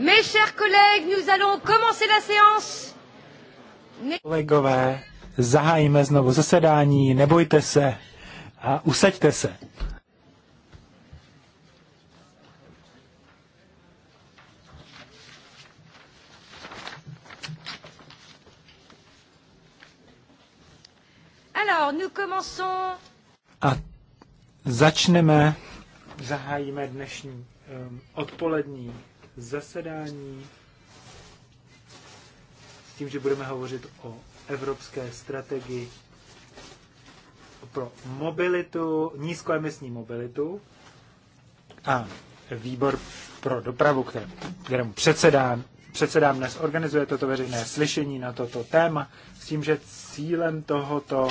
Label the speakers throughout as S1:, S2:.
S1: Mes chers collègues, nous allons commencer la séance.
S2: Kolegové, zahájíme znovu zasedání, nebojte se a usaďte se.
S1: Alors, nous commençons...
S2: A začneme, zahájíme dnešní um, odpolední zasedání s tím, že budeme hovořit o evropské strategii pro mobilitu, nízkoemisní mobilitu a výbor pro dopravu, kterému předsedám, předsedám dnes organizuje toto veřejné slyšení na toto téma s tím, že cílem tohoto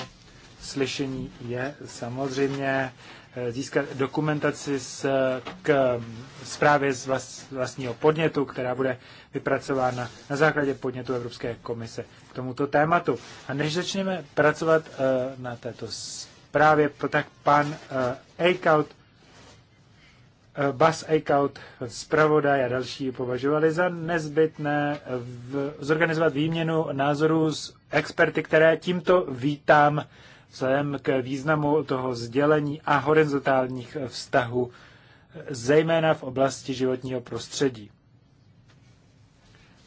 S2: slyšení je samozřejmě Eh, získat dokumentaci z, k zprávě z vlast, vlastního podnětu, která bude vypracována na základě podnětu Evropské komise k tomuto tématu. A než začneme pracovat eh, na této zprávě, tak pan eh, Eichaut, Bas Eichaut, zpravodaj a další považovali za nezbytné v, zorganizovat výměnu názorů s experty, které tímto vítám vzhledem k významu toho sdělení a horizontálních vztahů, zejména v oblasti životního prostředí.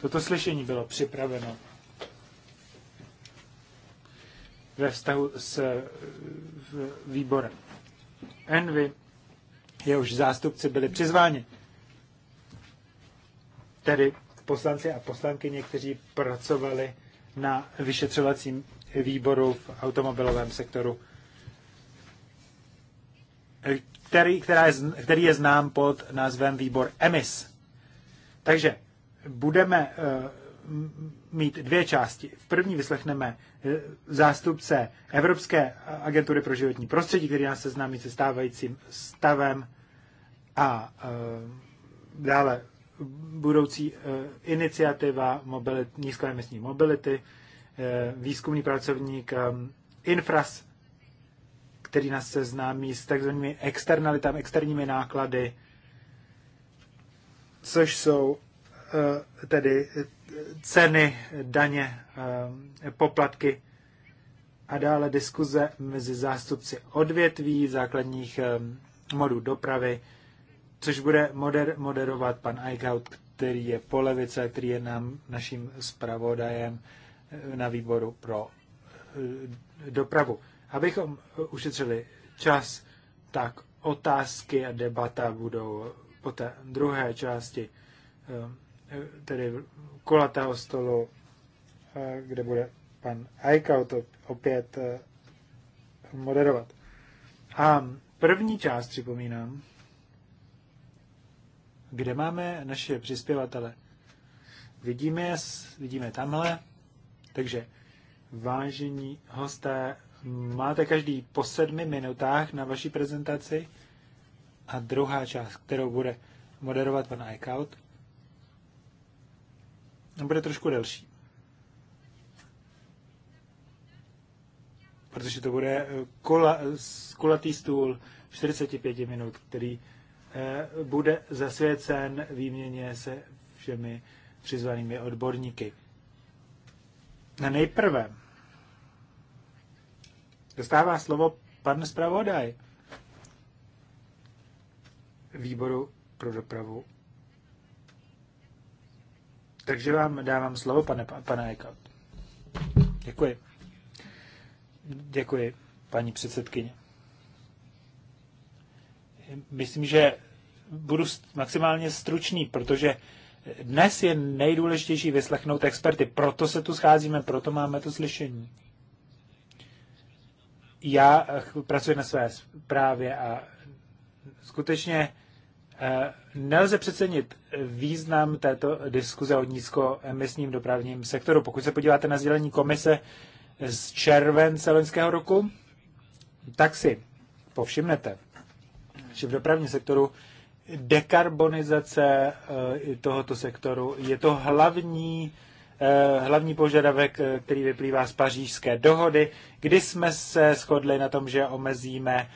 S2: Toto slyšení bylo připraveno ve vztahu s eh, výborem Envy, jehož zástupci byli přizváni. Tedy poslanci a poslankyně, kteří pracovali na vyšetřovacím výboru v automobilovém sektoru, který, která je, který je znám pod názvem výbor EMIS. Takže budeme eh, mít dvě části. V první vyslechneme eh, zástupce Evropské agentury pro životní prostředí, který nás seznámí se stávajícím stavem a e, dále budoucí e, iniciativa mobilit, nízkoemisní mobility Eh, výzkumný pracovník eh, Infras, který nás seznámí s takzvanými externalitami, externími náklady, což jsou eh, tedy ceny, daně, poplatky a dále diskuze mezi zástupci odvětví, základních modů dopravy, což bude moder, moderovat pan Eichhout, který je po levice, který je nám naším zpravodajem na výboru pro eh, dopravu. Abychom ušetřili čas, tak otázky a debata budou po té druhé části, eh, tedy kulatého stolu, eh, kde bude pan Aikau to opět moderovat. A první část, připomínám, kde máme naše přispěvatele. Vidíme, vidíme tamhle. Takže, vážení hosté, máte každý po sedmi minutách na vaší prezentaci a druhá část, kterou bude moderovat pan iCloud, bude trošku delší. Protože to bude eh, kula, kulatý stůl 45 minut, který eh, bude zasvěcen výměně se všemi přizvanými odborníky. Na nejprve dostává slovo pan zpravodaj výboru pro dopravu. Takže vám dávám slovo, pane, pane Eichhout. Děkuji. Děkuji, paní předsedkyně. Myslím, že budu maximálně stručný, protože dnes je nejdůležitější vyslechnout experty, proto se tu scházíme, proto máme to slyšení. Já eh, pracuji na své zprávě a skutečně eh, Nelze přecenit význam této diskuze o nízkoemisním dopravním sektoru. Pokud se podíváte na sdělení komise z července loňského roku, tak si povšimnete, že v dopravním sektoru dekarbonizace eh, tohoto sektoru. Je to hlavní, eh, hlavní požadavek, eh, který vyplývá z pařížské dohody, kdy jsme se shodli na tom, že omezíme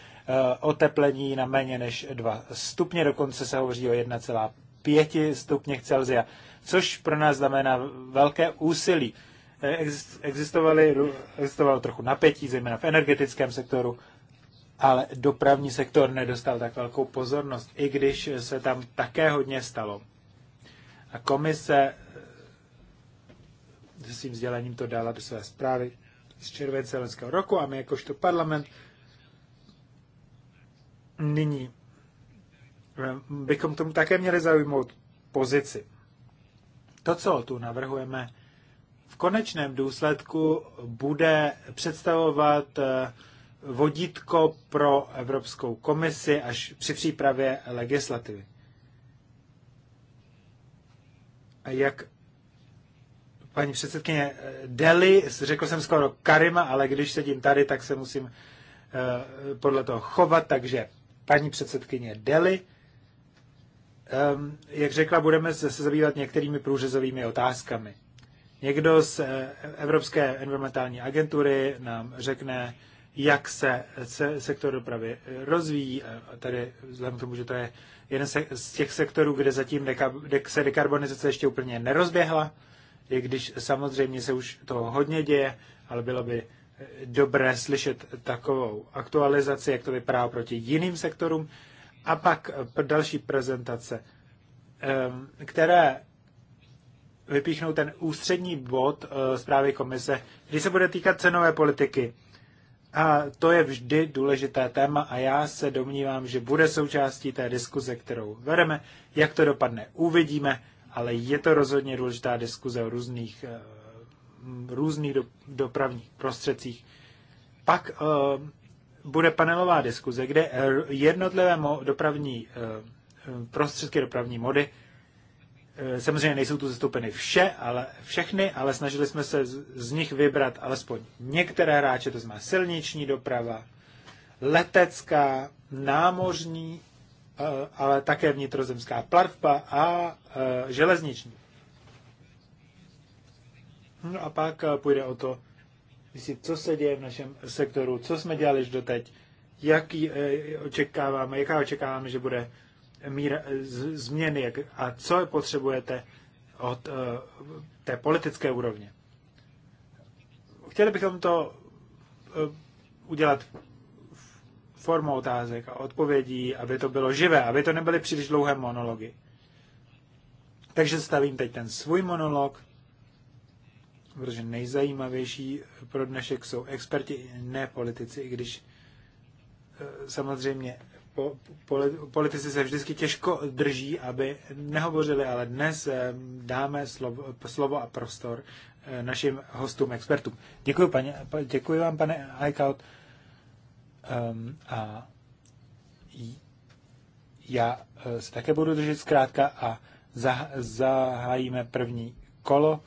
S2: oteplení na méně než 2 stupně, dokonce se hovoří o 1,5 stupně Celsia, což pro nás znamená velké úsilí. Existovaly, existovalo trochu napětí, zejména v energetickém sektoru, ale dopravní sektor nedostal tak velkou pozornost, i když se tam také hodně stalo. A komise se svým vzdělením to dala do své zprávy z července loňského roku a my jakožto parlament nyní eh, bychom tomu také měli zaujmout pozici. To, co tu navrhujeme, v konečném důsledku bude představovat eh, vodítko pro Evropskou komisi až při přípravě legislativy. A jak paní předsedkyně Deli, řekl jsem skoro Karima, ale když sedím tady, tak se musím eh, podle toho chovat, takže paní předsedkyně Deli, ehm, jak řekla, budeme se zabývat některými průřezovými otázkami. Někdo z eh, Evropské environmentální agentury nám řekne, jak se, se sektor dopravy rozvíjí. Tady vzhledem k tomu, že to je jeden z těch sektorů, kde zatím deka, se dekarbonizace ještě úplně nerozběhla, i když samozřejmě se už to hodně děje, ale bylo by eh, dobré slyšet takovou aktualizaci, jak to vypadá proti jiným sektorům. A pak eh, další prezentace, eh, které vypíchnou ten ústřední bod zprávy komise, když se bude týkat cenové politiky a to je vždy důležité téma a já se domnívám, že bude součástí té diskuze, kterou vedeme. Jak to dopadne, uvidíme, ale je to rozhodně důležitá diskuze o různých, eh, různých dopravních prostředcích. Pak eh, bude panelová diskuze, kde jednotlivé dopravní eh, prostředky, dopravní mody Eh, samozřejmě nejsou tu zastoupeny vše, ale všechny, ale snažili jsme se z, z nich vybrat alespoň některé hráče, to znamená silniční doprava, letecká, námořní, eh, ale také vnitrozemská plavba a eh, železniční. No a pak půjde o to, co se děje v našem sektoru, co jsme dělali až doteď, jaký očekáváme, jaká očekáváme, že bude míra, z, změny jak, a co je potřebujete od uh, té politické úrovně. Chtěli bychom to uh, udělat formou otázek a odpovědí, aby to bylo živé, aby to nebyly příliš dlouhé monology. Takže stavím teď ten svůj monolog, protože nejzajímavější pro dnešek jsou experti, ne politici, i když eh, samozřejmě po, politici se vždycky těžko drží, aby nehovořili, ale dnes eh, dáme slovo, slovo a prostor eh, našim hostům, expertům. Děkuji, paní, děkuji vám, pane Eichaut. Um, ehm, a já eh, se také budu držet zkrátka a zah, zahájíme první kolo.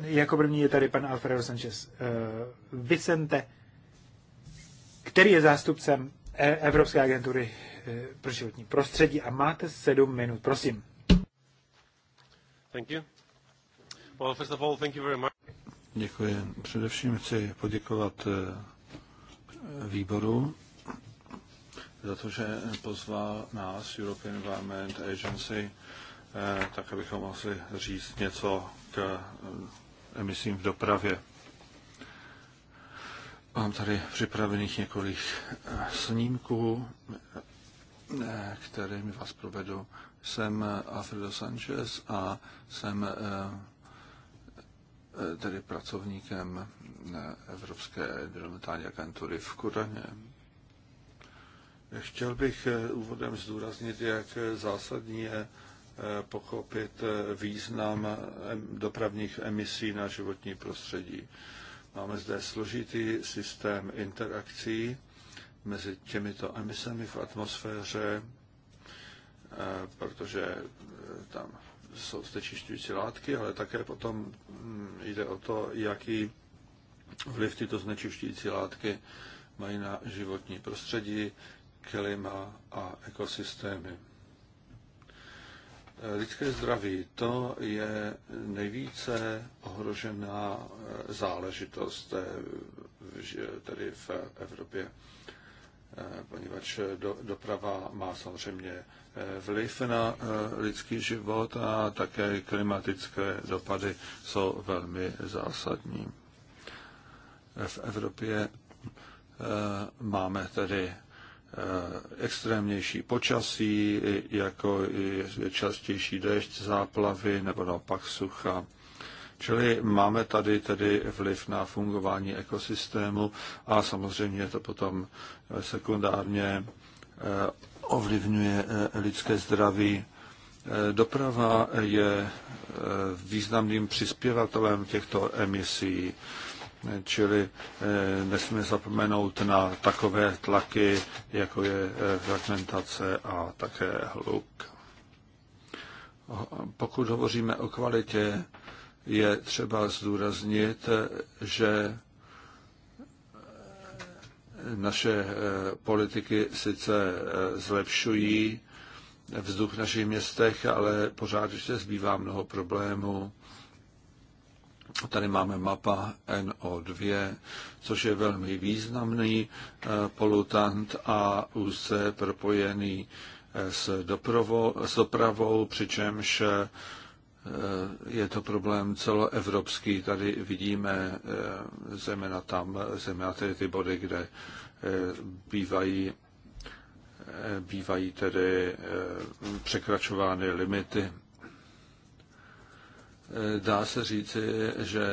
S2: Jako první je tady pan Alfredo Sanchez uh, Vicente, který je zástupcem E, Evropské agentury e, pro životní prostředí a máte sedm
S3: minut, prosím. Thank you. Well, first of all, thank you very much. Děkuji. Především chci poděkovat e, výboru za to, že pozval nás, European Environment Agency, tak abychom mohli říct něco k emisím v dopravě. Mám tady připravených několik eh, snímků, eh, kterými vás provedu. Jsem eh, Alfredo Sanchez a jsem tedy pracovníkem Evropské environmentální agentury v Kuraně. Chtěl bych úvodem zdůraznit, jak zásadní je pochopit význam dopravních emisí na životní prostředí. Máme zde složitý systém interakcí mezi těmito emisemi v atmosféře, eh, protože eh, tam jsou znečišťující látky, ale také potom mm, jde o to, jaký vliv tyto znečišťující látky mají na životní prostředí, klima a ekosystémy. Lidské zdraví to je nejvíce ohrožená eh, záležitost eh, tedy v Evropě, eh, poněvadž doprava má samozřejmě vliv na lidský život a také klimatické dopady jsou velmi zásadní. V Evropě máme tedy Eh, extrémnější počasí, jako je častější dešť, záplavy nebo naopak sucha. Čili máme tady tedy vliv na fungování ekosystému a samozřejmě to potom eh, sekundárně eh, ovlivňuje lidské zdraví. Doprava je významným přispěvatelem těchto emisí. Eh, čili eh, nesmíme zapomenout na takové tlaky, jako je eh, fragmentace a také hluk. Pokud hovoříme o kvalitě, je třeba zdůraznit, že naše politiky sice zlepšují vzduch v našich městech, ale pořád ještě zbývá mnoho problémů. Tady máme mapa NO2, což je velmi významný eh, polutant a úzce propojený eh, s, doprovo, s dopravou, přičemž eh, je to problém celoevropský. Tady vidíme zejména tam, zejména tedy ty body, kde bývají, bývají tedy překračovány limity. Dá se říci, že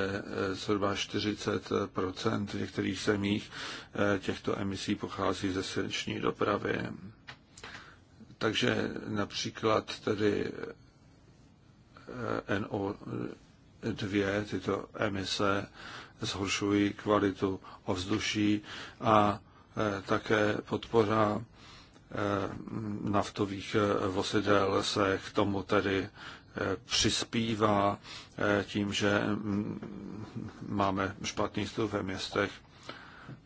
S3: zhruba 40 v některých zemích eh, těchto emisí pochází ze silniční dopravy. Takže například tedy eh, NO2, tyto emise, zhoršují kvalitu ovzduší a eh, také podpora naftových vozidel se k tomu tedy přispívá eh, tím, že mm, máme špatný stůl ve městech.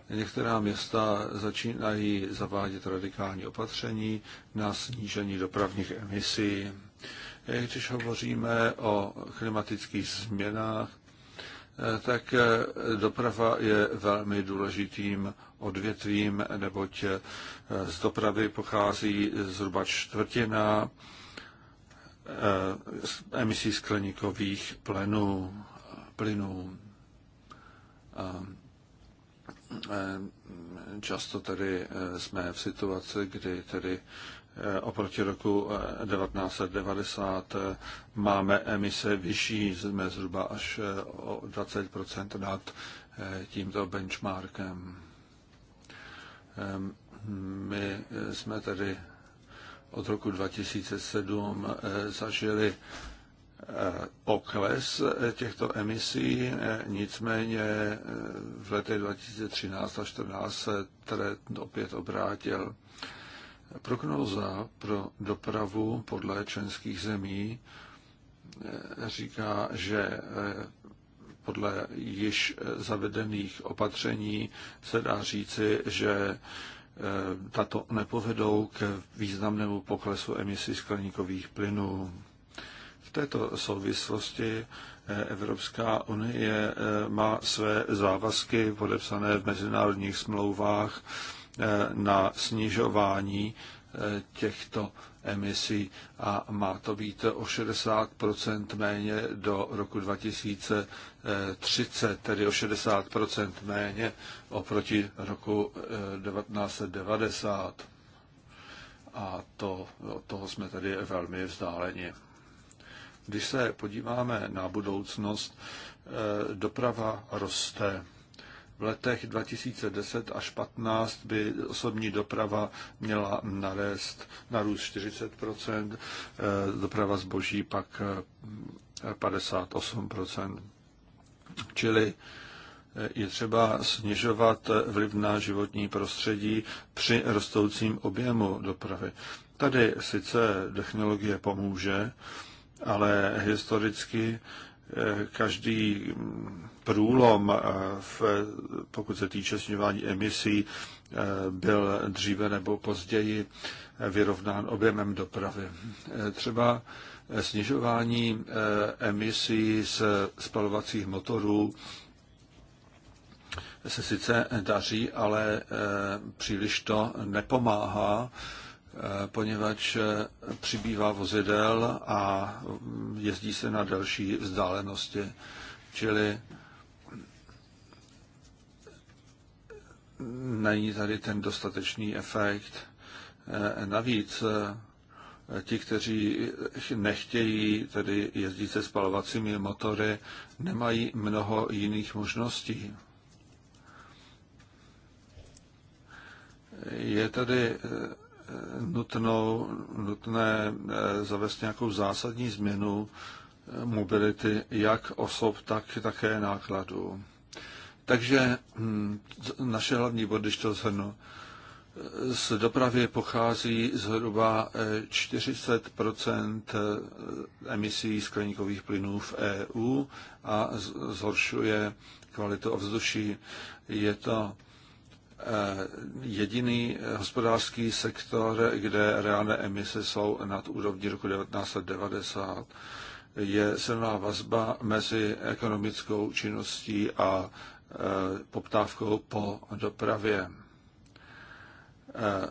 S3: Některá města začínají zavádět radikální opatření na snížení dopravních emisí. Eh, když hovoříme o klimatických změnách, eh, tak doprava je velmi důležitým odvětvím, neboť z dopravy pochází zhruba čtvrtina Eh, emisí skleníkových plynů. plynů. Eh, eh, často tedy jsme v situaci, kdy tedy oproti roku 1990 máme emise vyšší, jsme zhruba až o 20 nad tímto benchmarkem. My jsme tedy od roku 2007 eh, zažili eh, pokles eh, těchto emisí, nicméně v letech 2013 a 2014 se trend opět obrátil. Prognóza pro dopravu podle členských zemí říká, že podle již zavedených opatření se dá říci, že tato nepovedou k významnému poklesu emisí skleníkových plynů. V této souvislosti eh, Evropská unie eh, má své závazky podepsané v mezinárodních smlouvách eh, na snižování těchto emisí a má to být o 60 méně do roku 2030, tedy o 60 méně oproti roku 1990. Eh, a to, od toho jsme tedy velmi vzdáleni. Když se podíváme na budoucnost, eh, doprava roste v letech 2010 až 15 by osobní doprava měla narést, narůst 40 eh, doprava zboží pak 58 eh, Čili eh, je třeba snižovat vliv na životní prostředí při rostoucím objemu dopravy. Tady sice technologie pomůže, ale historicky každý mm, průlom, eh, v, pokud se týče snižování emisí, eh, byl dříve nebo později eh, vyrovnán objemem dopravy. Třeba snižování emisí z spalovacích motorů se sice daří, ale příliš to nepomáhá, poněvadž přibývá vozidel a mm, jezdí se na další vzdálenosti. Čili není tady ten dostatečný efekt. Eh, navíc eh, ti, kteří nechtějí tedy jezdit se spalovacími motory, nemají mnoho jiných možností. Je tedy eh, nutno, nutné zavést nějakou zásadní změnu mobility jak osob, tak také nákladů. Takže hm, naše hlavní bod, když to zhrnu, z dopravy pochází zhruba 40 eh, eh, emisí skleníkových plynů v EU a zhoršuje kvalitu ovzduší. Je to eh, jediný hospodářský sektor, kde reálné emise jsou nad úrovní roku 1990. Je silná vazba mezi ekonomickou činností a Eh, poptávkou po dopravě. Eh,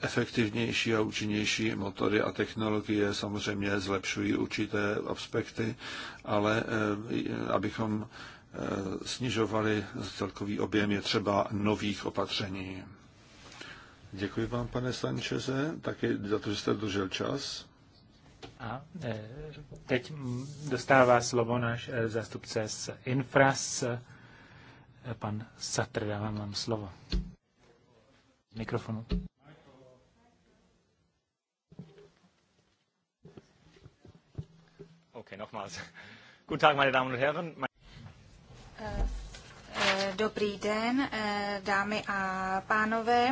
S3: efektivnější a účinnější motory a technologie samozřejmě zlepšují určité aspekty, ale eh, abychom snižovali celkový objem, je třeba nových opatření. Děkuji vám, pane Sančeze, taky za to, že jste dožil čas.
S2: A e, teď dostává slovo náš e, zástupce z Infras, e, pan Satr, dávám vám slovo. Mikrofonu. OK, nochmals. Guten Tag, meine Damen und Herren.
S4: Dobrý den, dámy a pánové.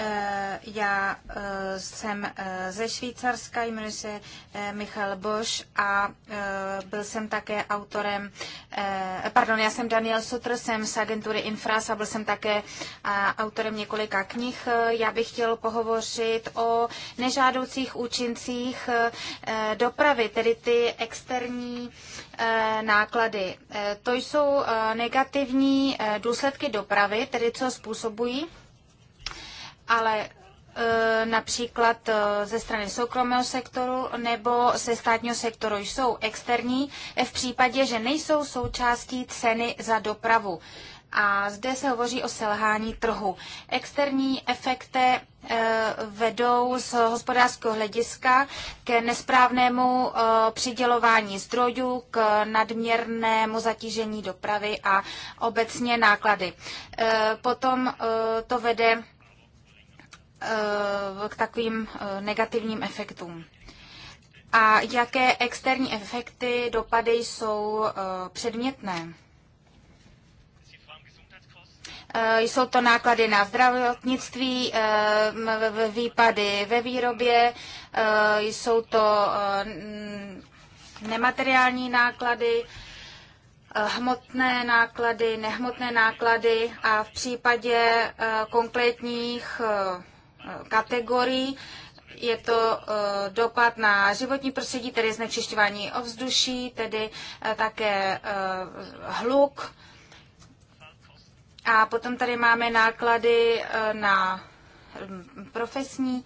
S4: Eh, já eh, jsem eh, ze Švýcarska, jmenuji se Michal Bosch a byl jsem také autorem, pardon, já jsem Daniel Sutr, jsem z agentury Infras a byl jsem také autorem několika knih. Já bych chtěl pohovořit o nežádoucích účincích dopravy, tedy ty externí náklady. To jsou negativní důsledky dopravy, tedy co způsobují ale e, například e, ze strany soukromého sektoru nebo ze státního sektoru jsou externí e, v případě, že nejsou součástí ceny za dopravu. A zde se hovoří o selhání trhu. Externí efekty vedou z hospodářského hlediska ke nesprávnému přidělování zdrojů, k nadměrnému zatížení dopravy a obecně náklady. Potom to vede Eh, k takovým eh, negativním efektům. A jaké externí efekty, dopady jsou eh, předmětné? Jsou to náklady na zdravotnictví, výpady ve výrobě, jsou to nemateriální náklady, hmotné náklady, nehmotné náklady a v případě konkrétních kategorií. Je to e, dopad na životní prostředí, tedy znečišťování ovzduší, tedy e, také e, hluk. A potom tady máme náklady na profesní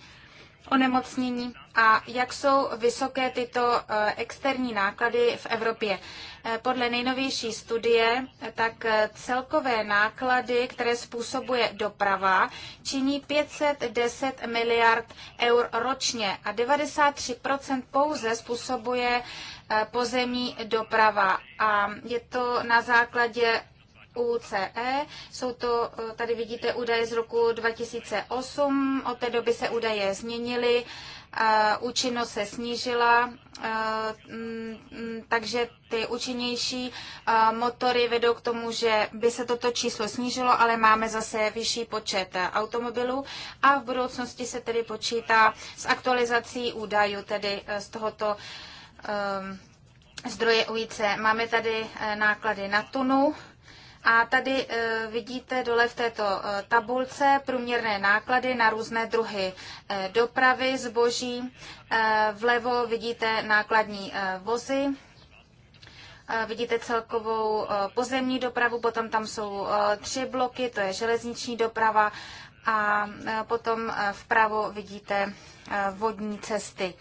S4: onemocnění a jak jsou vysoké tyto eh, externí náklady v Evropě. Eh, podle nejnovější studie, eh, tak celkové náklady, které způsobuje doprava, činí 510 miliard eur ročně a 93% pouze způsobuje pozemní doprava. A je to na základě UCE. Jsou to, eh, tady vidíte údaje z roku 2008, od té doby se údaje změnily, účinnost se snížila, eh, mm, mm, takže ty účinnější eh, motory vedou k tomu, že by se toto číslo snížilo, ale máme zase vyšší počet automobilů a v budoucnosti se tedy počítá s aktualizací údajů, tedy z tohoto zdroje UIC. Máme tady náklady na tunu a tady e, vidíte dole v této e, tabulce průměrné náklady na různé druhy e, dopravy zboží. Vlevo vidíte nákladní vozy, vidíte celkovou pozemní dopravu, potom tam jsou tři bloky, to je železniční doprava a potom vpravo vidíte vodní cesty.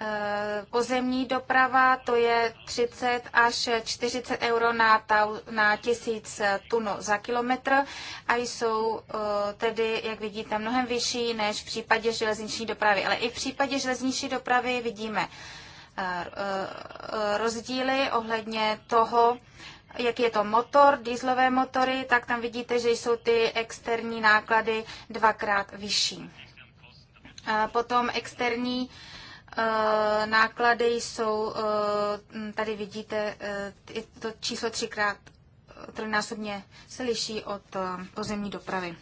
S4: Eh, pozemní doprava to je 30 až 40 euro na, ta, na tisíc eh, tun za kilometr a jsou eh, tedy, jak vidíte, mnohem vyšší než v případě železniční dopravy. Ale i v případě železniční dopravy vidíme rozdíly ohledně toho, jak je to motor, dýzlové motory, tak tam vidíte, že jsou ty externí náklady dvakrát vyšší. Potom externí Eh, náklady jsou, eh, tady vidíte, eh, to číslo třikrát trojnásobně se liší od pozemní dopravy.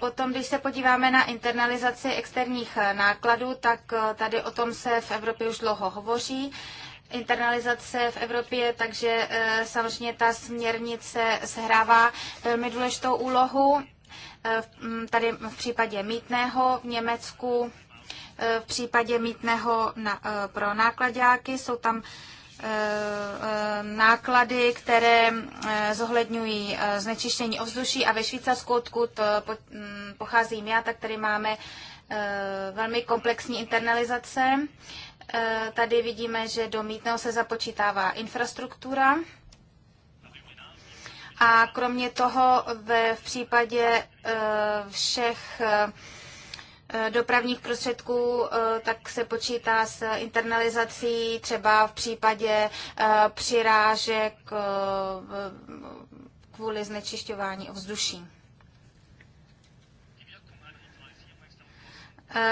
S4: Potom, když se podíváme na internalizaci externích nákladů, tak tady o tom se v Evropě už dlouho hovoří. Internalizace v Evropě, takže samozřejmě ta směrnice sehrává velmi důležitou úlohu. Tady v případě mítného v Německu E, v případě mítného na, e, pro nákladáky. Jsou tam e, náklady, které zohledňují znečištění ovzduší a ve Švýcarsku, odkud pocházím já, tak tady máme velmi komplexní internalizace. Tady vidíme, že do mítného se započítává infrastruktura. A kromě toho ve, v případě všech dopravních prostředků, eh, tak se počítá s internalizací třeba v případě eh, přirážek eh, kvůli znečišťování ovzduší.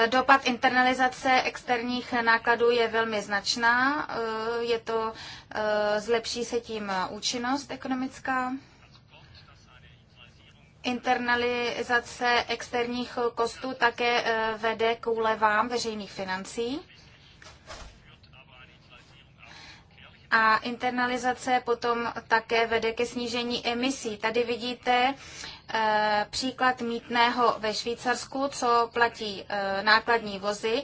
S4: Dopad internalizace externích nákladů je velmi značná. Je to, zlepší se tím účinnost ekonomická internalizace externích kostů také eh, vede k úlevám veřejných financí. A internalizace potom také vede ke snížení emisí. Tady vidíte eh, příklad mítného ve Švýcarsku, co platí eh, nákladní vozy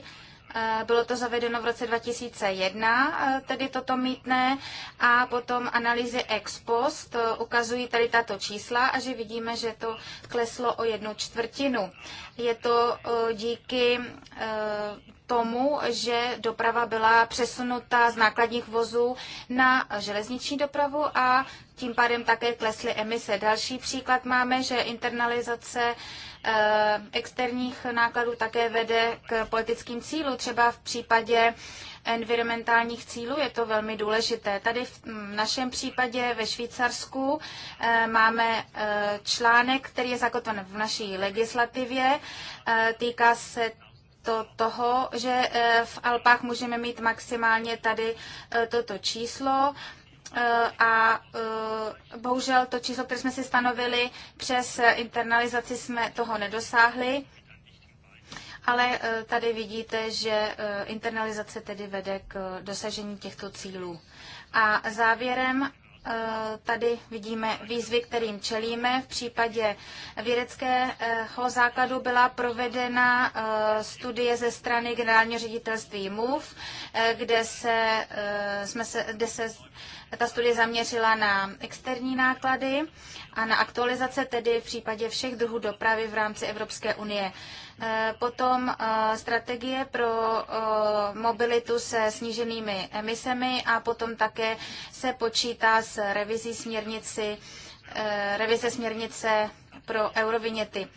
S4: Eh, bylo to zavedeno v roce 2001, eh, tedy toto mítné, a potom analýzy ex post eh, ukazují tady tato čísla a že vidíme, že to kleslo o jednu čtvrtinu. Je to díky tomu, že doprava byla přesunuta z nákladních vozů na železniční dopravu a tím pádem také klesly emise. Další příklad máme, že internalizace Eh, externích nákladů také vede k politickým cílům. Třeba v případě environmentálních cílů je to velmi důležité. Tady v mm, našem případě ve Švýcarsku eh, máme eh, článek, který je zakotven v naší legislativě. Týká se to toho, že v Alpách můžeme mít maximálně tady toto číslo Eh, a eh, bohužel to číslo, které jsme si stanovili přes eh, internalizaci, jsme toho nedosáhli. Ale tady vidíte, že internalizace tedy vede k dosažení těchto cílů. A závěrem tady vidíme výzvy, kterým čelíme. V případě vědeckého základu byla provedena studie ze strany generálního ředitelství MUV, kde se, jsme se, kde se ta studie zaměřila na externí náklady a na aktualizace tedy v případě všech druhů dopravy v rámci Evropské unie. E, potom e, strategie pro e, mobilitu se sníženými emisemi a potom také se počítá s revizí směrnici, revize směrnice pro eurovinety.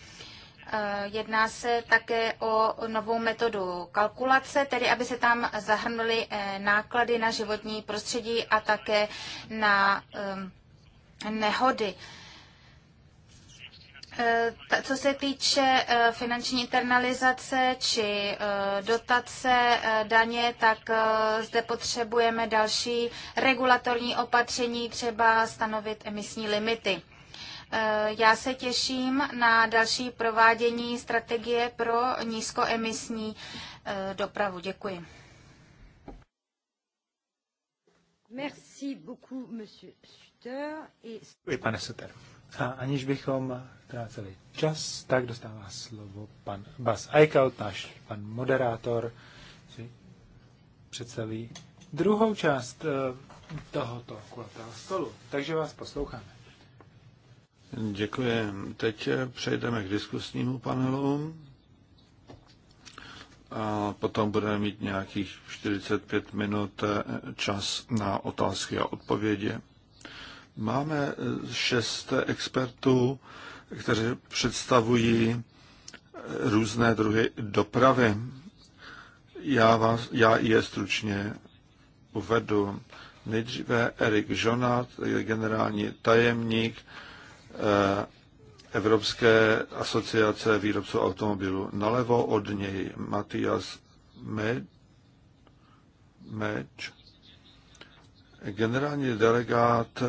S4: Eh, jedná se také o novou metodu kalkulace, tedy aby se tam zahrnuly eh, náklady na životní prostředí a také na eh, nehody. Co se týče finanční internalizace či dotace daně, tak zde potřebujeme další regulatorní opatření, třeba stanovit emisní limity. Eh, já se těším na další provádění strategie pro nízkoemisní eh, dopravu. Děkuji.
S1: Merci beaucoup, monsieur Sutter. Děkuji,
S2: pane Sutter. A aniž bychom tráceli čas, tak dostává slovo pan Bas Eichelt, náš pan moderátor, si představí druhou část eh, tohoto kulatého stolu. Takže vás posloucháme.
S3: Děkuji. Teď přejdeme k diskusnímu panelu a potom budeme mít nějakých 45 minut čas na otázky a odpovědi. Máme šest expertů, kteří představují různé druhy dopravy. Já, vás, já je stručně uvedu. Nejdříve Erik Jonat, generální tajemník Eh, Evropské asociace výrobců automobilů. Nalevo od něj Matias Meč, generální delegát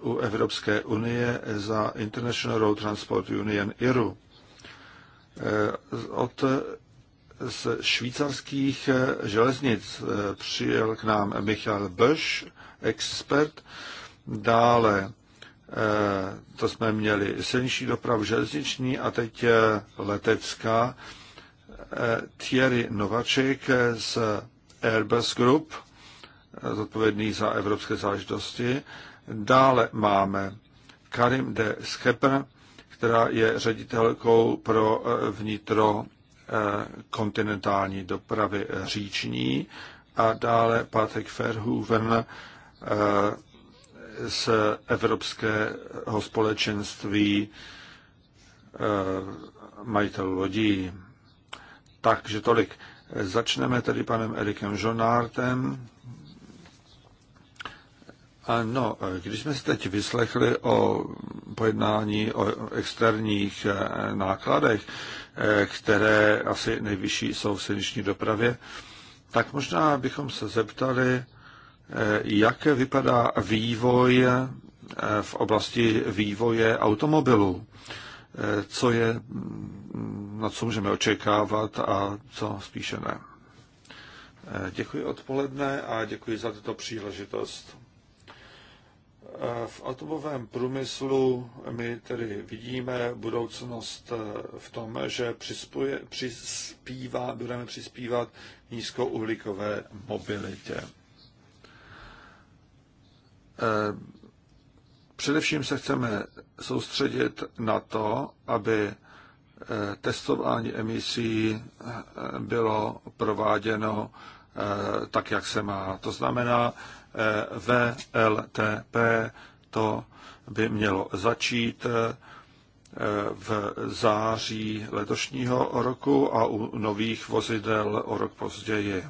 S3: u Evropské unie za International Road Transport Union IRU. Eh, od eh, z švýcarských železnic přijel k nám Michal Bösch, expert, dále Eh, to jsme měli silniční dopravu železniční a teď eh, letecká. Eh, Thierry Novaček z Airbus Group, zodpovědný za evropské záležitosti. Dále máme Karim de Schepper, která je ředitelkou pro vnitro kontinentální dopravy říční a dále Patrick Verhoeven, z Evropského společenství eh, majitelů lodí. Takže tolik. Začneme tedy panem Erikem Žonártem. Ano, když jsme si teď vyslechli o pojednání o externích eh, nákladech, eh, které asi nejvyšší jsou v silniční dopravě, tak možná bychom se zeptali, jak vypadá vývoj eh, v oblasti vývoje automobilů. Eh, co je, mm, na co můžeme očekávat a co spíše ne. Eh, děkuji odpoledne a děkuji za tuto příležitost. V automovém průmyslu my tedy vidíme budoucnost v tom, že přispuje, přispívá, budeme přispívat nízkouhlíkové mobilitě. Eh, především se chceme soustředit na to, aby eh, testování emisí eh, bylo prováděno tak, jak se má. To znamená, VLTP to by mělo začít v září letošního roku a u nových vozidel o rok později.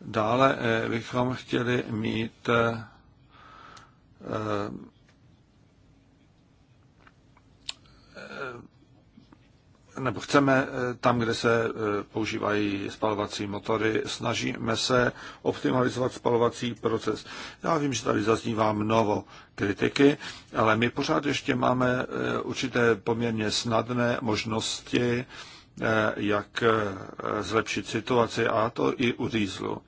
S3: Dále eh, bychom chtěli mít eh, eh, nebo chceme tam, kde se používají spalovací motory, snažíme se optimalizovat spalovací proces. Já vím, že tady zaznívá mnoho kritiky, ale my pořád ještě máme určité poměrně snadné možnosti Eh, jak eh, zlepšit situaci a to i u dýzlu.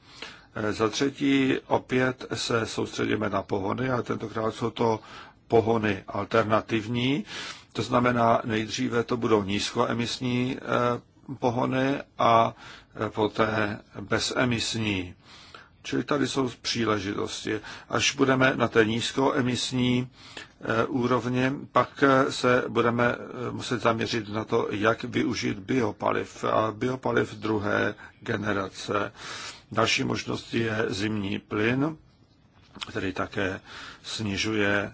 S3: Eh, za třetí opět se soustředíme na pohony a tentokrát jsou to pohony alternativní. To znamená, nejdříve to budou nízkoemisní pohony a poté bezemisní. Čili tady jsou příležitosti. Až budeme na té nízkoemisní eh, úrovni, pak eh, se budeme eh, muset zaměřit na to, jak využít biopaliv a biopaliv druhé generace. Další možnost je zimní plyn, který také snižuje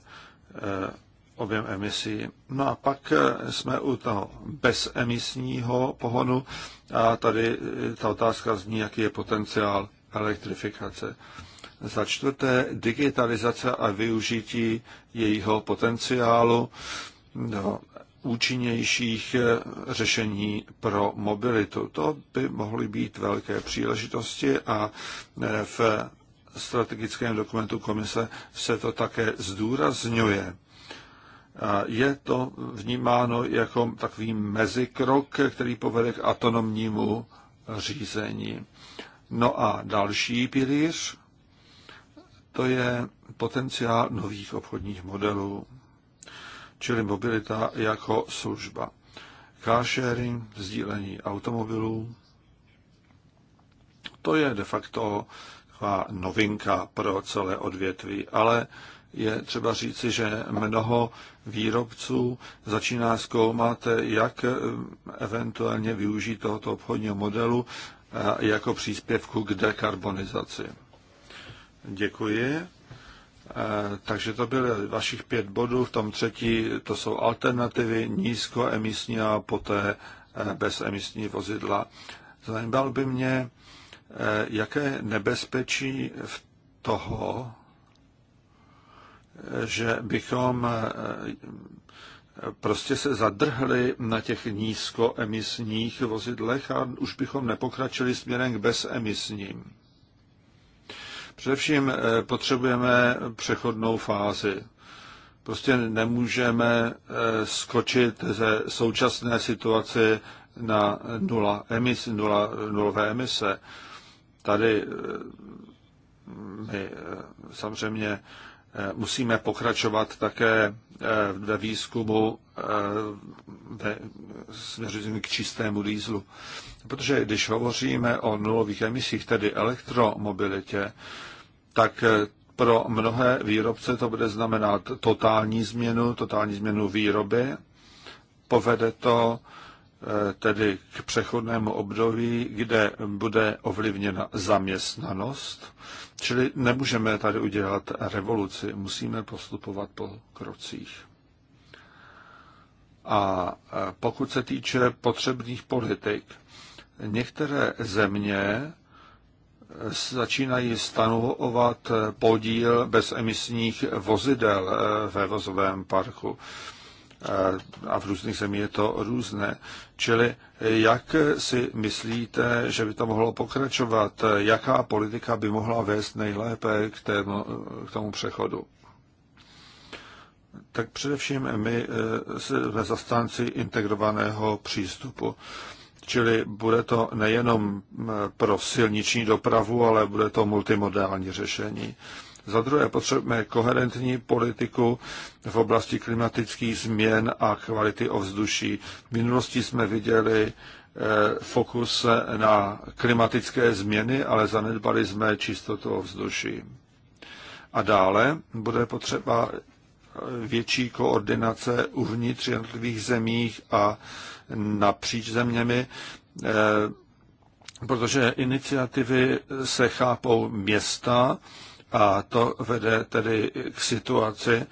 S3: objem emisí. No a pak jsme u toho bezemisního pohonu a tady ta otázka zní, jaký je potenciál elektrifikace. Za čtvrté, digitalizace a využití jejího potenciálu do účinnějších eh, řešení pro mobilitu. To by mohly být velké příležitosti a eh, v strategickém dokumentu komise se to také zdůrazňuje. Je to vnímáno jako takový mezikrok, který povede k autonomnímu řízení. No a další pilíř, to je potenciál nových obchodních modelů, čili mobilita jako služba. Carsharing, sdílení automobilů, to je de facto taková novinka pro celé odvětví, ale je třeba říci, že mnoho výrobců začíná zkoumat, jak eventuálně využít tohoto obchodního modelu jako příspěvku k dekarbonizaci. Děkuji. E, takže to byly vašich pět bodů. V tom třetí to jsou alternativy nízkoemisní a poté e, bezemisní vozidla. Zajímal by mě, e, jaké nebezpečí v toho, že bychom prostě se zadrhli na těch nízkoemisních vozidlech a už bychom nepokračili směrem k bezemisním. Především eh, potřebujeme přechodnou fázi. Prostě nemůžeme eh, skočit ze současné situaci na nula emis, nula, nulové emise. Tady eh, my samozřejmě Eh, musíme pokračovat také eh, ve výzkumu eh, ve směřujícím k čistému dýzlu. Protože když hovoříme o nulových emisích, tedy elektromobilitě, tak pro mnohé výrobce to bude znamenat totální změnu, totální změnu výroby. Povede to tedy k přechodnému období, kde bude ovlivněna zaměstnanost, Čili nemůžeme tady udělat revoluci, musíme postupovat po krocích. A e, pokud se týče potřebných politik, některé země e, začínají stanovovat podíl bezemisních vozidel e, ve vozovém parku a v různých zemích je to různé. Čili jak si myslíte, že by to mohlo pokračovat? Jaká politika by mohla vést nejlépe k, tému, k tomu přechodu? Tak především my e, jsme zastánci integrovaného přístupu. Čili bude to nejenom e, pro silniční dopravu, ale bude to multimodální řešení. Za druhé potřebujeme koherentní politiku v oblasti klimatických změn a kvality ovzduší. V minulosti jsme viděli eh, fokus na klimatické změny, ale zanedbali jsme čistotu ovzduší. A dále bude potřeba eh, větší koordinace uvnitř jednotlivých zemích a napříč zeměmi, eh, protože iniciativy se chápou města a to vede tedy k situaci,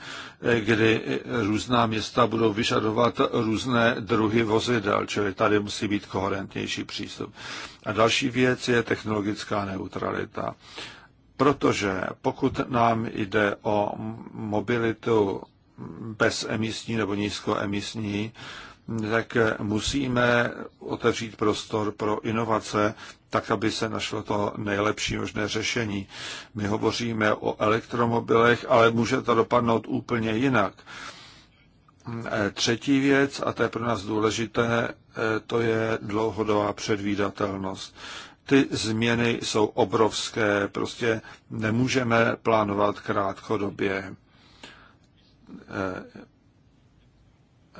S3: kdy různá města budou vyžadovat různé druhy vozidel, čili tady musí být koherentnější přístup. A další věc je technologická neutralita. Protože pokud nám jde o mobilitu bezemisní nebo nízkoemisní, tak musíme otevřít prostor pro inovace tak, aby se našlo to nejlepší možné řešení. My hovoříme o elektromobilech, ale může to dopadnout úplně jinak. E, třetí věc, a to je pro nás důležité, e, to je dlouhodobá předvídatelnost. Ty změny jsou obrovské, prostě nemůžeme plánovat krátkodobě. E,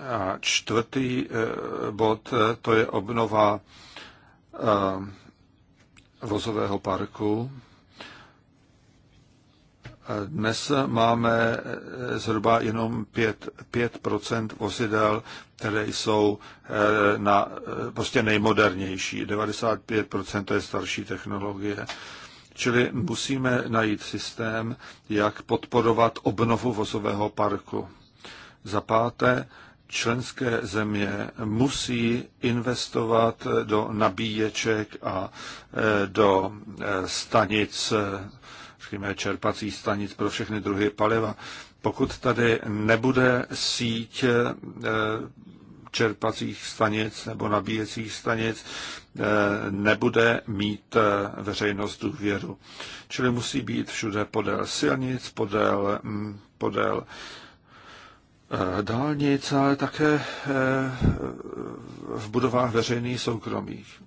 S3: a čtvrtý bod, to je obnova vozového parku. Dnes máme eh, zhruba jenom 5, 5 vozidel, které jsou eh, na, eh, prostě nejmodernější. 95 to je starší technologie. Čili musíme najít systém, jak podporovat obnovu vozového parku. Za páté, členské země musí investovat do nabíječek a e, do e, stanic, e, řekněme čerpacích stanic pro všechny druhy paliva. Pokud tady nebude síť čerpacích stanic nebo nabíjecích stanic nebude mít veřejnost důvěru. Čili musí být všude podél silnic, podél, podél eh, Eh, dálnic, ale také eh, v budovách veřejných soukromých.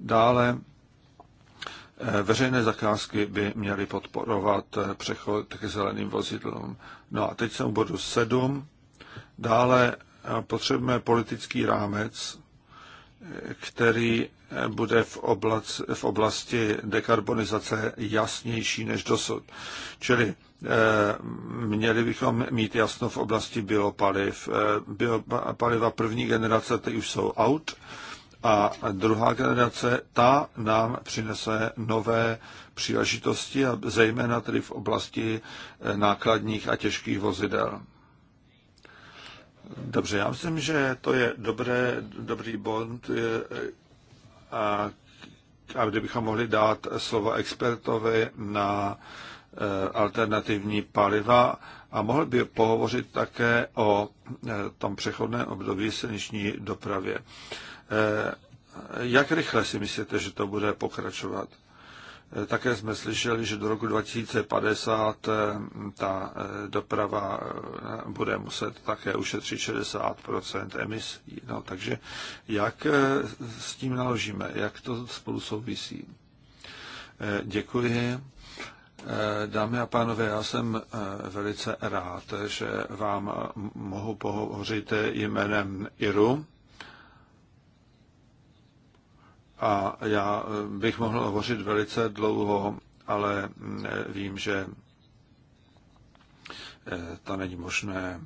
S3: Dále eh, veřejné zakázky by měly podporovat přechod k zeleným vozidlům. No a teď jsem u bodu 7. Dále potřebujeme politický rámec, který bude v, oblac, v oblasti dekarbonizace jasnější než dosud. Čili Eh, měli bychom mít jasno v oblasti biopaliv. Eh, biopaliva první generace ty už jsou out a druhá generace, ta nám přinese nové příležitosti, a zejména tedy v oblasti eh, nákladních a těžkých vozidel. Dobře, já myslím, že to je dobré, dobrý bond a, a kdybychom mohli dát slovo expertovi na Eh, alternativní paliva a mohl by pohovořit také o eh, tom přechodném období silniční dopravě. Eh, jak rychle si myslíte, že to bude pokračovat? Také jsme slyšeli, že do roku 2050 ta doprava bude muset také ušetřit 60 emisí. No, takže jak s tím naložíme? Jak to spolu souvisí? Děkuji. Eh, dámy a pánové, já jsem eh, velice rád, že vám mohu pohovořit jménem Iru. A já eh, bych mohl hovořit velice dlouho, ale vím, že to není možné.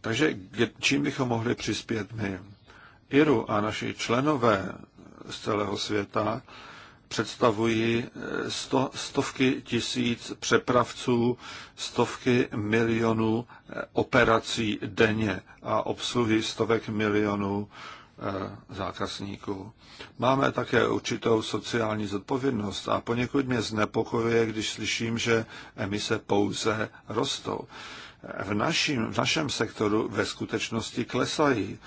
S3: Takže čím bychom mohli přispět my? Iru a naši členové z celého světa představují eh, sto, stovky tisíc přepravců, stovky milionů eh, operací denně a obsluhy stovek milionů eh, zákazníků. Máme také určitou sociální zodpovědnost a poněkud mě znepokojuje, když slyším, že emise pouze rostou. V, našim, v našem sektoru ve skutečnosti klesají.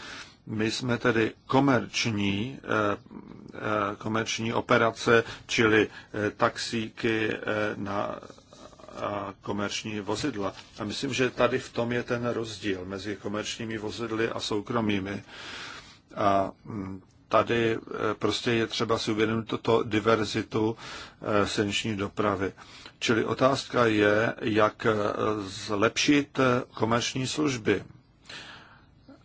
S3: My jsme tedy komerční, eh, eh, komerční operace, čili eh, taxíky na a komerční vozidla. A myslím, že tady v tom je ten rozdíl mezi komerčními vozidly a soukromými. A hm, tady prostě je třeba si uvědomit toto diverzitu silniční dopravy. Čili otázka je, jak zlepšit komerční služby.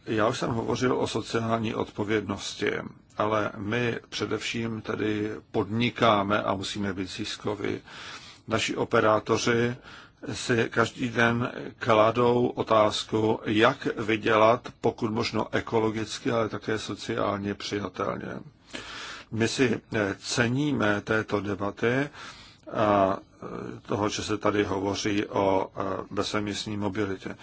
S3: Já už jsem hovořil o sociální odpovědnosti, ale my především tedy podnikáme a musíme být získovi. Naši operátoři si každý den kladou otázku, jak vydělat pokud možno ekologicky, ale také sociálně přijatelně. My si eh, ceníme této debaty a eh, toho, že se tady hovoří o eh, bezemisní mobilitě.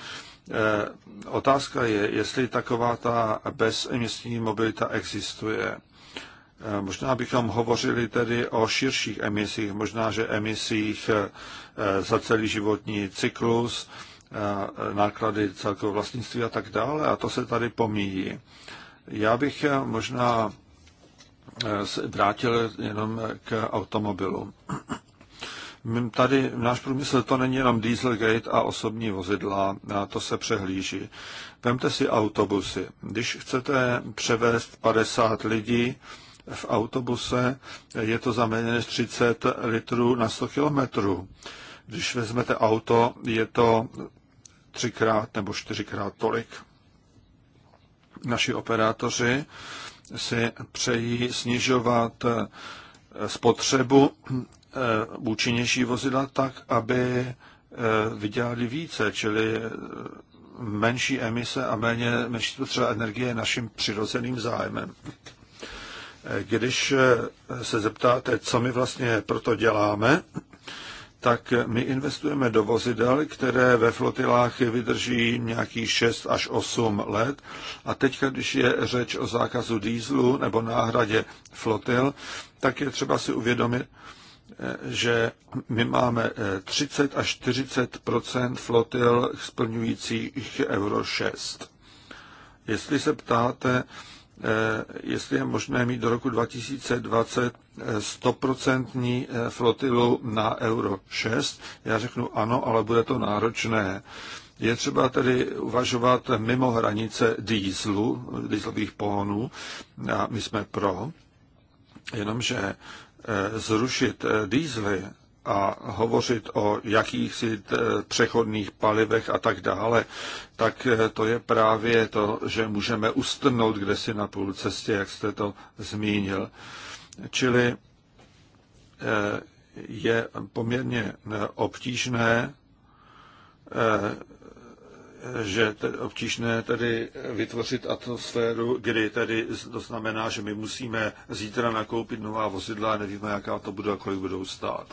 S3: Eh, otázka je, jestli taková ta bezemisní mobilita existuje. Eh, možná bychom hovořili tedy o širších emisích, možná, že emisích eh, za celý životní cyklus, náklady celkového vlastnictví a tak dále, a to se tady pomíjí. Já bych možná se vrátil jenom k automobilu. Tady náš průmysl to není jenom Dieselgate a osobní vozidla, a to se přehlíží. Vemte si autobusy. Když chcete převést 50 lidí v autobuse, je to za méně než 30 litrů na 100 kilometrů. Když vezmete auto, je to třikrát nebo čtyřikrát tolik. Naši operátoři si přejí snižovat spotřebu Eh, účinnější vozidla tak, aby eh, vydělali více, čili eh, menší emise a méně, menší spotřeba energie je naším přirozeným zájmem. Když se zeptáte, co my vlastně proto děláme, tak my investujeme do vozidel, které ve flotilách vydrží nějakých 6 až 8 let. A teď, když je řeč o zákazu dýzlu nebo náhradě flotil, tak je třeba si uvědomit, že my máme 30 eh, až 40 flotil splňujících Euro 6. Jestli se ptáte, eh, jestli je možné mít do roku 2020 100% eh, flotilu na Euro 6, já řeknu ano, ale bude to náročné. Je třeba tedy uvažovat mimo hranice dýzlu, dýzlových pohonů, a my jsme pro, jenomže Eh, zrušit eh, dýzly a hovořit o jakýchsi eh, přechodných palivech a tak dále, tak to je právě to, že můžeme ustrnout kde si na půl cestě, jak jste to zmínil. Čili je poměrně obtížné že tedy obtížné tedy vytvořit atmosféru, kdy tedy to znamená, že my musíme zítra nakoupit nová vozidla a nevíme, jaká to bude a kolik budou stát.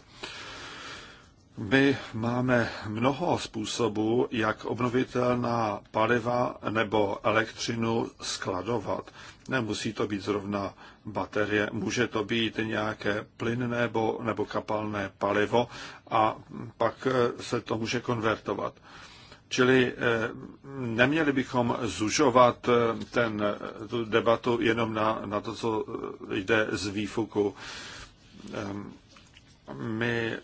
S3: My máme mnoho způsobů, jak obnovitelná paliva nebo elektřinu skladovat. Nemusí to být zrovna baterie, může to být nějaké plyn nebo, nebo kapalné palivo a pak se to může konvertovat. Čili eh, neměli bychom zužovat eh, ten, eh, tu debatu jenom na, na to, co jde z výfuku. Ehm, my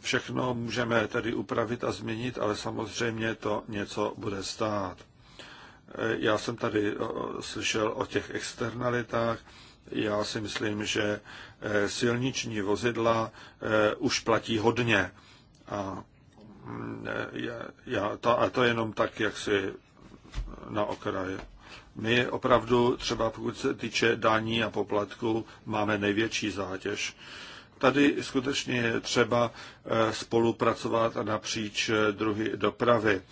S3: všechno můžeme tedy upravit a změnit, ale samozřejmě to něco bude stát. Já jsem tady slyšel o těch externalitách. Já si myslím, že silniční vozidla už platí hodně a já, to, a to jenom tak, jak si na okraji. My opravdu, třeba pokud se týče daní a poplatků, máme největší zátěž. Tady skutečně je třeba eh, spolupracovat napříč eh, druhy dopravy.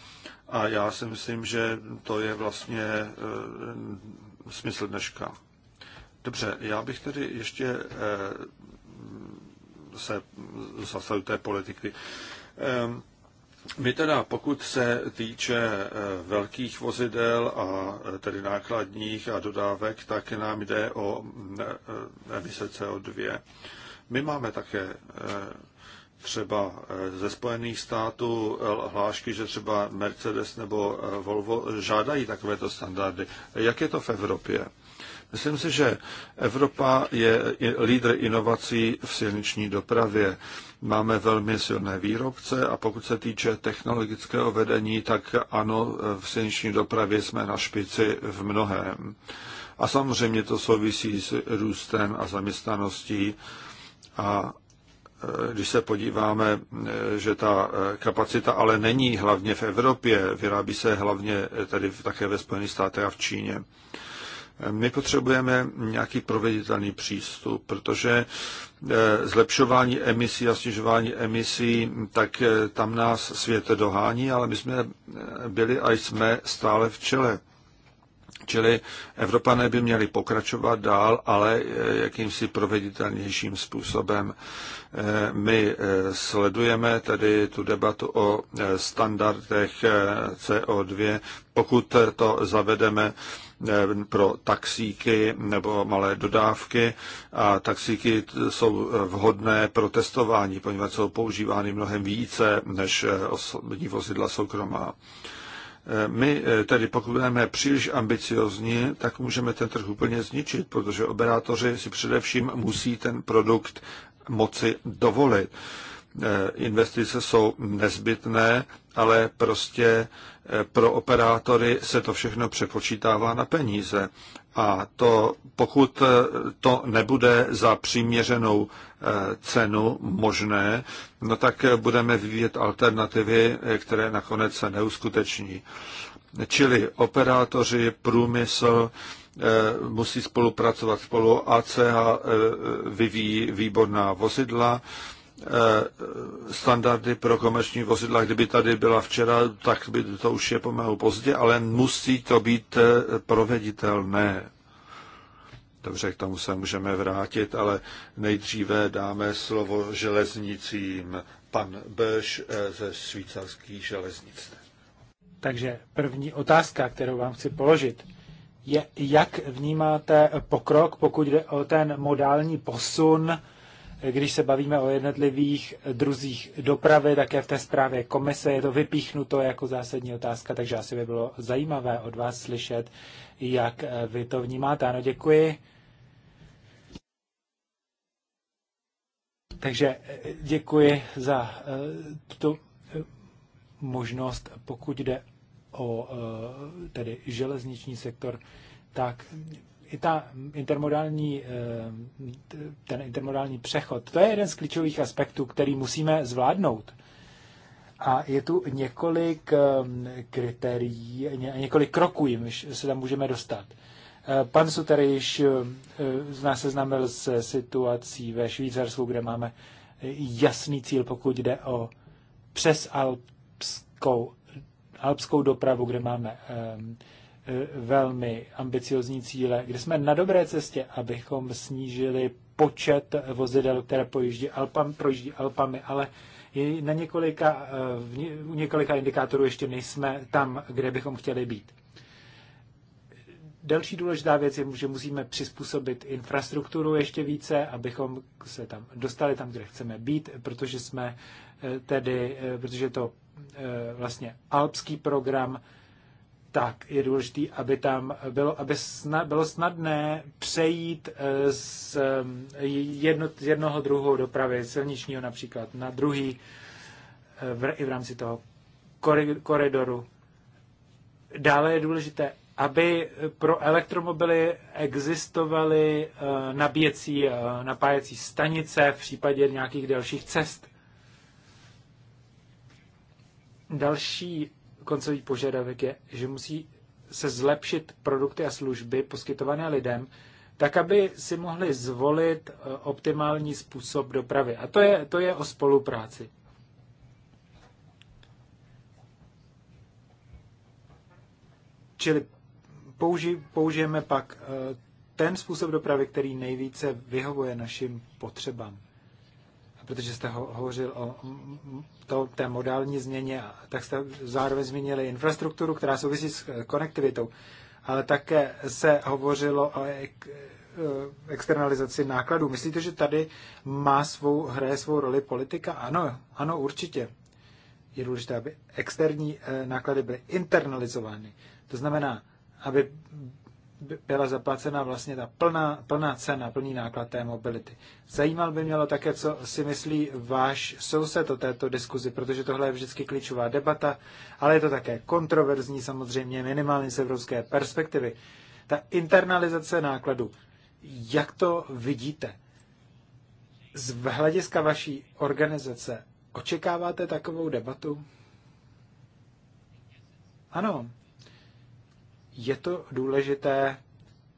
S3: A já si myslím, že to je vlastně eh, smysl dneška. Dobře, já bych tedy ještě se zasadil té politiky. Ehm, my teda, pokud se týče eh, velkých vozidel a eh, tedy nákladních a dodávek, tak nám jde o mm, eh, emise CO2. My máme také třeba ze Spojených států hlášky, že třeba Mercedes nebo Volvo žádají takovéto standardy. Jak je to v Evropě? Myslím si, že Evropa je lídr inovací v silniční dopravě. Máme velmi silné výrobce a pokud se týče technologického vedení, tak ano, v silniční dopravě jsme na špici v mnohem. A samozřejmě to souvisí s růstem a zaměstnaností. A e, když se podíváme, e, že ta e, kapacita ale není hlavně v Evropě, vyrábí se hlavně tady také ve Spojených státech a v Číně. My potřebujeme nějaký proveditelný přístup, protože eh, zlepšování emisí a snižování emisí, tak eh, tam nás svět dohání, ale my jsme eh, byli a jsme stále v čele. Čili Evropané by měli pokračovat dál, ale jakýmsi proveditelnějším způsobem. My sledujeme tedy tu debatu o standardech CO2. Pokud to zavedeme, pro taxíky nebo malé dodávky a taxíky jsou vhodné pro testování, poněvadž jsou používány mnohem více než eh, osobní vozidla soukromá. Eh, my eh, tedy pokud budeme příliš ambiciozní, tak můžeme ten trh úplně zničit, protože operátoři si především musí ten produkt moci dovolit. Eh, investice jsou nezbytné, ale prostě eh, pro operátory se to všechno přepočítává na peníze. A to, pokud eh, to nebude za přiměřenou cenu možné, no tak budeme vyvíjet alternativy, které nakonec se neuskuteční. Čili operátoři, průmysl, musí spolupracovat spolu. ACH vyvíjí výborná vozidla, Eh, standardy pro komerční vozidla, kdyby tady byla včera, tak by to už je pomalu pozdě, ale musí to být eh, proveditelné. Dobře, k tomu se můžeme vrátit, ale nejdříve dáme slovo železnicím. Pan Böš eh, ze švýcarských železnic.
S2: Takže první otázka, kterou vám chci položit, je, jak vnímáte pokrok, pokud jde o ten modální posun když se bavíme o jednotlivých druzích dopravy, také v té zprávě komise je to vypíchnuto jako zásadní otázka, takže asi by bylo zajímavé od vás slyšet, jak eh, vy to vnímáte. Ano, děkuji. Takže eh, děkuji za eh, tu možnost, pokud jde o tedy železniční sektor, tak i ta intermodální, eh, ten intermodální přechod, to je jeden z klíčových aspektů, který musíme zvládnout. A je tu několik eh, kritérií, několik kroků, jimž se tam můžeme dostat. Eh, pan Suter již nás seznámil s situací ve Švýcarsku, kde máme jasný cíl, pokud jde o přes alpskou, alpskou dopravu, kde máme Eh, velmi ambiciozní cíle, kde jsme na dobré cestě, abychom snížili počet vozidel, které projíždí, Alpam, projíždí Alpami, ale je na několika, eh, u několika indikátorů ještě nejsme tam, kde bychom chtěli být. Další důležitá věc je, že musíme přizpůsobit infrastrukturu ještě více, abychom se tam dostali tam, kde chceme být, protože jsme eh, tedy, protože to vlastně alpský program, tak je důležité, aby tam bylo, aby sna, bylo snadné přejít eh, z, eh, jedno, z jednoho druhu dopravy, silničního například, na druhý eh, v, i v rámci toho koridoru. Dále je důležité, aby pro elektromobily existovaly nabíjecí, napájecí stanice v případě nějakých dalších cest. Další koncový požadavek je, že musí se zlepšit produkty a služby poskytované lidem, tak aby si mohli zvolit eh, optimální způsob dopravy. A to je, to je o spolupráci. Čili použi, použijeme pak eh, ten způsob dopravy, který nejvíce vyhovuje našim potřebám protože jste ho, hovořil o to, té modální změně, tak jste zároveň zmínili infrastrukturu, která souvisí s eh, konektivitou, ale také se hovořilo o ek, eh, externalizaci nákladů. Myslíte, že tady má svou, hraje svou roli politika? Ano, ano, určitě. Je důležité, aby externí eh, náklady byly internalizovány. To znamená, aby byla zaplacena vlastně ta plná, plná cena, plný náklad té mobility. Zajímal by mělo také, co si myslí váš soused o této diskuzi, protože tohle je vždycky klíčová debata, ale je to také kontroverzní samozřejmě, minimálně z evropské perspektivy. Ta internalizace nákladů, jak to vidíte? Z hlediska vaší organizace očekáváte takovou debatu? Ano, je to důležité,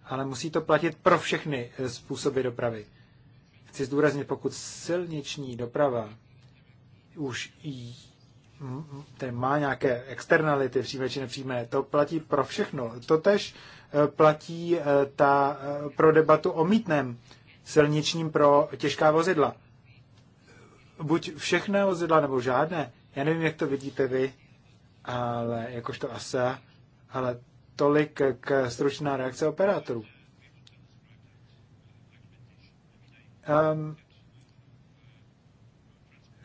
S2: ale musí to platit pro všechny způsoby dopravy. Chci zdůraznit, pokud silniční doprava už jí, má nějaké externality, přímé či nepřímé, to platí pro všechno. To eh, platí eh, ta, eh, pro debatu o mítném silničním pro těžká vozidla. Buď všechna vozidla, nebo žádné. Já nevím, jak to vidíte vy, ale jakožto ASA, ale Tolik k stručná reakce operátorů. Um,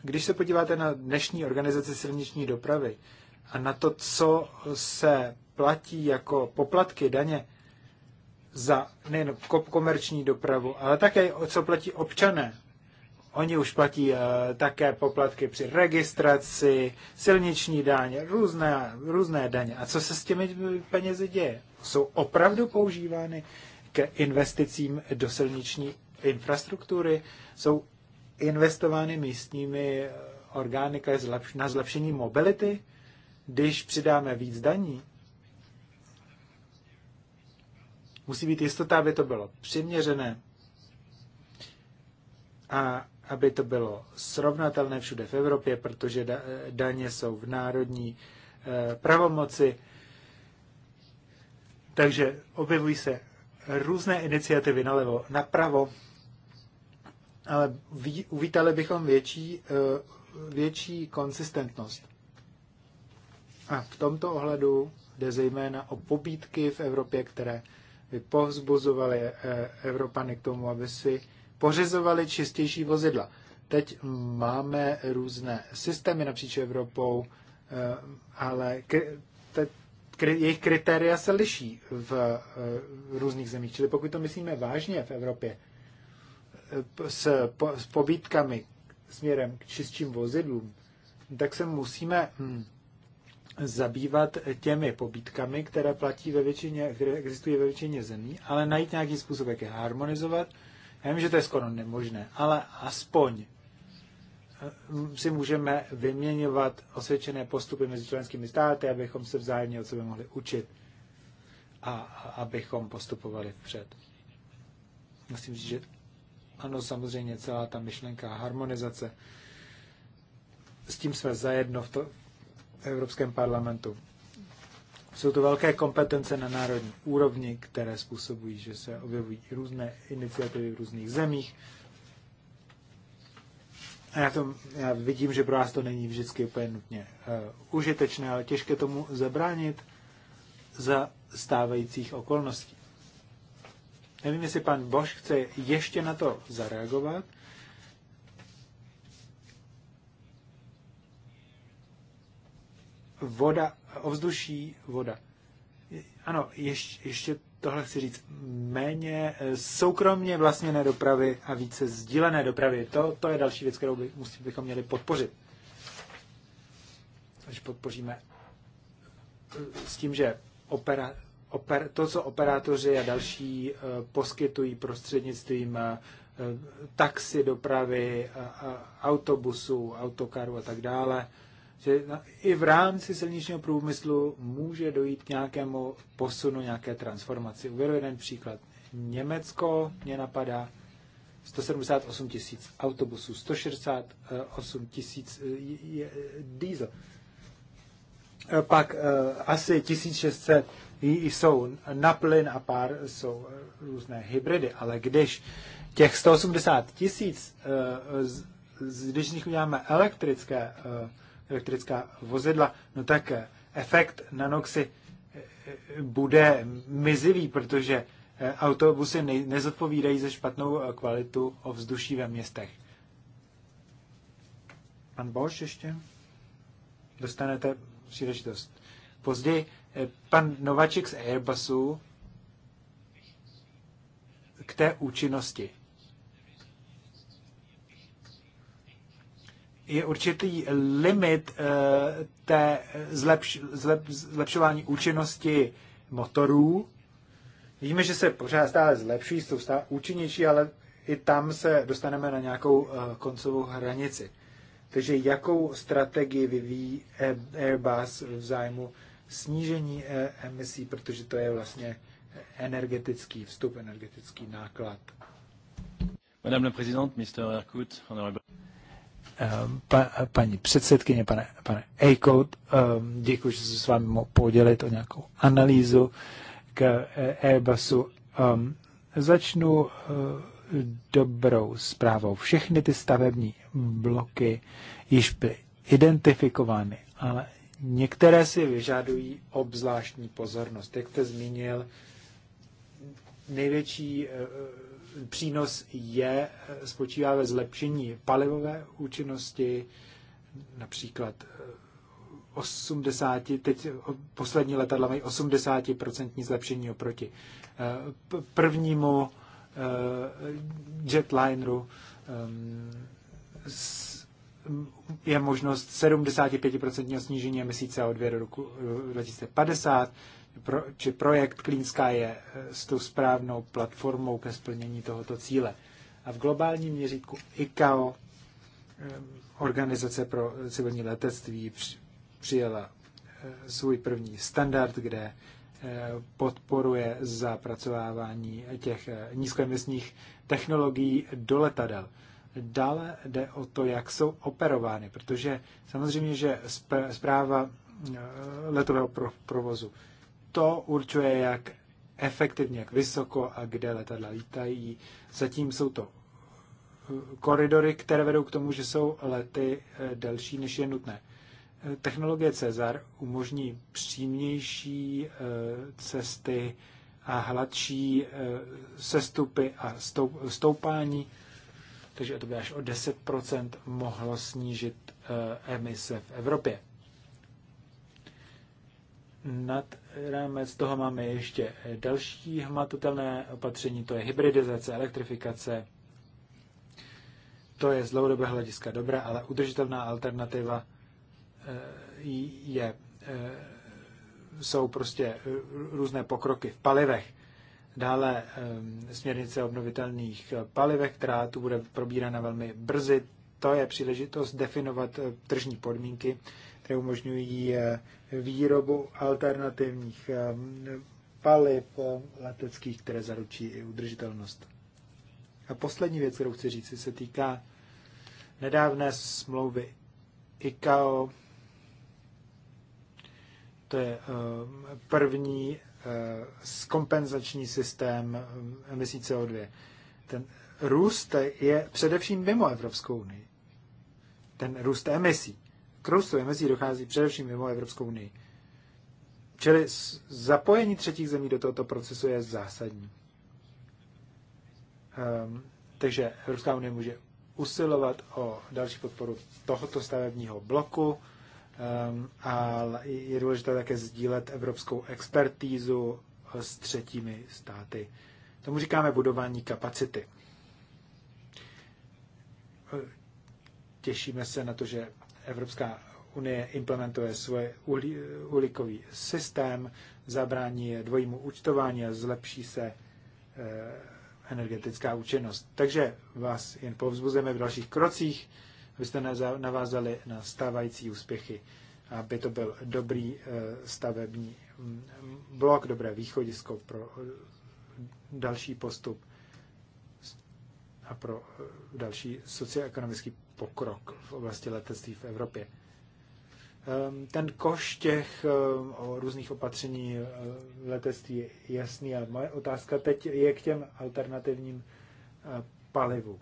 S2: když se podíváte na dnešní organizaci silniční dopravy a na to, co se platí jako poplatky, daně za nejen komerční dopravu, ale také co platí občané Oni už platí eh, také poplatky při registraci, silniční daně, různé, různé daně. A co se s těmi penězi děje? Jsou opravdu používány k investicím do silniční infrastruktury? Jsou investovány místními eh, orgány na zlepšení mobility? Když přidáme víc daní, musí být jistota, aby to bylo přiměřené. A aby to bylo srovnatelné všude v Evropě, protože daně jsou v národní eh, pravomoci. Takže objevují se různé iniciativy nalevo, napravo, ale uvítali bychom větší, eh, větší konsistentnost. A v tomto ohledu jde zejména o pobídky v Evropě, které by povzbuzovaly eh, Evropany k tomu, aby si pořizovali čistější vozidla. Teď máme různé systémy napříč Evropou, eh, ale jejich kritéria se liší v eh, různých zemích. Čili pokud to myslíme vážně v Evropě eh, s, pobítkami směrem k čistším vozidlům, tak se musíme hm, zabývat těmi pobítkami, které platí ve většině, které existují ve většině zemí, ale najít nějaký způsob, jak je harmonizovat já vím, že to je skoro nemožné, ale aspoň eh, si můžeme vyměňovat osvědčené postupy mezi členskými státy, abychom se vzájemně od sebe mohli učit a abychom postupovali vpřed. Myslím, si, že ano, samozřejmě celá ta myšlenka harmonizace, s tím jsme zajedno v, to, v Evropském parlamentu. Jsou to velké kompetence na národní úrovni, které způsobují, že se objevují různé iniciativy v různých zemích. A já, to, já vidím, že pro vás to není vždycky úplně nutně uh, užitečné, ale těžké tomu zabránit za stávajících okolností. Nevím, jestli pan Bosch chce ještě na to zareagovat. voda, ovzduší, voda. Ano, ještě, ještě tohle chci říct, méně eh, soukromně vlastněné dopravy a více sdílené dopravy. To, to je další věc, kterou by, musí, bychom měli podpořit. Takže podpoříme eh, s tím, že opera, oper, to, co operátoři a další eh, poskytují prostřednictvím taxi, dopravy, autobusů, autokaru a tak dále, že i v rámci silničního průmyslu může dojít k nějakému posunu, nějaké transformaci. Uvedu jeden příklad. Německo mě napadá 178 tisíc autobusů, 168 tisíc eh, diesel. Eh, pak eh, asi 1600 jsou na plyn a pár jsou různé hybridy, ale když těch 180 tisíc, když z nich uděláme elektrické elektrická vozidla, no tak eh, efekt na noxy eh, eh, bude mizivý, protože autobusy nezodpovídají za špatnou kvalitu ovzduší ve městech. Pan Boš ještě? Dostanete příležitost. Později pan Novaček z Airbusu k té účinnosti. je určitý limit eh, té zlepš, zlep, zlepšování účinnosti motorů. Víme, že se pořád stále zlepší, jsou stále účinnější, ale i tam se dostaneme na nějakou eh, koncovou hranici. Takže jakou strategii vyvíjí Airbus v zájmu snížení eh, emisí, protože to je vlastně energetický vstup, energetický náklad.
S4: Madame la présidente, Mr. Erkut, honorable...
S2: Ehm, pa, paní předsedkyně, pane, pane Ejkout, ehm, děkuji, že se s vámi mohl podělit o nějakou analýzu k e, Airbusu. Ehm, začnu e, dobrou zprávou. Všechny ty stavební bloky již byly identifikovány, ale některé si vyžadují obzvláštní pozornost. Jak jste zmínil, největší e, přínos je, eh, spočívá ve zlepšení palivové účinnosti, například 80, eh, teď poslední letadla mají 80% zlepšení oproti eh, prvnímu jetlineru. Je možnost 75% snížení emisí CO2 do roku 2050 pro, či projekt Klínská je eh, s tou správnou platformou ke splnění tohoto cíle. A v globálním měřítku ICAO, eh, Organizace pro civilní letectví, přijela eh, svůj první standard, kde podporuje zapracovávání těch nízkoemisních technologií do letadel. Dále jde o to, jak jsou operovány, protože samozřejmě, že zpráva letového provozu to určuje, jak efektivně, jak vysoko a kde letadla lítají. Zatím jsou to eh, koridory, které vedou k tomu, že jsou lety eh, delší, než je nutné. Eh, technologie Cezar umožní přímější cesty a hladší sestupy a stoupání, takže to by až o 10% mohlo snížit emise v Evropě. Nad rámec toho máme ještě další hmatatelné opatření, to je hybridizace, elektrifikace. To je z dlouhodobého hlediska dobré, ale udržitelná alternativa eh, je, eh, jsou prostě eh, různé pokroky v palivech. Dále směrnice obnovitelných palivech, která tu bude probírána velmi brzy. To je příležitost definovat tržní podmínky které umožňují eh, výrobu alternativních eh, paliv eh, leteckých, které zaručí i udržitelnost. A poslední věc, kterou chci říct, se týká nedávné smlouvy ICAO. To je první kompenzační systém emisí CO2. Ten růst je především mimo Evropskou unii. Ten růst emisí k růstu emisí dochází především mimo Evropskou unii. Čili zapojení třetích zemí do tohoto procesu je zásadní. Um, takže Evropská unie může usilovat o další podporu tohoto stavebního bloku, um, ale je důležité také sdílet evropskou expertízu eh, s třetími státy. Tomu říkáme budování kapacity. Eh, těšíme se na to, že Evropská unie implementuje svůj uhlíkový systém, zabrání dvojímu účtování a zlepší se eh, energetická účinnost. Takže vás jen povzbuzujeme v dalších krocích, abyste navázali na stávající úspěchy, aby to byl dobrý eh, stavební mm, blok, dobré východisko pro eh, další postup a pro další socioekonomický pokrok v oblasti letectví v Evropě. Ehm, ten koš těch ehm, o různých opatření ehm, letectví je jasný a moje otázka teď je k těm alternativním palivům.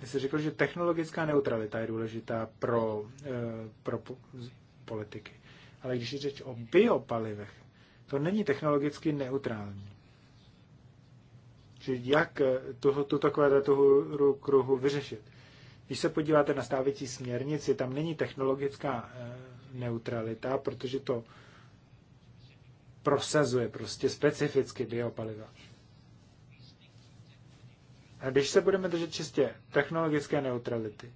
S2: Vy jste řekl, že technologická neutralita je důležitá pro, pro politiky. Ale když je řeč o biopalivech, to není technologicky neutrální že jak eh, toho, takové toho kruhu vyřešit. Když se podíváte na stávající směrnici, tam není technologická eh, neutralita, protože to prosazuje prostě specificky biopaliva. A když se budeme držet čistě technologické neutrality,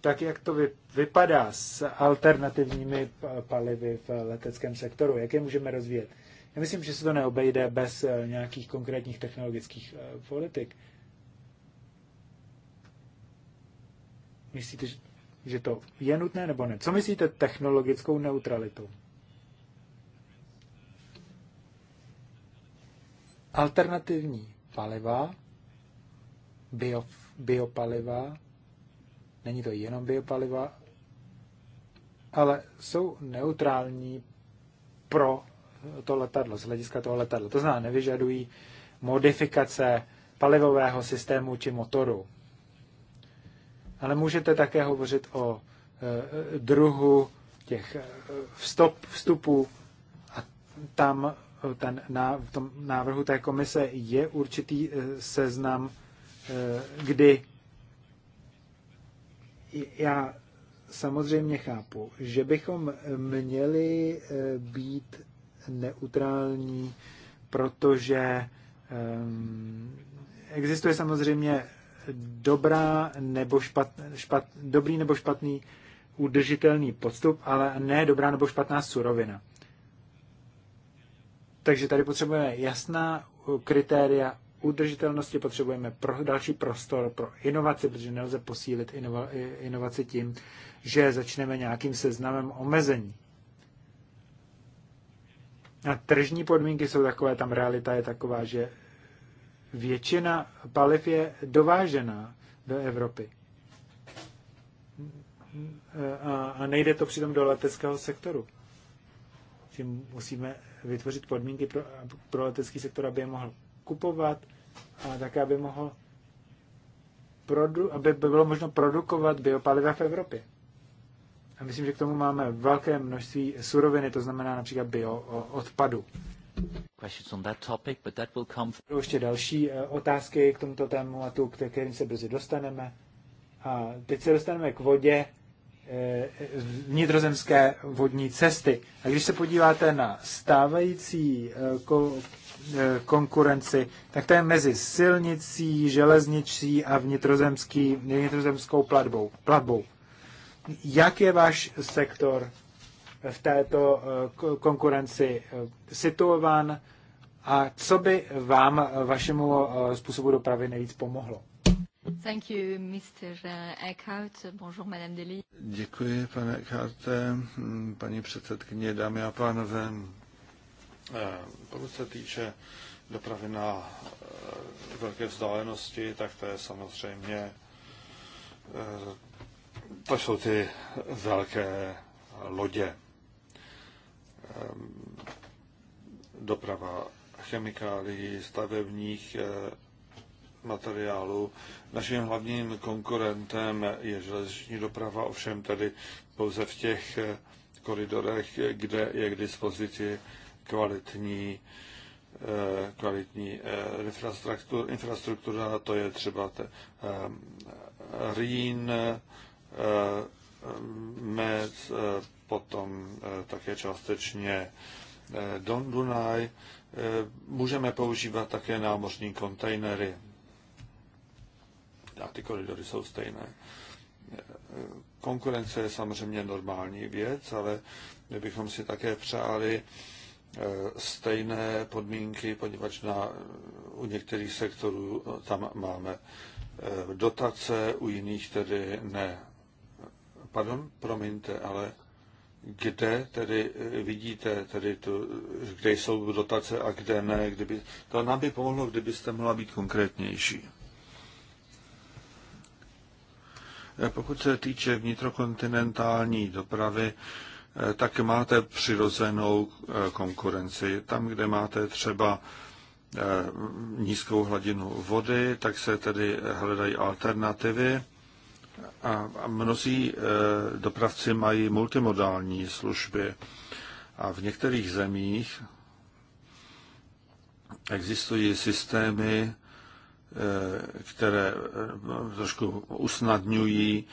S2: tak jak to vypadá s alternativními palivy v leteckém sektoru, jak je můžeme rozvíjet? Já myslím, že se to neobejde bez eh, nějakých konkrétních technologických eh, politik. Myslíte, že to je nutné nebo ne? Co myslíte technologickou neutralitou? Alternativní paliva, bio, biopaliva, není to jenom biopaliva, ale jsou neutrální pro to letadlo, z hlediska toho letadla. To znamená, nevyžadují modifikace palivového systému či motoru. Ale můžete také hovořit o e, e druhu těch e, vstop, vstupů a tam e, ten, na, v tom návrhu té komise je určitý e, seznam, e, kdy já samozřejmě chápu, že bychom měli být neutrální, protože um, existuje samozřejmě dobrá nebo špat, špat, dobrý nebo špatný udržitelný podstup, ale ne dobrá nebo špatná surovina. Takže tady potřebujeme jasná kritéria udržitelnosti, potřebujeme pro, další prostor pro inovaci, protože nelze posílit inova, inovaci tím, že začneme nějakým seznamem omezení. A tržní podmínky jsou takové, tam realita je taková, že většina paliv je dovážená do Evropy. A, a nejde to přitom do leteckého sektoru. Tím musíme vytvořit podmínky pro, pro letecký sektor, aby je mohl kupovat a také, aby mohl produ, aby bylo možno produkovat biopaliva v Evropě. A myslím, že k tomu máme velké množství suroviny, to znamená například bioodpadu. ještě další e, otázky k tomuto tématu, k kterým se brzy dostaneme. A teď se dostaneme k vodě e, vnitrozemské vodní cesty. A když se podíváte na stávající e, konkurenci, tak to je mezi silnicí, železnicí a vnitrozemský, vnitrozemskou platbou. platbou jak je váš sektor v této eh, konkurenci eh, situovan a co by vám, eh, vašemu způsobu dopravy nejvíc pomohlo?
S1: Thank you, Mr. Eckhart. Bonjour, Madame Deli.
S3: Děkuji, pane Eckhart, hmm, paní předsedkyně, dámy a pánové. Pokud se týče dopravy na velké vzdálenosti, tak to je samozřejmě to jsou ty velké lodě. Ehm, doprava chemikálií, stavebních eh, materiálů. Naším hlavním konkurentem je železniční doprava, ovšem tedy pouze v těch eh, koridorech, kde je k dispozici kvalitní, eh, kvalitní infrastruktura, to je třeba ehm, Rýn, Med, eh, potom eh, také částečně eh, Don Dunaj. Můžeme používat také námořní kontejnery. A ty koridory jsou stejné. Konkurence je samozřejmě normální věc, ale my bychom si také přáli stejné podmínky, poněvadž na, u některých sektorů tam máme dotace, u jiných tedy ne. Pardon, promiňte, ale kde tedy eh, vidíte, tedy to, kde jsou dotace a kde ne, kdyby, to nám by pomohlo, kdybyste mohla být konkrétnější. Eh, pokud se týče vnitrokontinentální dopravy, eh, tak máte přirozenou konkurenci. Tam, kde máte třeba nízkou hladinu vody, tak se tedy hledají alternativy a, mnozí e, dopravci mají multimodální služby. A v některých zemích existují systémy, e, které e, trošku usnadňují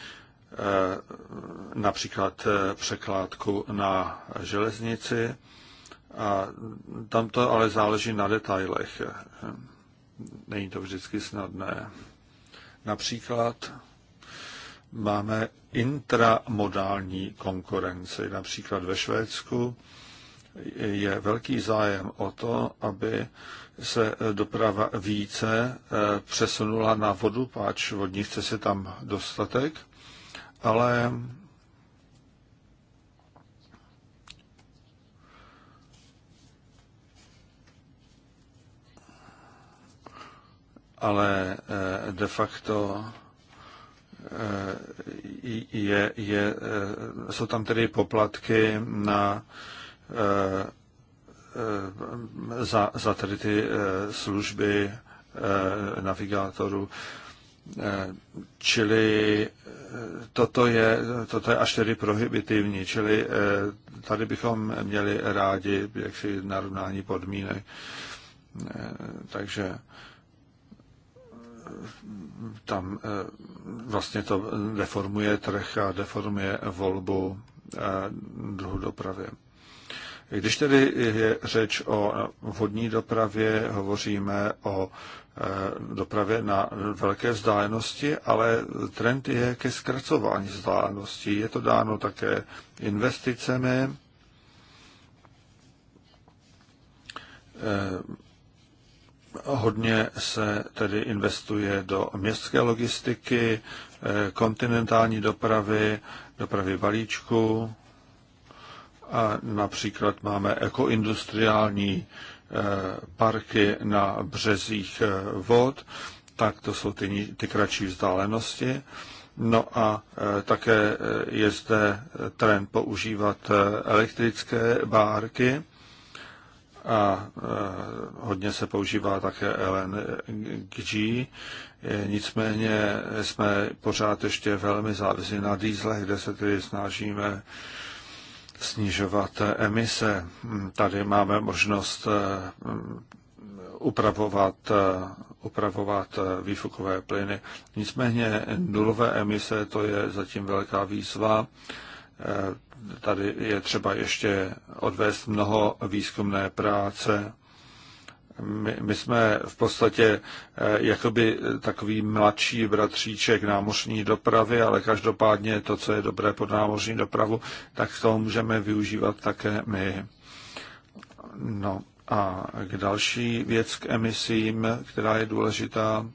S3: například překládku na železnici. A tam to ale záleží na detailech. Není to vždycky snadné. Například máme intramodální konkurenci. Například ve Švédsku je velký zájem o to, aby se doprava více eh, přesunula na vodu, páč vodní cest je tam dostatek, ale ale eh, de facto Eh, je, je, eh, jsou tam tedy poplatky na, eh, za, za tedy ty služby navigátorů. Čili toto je, toto je až tedy prohibitivní, čili tady bychom měli rádi jaksi narovnání podmínek. Takže tam eh, vlastně to deformuje trh a deformuje volbu eh, druhu dopravy. Když tedy je řeč o vodní dopravě, hovoříme o eh, dopravě na velké vzdálenosti, ale trend je ke zkracování vzdáleností. Je to dáno také investicemi, Hodně se tedy investuje do městské logistiky, eh, kontinentální dopravy, dopravy balíčku a například máme ekoindustriální eh, parky na březích eh, vod, tak to jsou ty, ty kratší vzdálenosti. No a také je zde trend používat elektrické bárky a eh, hodně se používá také LNG. Nicméně jsme pořád ještě velmi závislí na dýzlech, kde se tedy snažíme snižovat emise. Tady máme možnost eh, upravovat, eh, upravovat výfukové plyny. Nicméně nulové emise to je zatím velká výzva tady je třeba ještě odvést mnoho výzkumné práce. My, my jsme v podstatě eh, jakoby takový mladší bratříček námořní dopravy, ale každopádně to, co je dobré pod námořní dopravu, tak to můžeme využívat také my. No a k další věc k emisím, která je důležitá,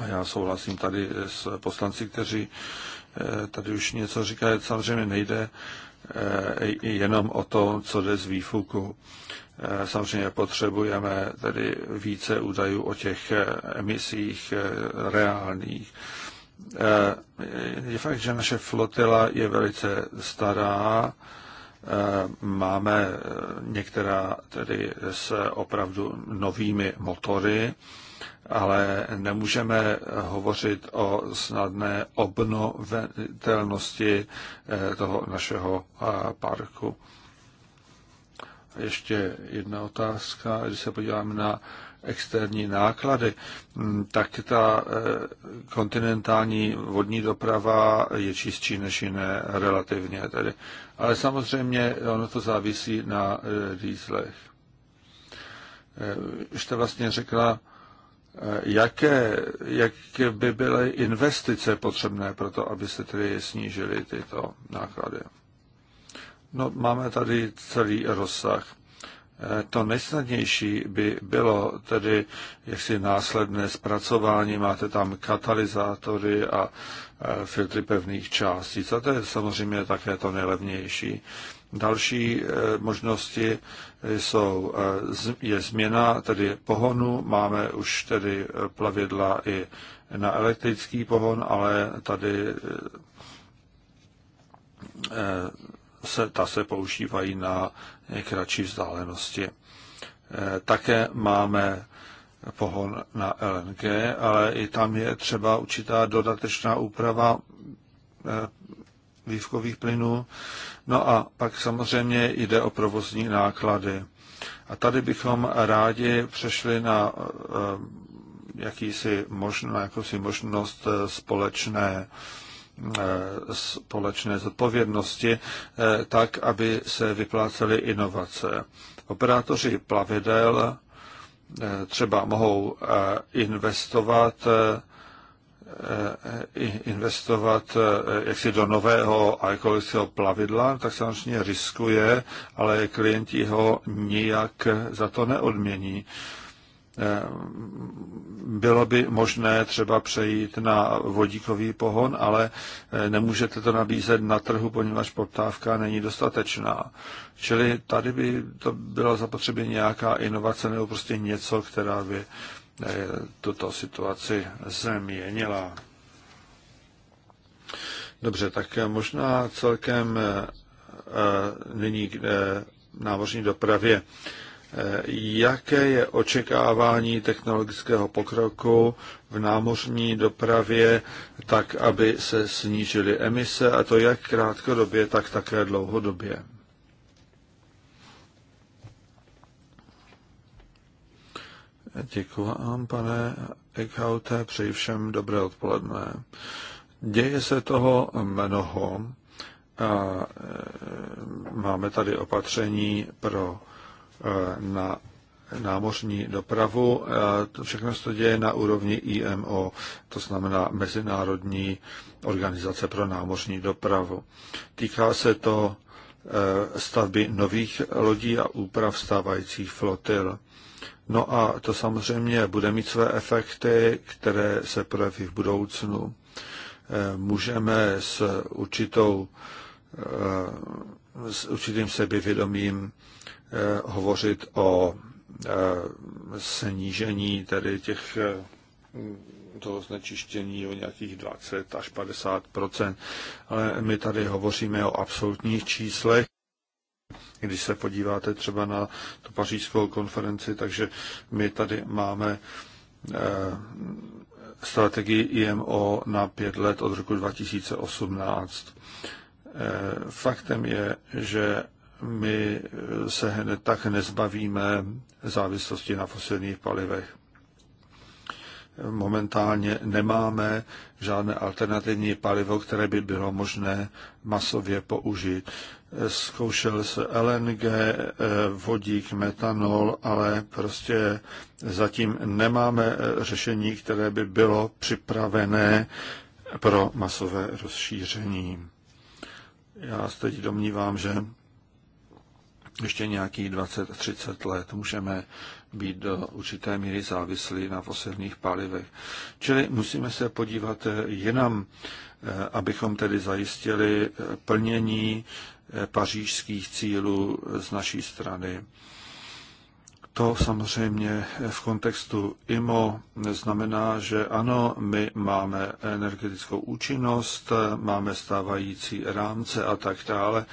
S3: a já souhlasím tady s poslanci, kteří Eh, tady už něco říká, samozřejmě nejde eh, jenom o to, co jde z výfuku. Eh, samozřejmě potřebujeme tedy více údajů o těch emisích reálných. Je fakt, že naše flotila je velice stará, máme některá tedy s opravdu novými motory, ale nemůžeme hovořit o snadné obnovitelnosti eh, toho našeho eh, parku. Ještě jedna otázka, když se podíváme na externí náklady, hm, tak ta eh, kontinentální vodní doprava je čistší než jiné relativně tedy. Ale samozřejmě ono to závisí na dýzlech. Už jste vlastně řekla, jaké, jak by byly investice potřebné pro to, aby se tedy snížily tyto náklady. No, máme tady celý rozsah. Eh, to nejsnadnější by bylo tedy jaksi následné zpracování. Máte tam katalyzátory a eh, filtry pevných částic. A to je samozřejmě také to nejlevnější. Další eh, možnosti eh, jsou, eh, je změna tedy pohonu. Máme už tedy plavidla i na elektrický pohon, ale tady se, ta se používají na kratší vzdálenosti. Také máme pohon na LNG, ale i tam je třeba určitá dodatečná úprava vývkových plynů. No a pak samozřejmě jde o provozní náklady. A tady bychom rádi přešli na eh, jakýsi možno, jakousi možnost eh, společné eh, společné zodpovědnosti, tak, aby se vyplácely inovace. Operátoři plavidel třeba mohou investovat investovat eh, jaksi do nového a ekologického plavidla, tak samozřejmě riskuje, ale klienti ho nijak za to neodmění. Eh, bylo by možné třeba přejít na vodíkový pohon, ale eh, nemůžete to nabízet na trhu, poněvadž poptávka není dostatečná. Čili tady by to byla zapotřebí nějaká inovace nebo prostě něco, která by tuto situaci změnila. Dobře, tak možná celkem eh, nyní k eh, námořní dopravě. Eh, jaké je očekávání technologického pokroku v námořní dopravě, tak aby se snížily emise, a to jak krátkodobě, tak také dlouhodobě? Děkuji vám, pane Eckhaute, přeji všem dobré odpoledne. Děje se toho mnoho a e, máme tady opatření pro e, na námořní dopravu. To všechno se to děje na úrovni IMO, to znamená Mezinárodní organizace pro námořní dopravu. Týká se to e, stavby nových lodí a úprav stávajících flotil. No a to samozřejmě bude mít své efekty, které se projeví v budoucnu. Eh, můžeme s, určitou, eh, s určitým sebevědomím eh, hovořit o snížení tedy těch toho znečištění o nějakých 20 až 50 ale my tady hovoříme o absolutních číslech. Když se podíváte třeba na tu pařížskou konferenci, takže my tady máme eh, strategii IMO na pět let od roku 2018. Eh, faktem je, že my se hned tak nezbavíme závislosti na fosilních palivech. Momentálně nemáme žádné alternativní palivo, které by bylo možné masově použít zkoušel se LNG, eh, vodík, metanol, ale prostě zatím nemáme eh, řešení, které by bylo připravené pro masové rozšíření. Já se teď domnívám, že ještě nějakých 20-30 let můžeme být do určité míry závislí na fosilních palivech. Čili musíme se podívat eh, jinam, abychom tedy zajistili plnění Eh, pařížských cílů eh, z naší strany. To samozřejmě eh, v kontextu IMO znamená, že ano, my máme energetickou účinnost, máme stávající rámce a tak dále.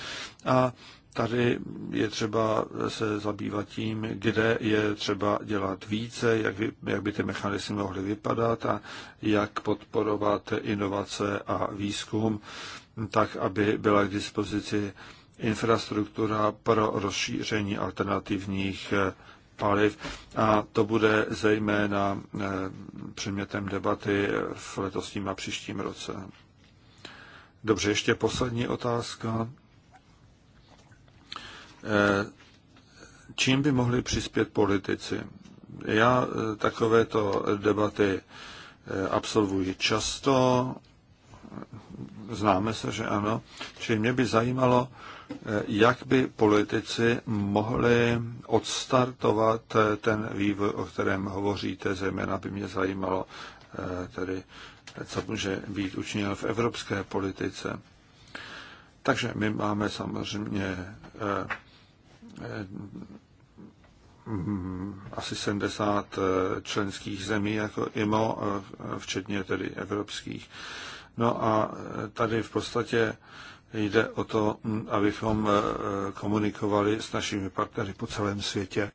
S3: A tady je třeba se zabývat tím, kde je třeba dělat více, jak, by, jak by ty mechanismy mohly vypadat a jak podporovat inovace a výzkum tak aby byla k dispozici infrastruktura pro rozšíření alternativních eh, paliv a to bude zejména eh, předmětem debaty v letosním a příštím roce. Dobře, ještě poslední otázka. Eh, čím by mohli přispět politici? Já takovéto debaty absolvuji často, známe se, že ano. Čili mě by zajímalo, eh, jak by politici mohli odstartovat eh, ten vývoj, o kterém hovoříte, zejména by mě zajímalo eh, tedy, co může být učiněno v evropské politice. Takže my máme samozřejmě mm, asi 70 členských zemí jako IMO, včetně tedy evropských. No a e, tady v podstatě jde o to, abychom e, e, komunikovali s našimi partnery po celém světě.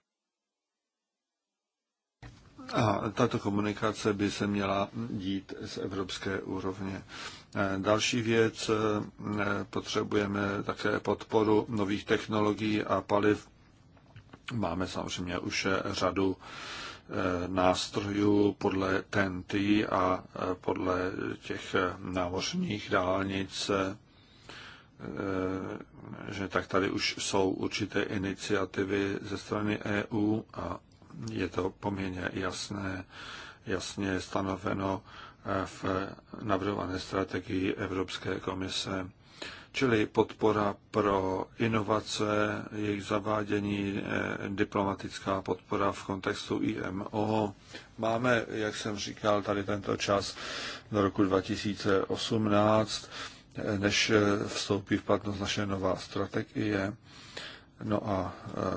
S3: A tato komunikace by se měla dít z evropské úrovně. Další věc, potřebujeme také podporu nových technologií a paliv. Máme samozřejmě už řadu Eh, nástrojů podle TNT a eh, podle těch eh, námořních dálnic, že tak tady už jsou určité iniciativy ze strany EU a je to poměrně jasné, jasně stanoveno v navrhované strategii Evropské komise čili podpora pro inovace, jejich zavádění, eh, diplomatická podpora v kontextu IMO. Máme, jak jsem říkal, tady tento čas do roku 2018, eh, než eh, vstoupí v platnost naše nová strategie. No a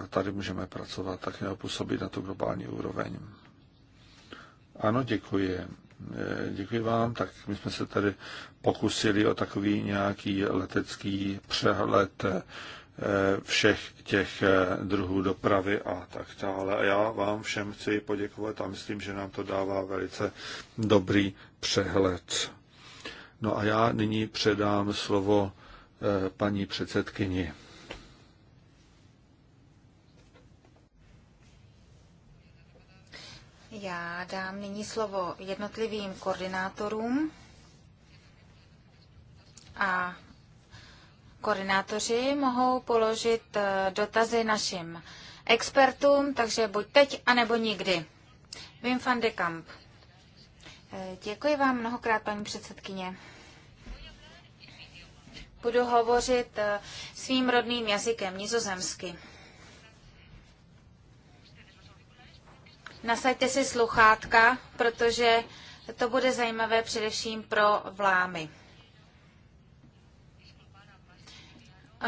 S3: tady můžeme pracovat tak nebo působit na tu globální úroveň. Ano, děkuji. Děkuji vám. Tak my jsme se tady pokusili o takový nějaký letecký přehled eh, všech těch eh, druhů dopravy a tak dále. A já vám všem chci poděkovat a myslím, že nám to dává velice dobrý přehled. No a já nyní předám slovo eh, paní předsedkyni.
S4: Já dám nyní slovo jednotlivým koordinátorům a koordinátoři mohou položit eh, dotazy našim expertům, takže buď teď, anebo nikdy. Vím van de Kamp. Eh, děkuji vám mnohokrát, paní předsedkyně. Budu hovořit eh, svým rodným jazykem, nizozemsky. Nasaďte si sluchátka, protože to bude zajímavé především pro vlámy.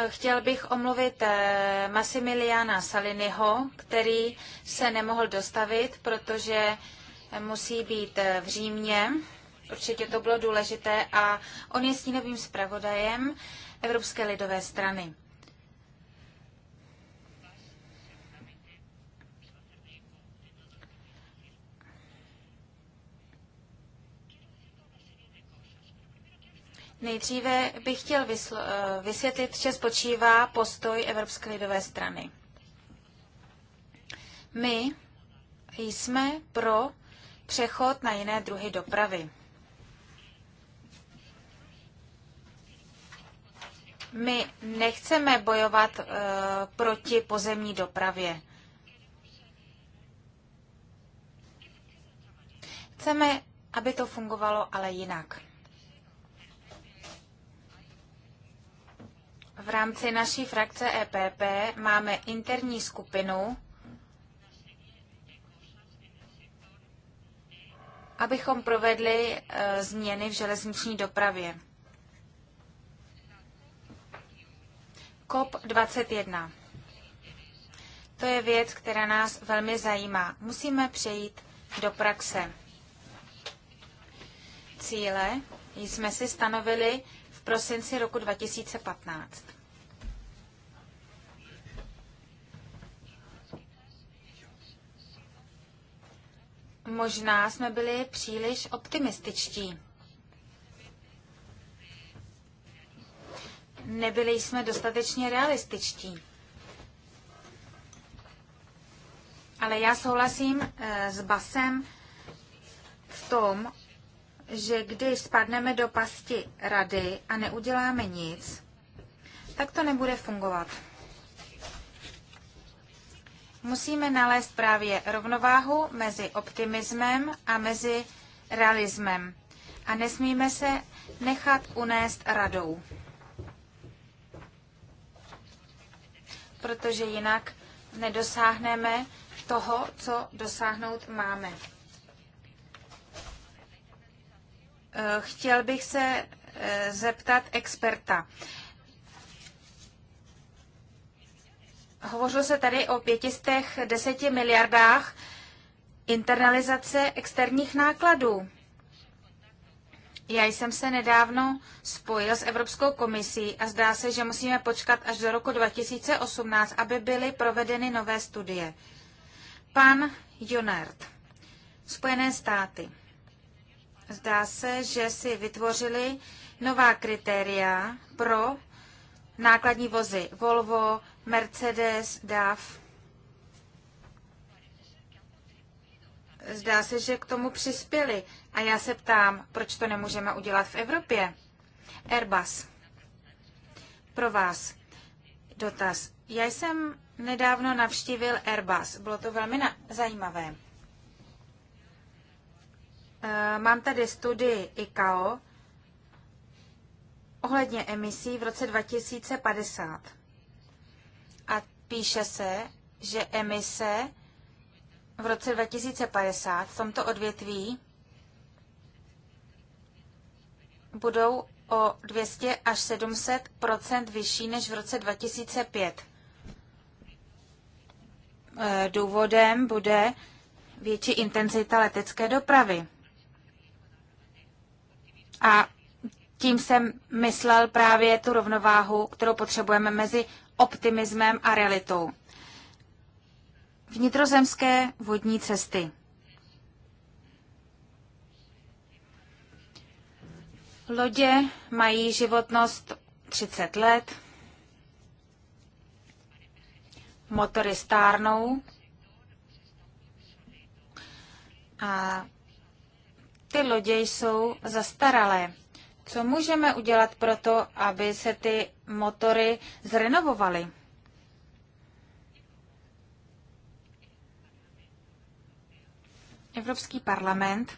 S4: Chtěl bych omluvit eh, Massimiliana Saliniho, který se nemohl dostavit, protože musí být eh, v Římě. Určitě to bylo důležité a on je stínovým zpravodajem Evropské lidové strany. Nejdříve bych chtěl eh, vysvětlit, že spočívá postoj Evropské lidové strany. My jsme pro přechod na jiné druhy dopravy. My nechceme bojovat uh, proti pozemní dopravě. Chceme, aby to fungovalo ale jinak. V rámci naší frakce EPP máme interní skupinu, abychom provedli e, změny v železniční dopravě. COP21. To je věc, která nás velmi zajímá. Musíme přejít do praxe. Cíle jsme si stanovili prosinci roku 2015. Možná jsme byli příliš optimističtí. Nebyli jsme dostatečně realističtí. Ale já souhlasím eh, s Basem v tom, že když spadneme do pasti rady a neuděláme nic, tak to nebude fungovat. Musíme nalézt právě rovnováhu mezi optimismem a mezi realismem. A nesmíme se nechat unést radou. Protože jinak nedosáhneme toho, co dosáhnout máme. Eh, chtěl bych se eh, zeptat experta. Hovořilo se tady o 510 miliardách internalizace externích nákladů. Já jsem se nedávno spojil s Evropskou komisí a zdá se, že musíme počkat až do roku 2018, aby byly provedeny nové studie. Pan Junert, Spojené státy. Zdá se, že si vytvořili nová kritéria pro nákladní vozy Volvo, Mercedes, DAF. Zdá se, že k tomu přispěli. A já se ptám, proč to nemůžeme udělat v Evropě? Airbus. Pro vás dotaz. Já jsem nedávno navštívil Airbus. Bylo to velmi zajímavé. Eh, mám tady studii ICAO ohledně emisí v roce 2050. A píše se, že emise v roce 2050 v tomto odvětví budou o 200 až 700 vyšší než v roce 2005. Eh, důvodem bude větší intenzita letecké dopravy. A tím jsem myslel právě tu rovnováhu, kterou potřebujeme mezi optimismem a realitou. Vnitrozemské vodní cesty. Lodě mají životnost 30 let, motory stárnou a ty lodě jsou zastaralé. Co můžeme udělat pro to, aby se ty motory zrenovovaly? Evropský parlament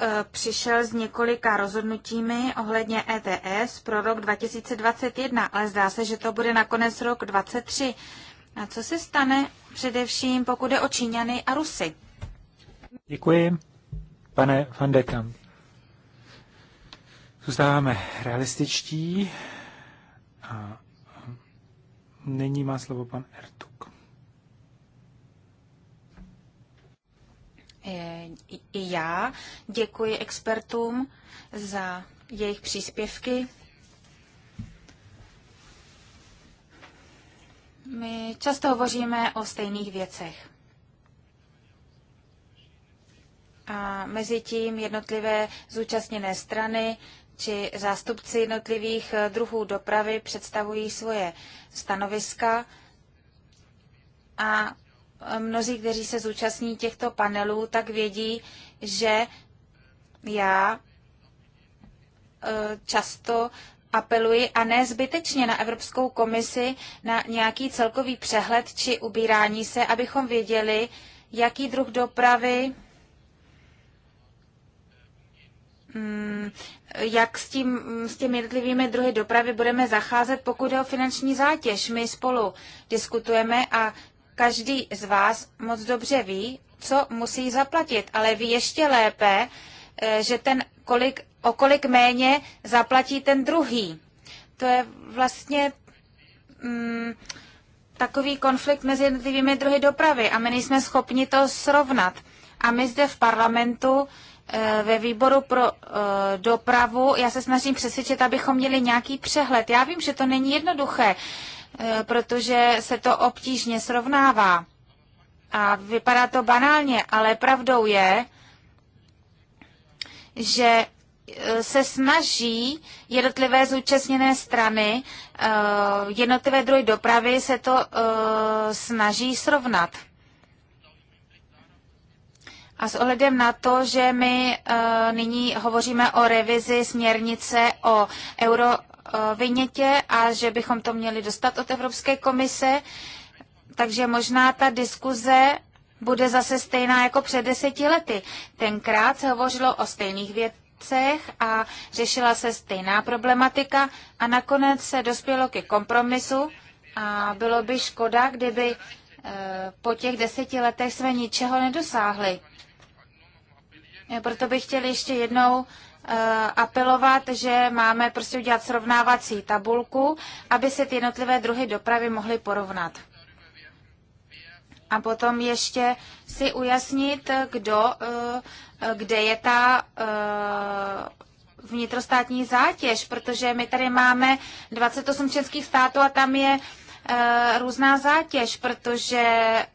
S4: e, přišel s několika rozhodnutími ohledně ETS pro rok 2021, ale zdá se, že to bude nakonec rok 2023. A co se stane především, pokud je o Číňany a Rusy?
S2: Děkuji, pane van de Kamp. Zůstáváme realističtí. A nyní má slovo pan Ertuk.
S4: I já děkuji expertům za jejich příspěvky My často hovoříme o stejných věcech. A mezi tím jednotlivé zúčastněné strany či zástupci jednotlivých eh, druhů dopravy představují svoje stanoviska a eh, mnozí, kteří se zúčastní těchto panelů, tak vědí, že já eh, často apeluji a ne zbytečně na Evropskou komisi na nějaký celkový přehled či ubírání se, abychom věděli, jaký druh dopravy, mm, jak s, tím, s těmi jednotlivými druhy dopravy budeme zacházet, pokud je o finanční zátěž. My spolu diskutujeme a každý z vás moc dobře ví, co musí zaplatit, ale ví ještě lépe, eh, že ten kolik o kolik méně zaplatí ten druhý. To je vlastně mm, takový konflikt mezi jednotlivými druhy dopravy a my nejsme schopni to srovnat. A my zde v parlamentu eh, ve výboru pro uh, dopravu. Já se snažím přesvědčit, abychom měli nějaký přehled. Já vím, že to není jednoduché, uh, protože se to obtížně srovnává. A vypadá to banálně, ale pravdou je, že Eh, se snaží jednotlivé zúčastněné strany, eh, jednotlivé druhy dopravy se to eh, snaží srovnat. A s ohledem na to, že my nyní hovoříme o revizi směrnice o eurovinětě a že bychom to měli dostat od Evropské komise, takže možná ta diskuze bude zase stejná jako před deseti lety. Tenkrát se hovořilo o stejných věcech cech a řešila se stejná problematika a nakonec se dospělo ke kompromisu a bylo by škoda, kdyby e, po těch deseti letech jsme ničeho nedosáhli. E, proto bych chtěl ještě jednou e, apelovat, že máme prostě udělat srovnávací tabulku, aby se ty jednotlivé druhy dopravy mohly porovnat. A potom ještě si ujasnit, kdo, eh, kde je ta eh, vnitrostátní zátěž, protože my tady máme 28 českých států a tam je eh, různá zátěž, protože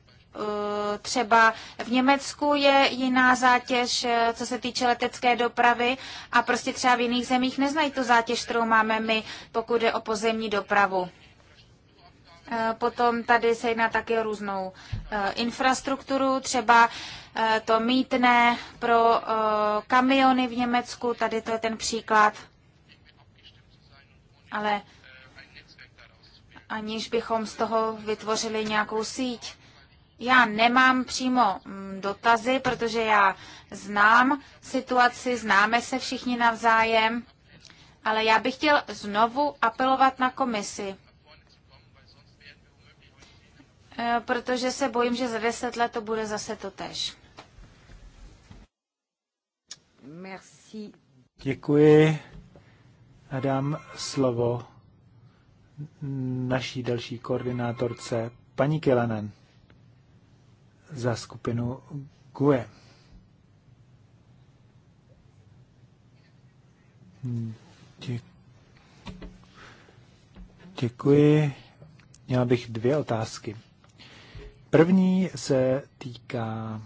S4: třeba v Německu je jiná zátěž, co se týče letecké dopravy a prostě třeba v jiných zemích neznají tu zátěž, kterou máme my, pokud je o pozemní dopravu. Eh, potom tady se jedná také různou eh, infrastrukturu, třeba eh, to mítné pro kamiony v Německu, tady to je ten příklad. Ale aniž bychom z toho vytvořili nějakou síť. Já nemám přímo mm, dotazy, protože já znám situaci, známe se všichni navzájem, ale já bych chtěl znovu apelovat na komisi. Eh, protože se bojím, že za deset let to bude zase to tež. Merci.
S2: Děkuji a dám slovo naší další koordinátorce, paní Kilanen, za skupinu GUE. Děkuji. Měla bych dvě otázky. První se týká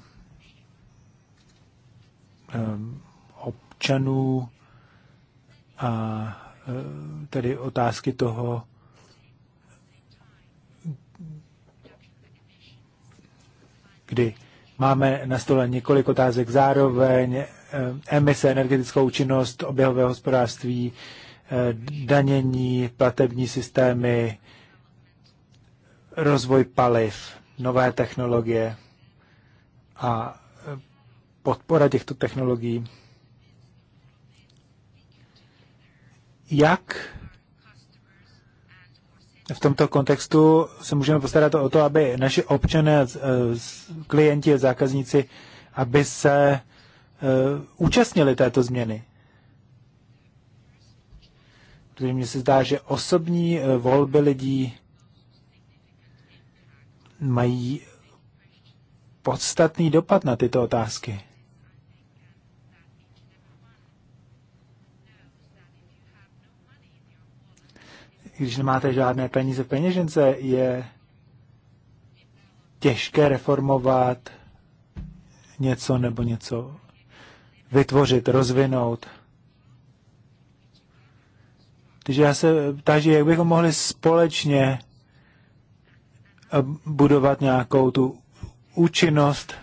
S2: ehm, občanů a eh, tedy otázky toho, kdy máme na stole několik otázek zároveň, eh, emise, energetickou účinnost, oběhové hospodářství, eh, danění, platební systémy, rozvoj paliv nové technologie a e, podpora těchto technologií. Jak v tomto kontextu se můžeme postarat o to, aby naši občané, e, klienti a zákazníci, aby se e, účastnili této změny? Protože mně se zdá, že osobní volby lidí mají podstatný dopad na tyto otázky. Když nemáte žádné peníze v peněžence, je těžké reformovat něco nebo něco vytvořit, rozvinout. Takže já se táži, jak bychom mohli společně budovat nějakou tu účinnost,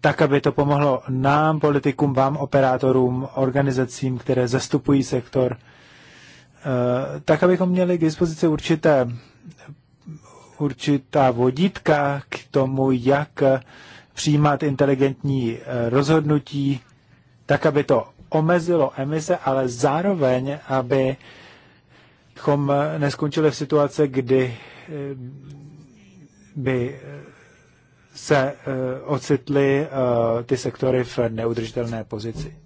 S2: tak, aby to pomohlo nám, politikům, vám, operátorům, organizacím, které zastupují sektor, eh, tak, abychom měli k dispozici určité, určitá vodítka k tomu, jak přijímat inteligentní eh, rozhodnutí, tak, aby to omezilo emise, ale zároveň, aby abychom eh, neskončili v situaci, kdy eh, by eh, se ocitly ty sektory v neudržitelné pozici.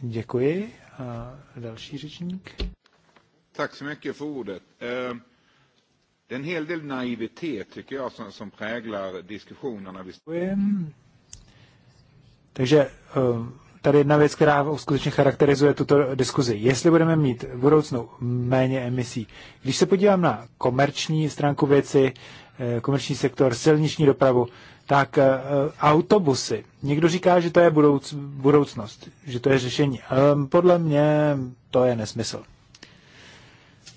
S2: Děkuji. A další řečník.
S3: Tak så mycket för ordet. Ehm, Den hel del naivitet tycker jag som, som präglar diskussionerna.
S2: Takže um, tady jedna věc, která skutečně charakterizuje tuto diskuzi. Jestli budeme mít v budoucnu méně emisí. Když se podívám na komerční stránku věci, eh, komerční sektor, silniční dopravu, tak eh, autobusy. Někdo říká, že to je budouc, budoucnost, že to je řešení. Ehm, podle mě to je nesmysl.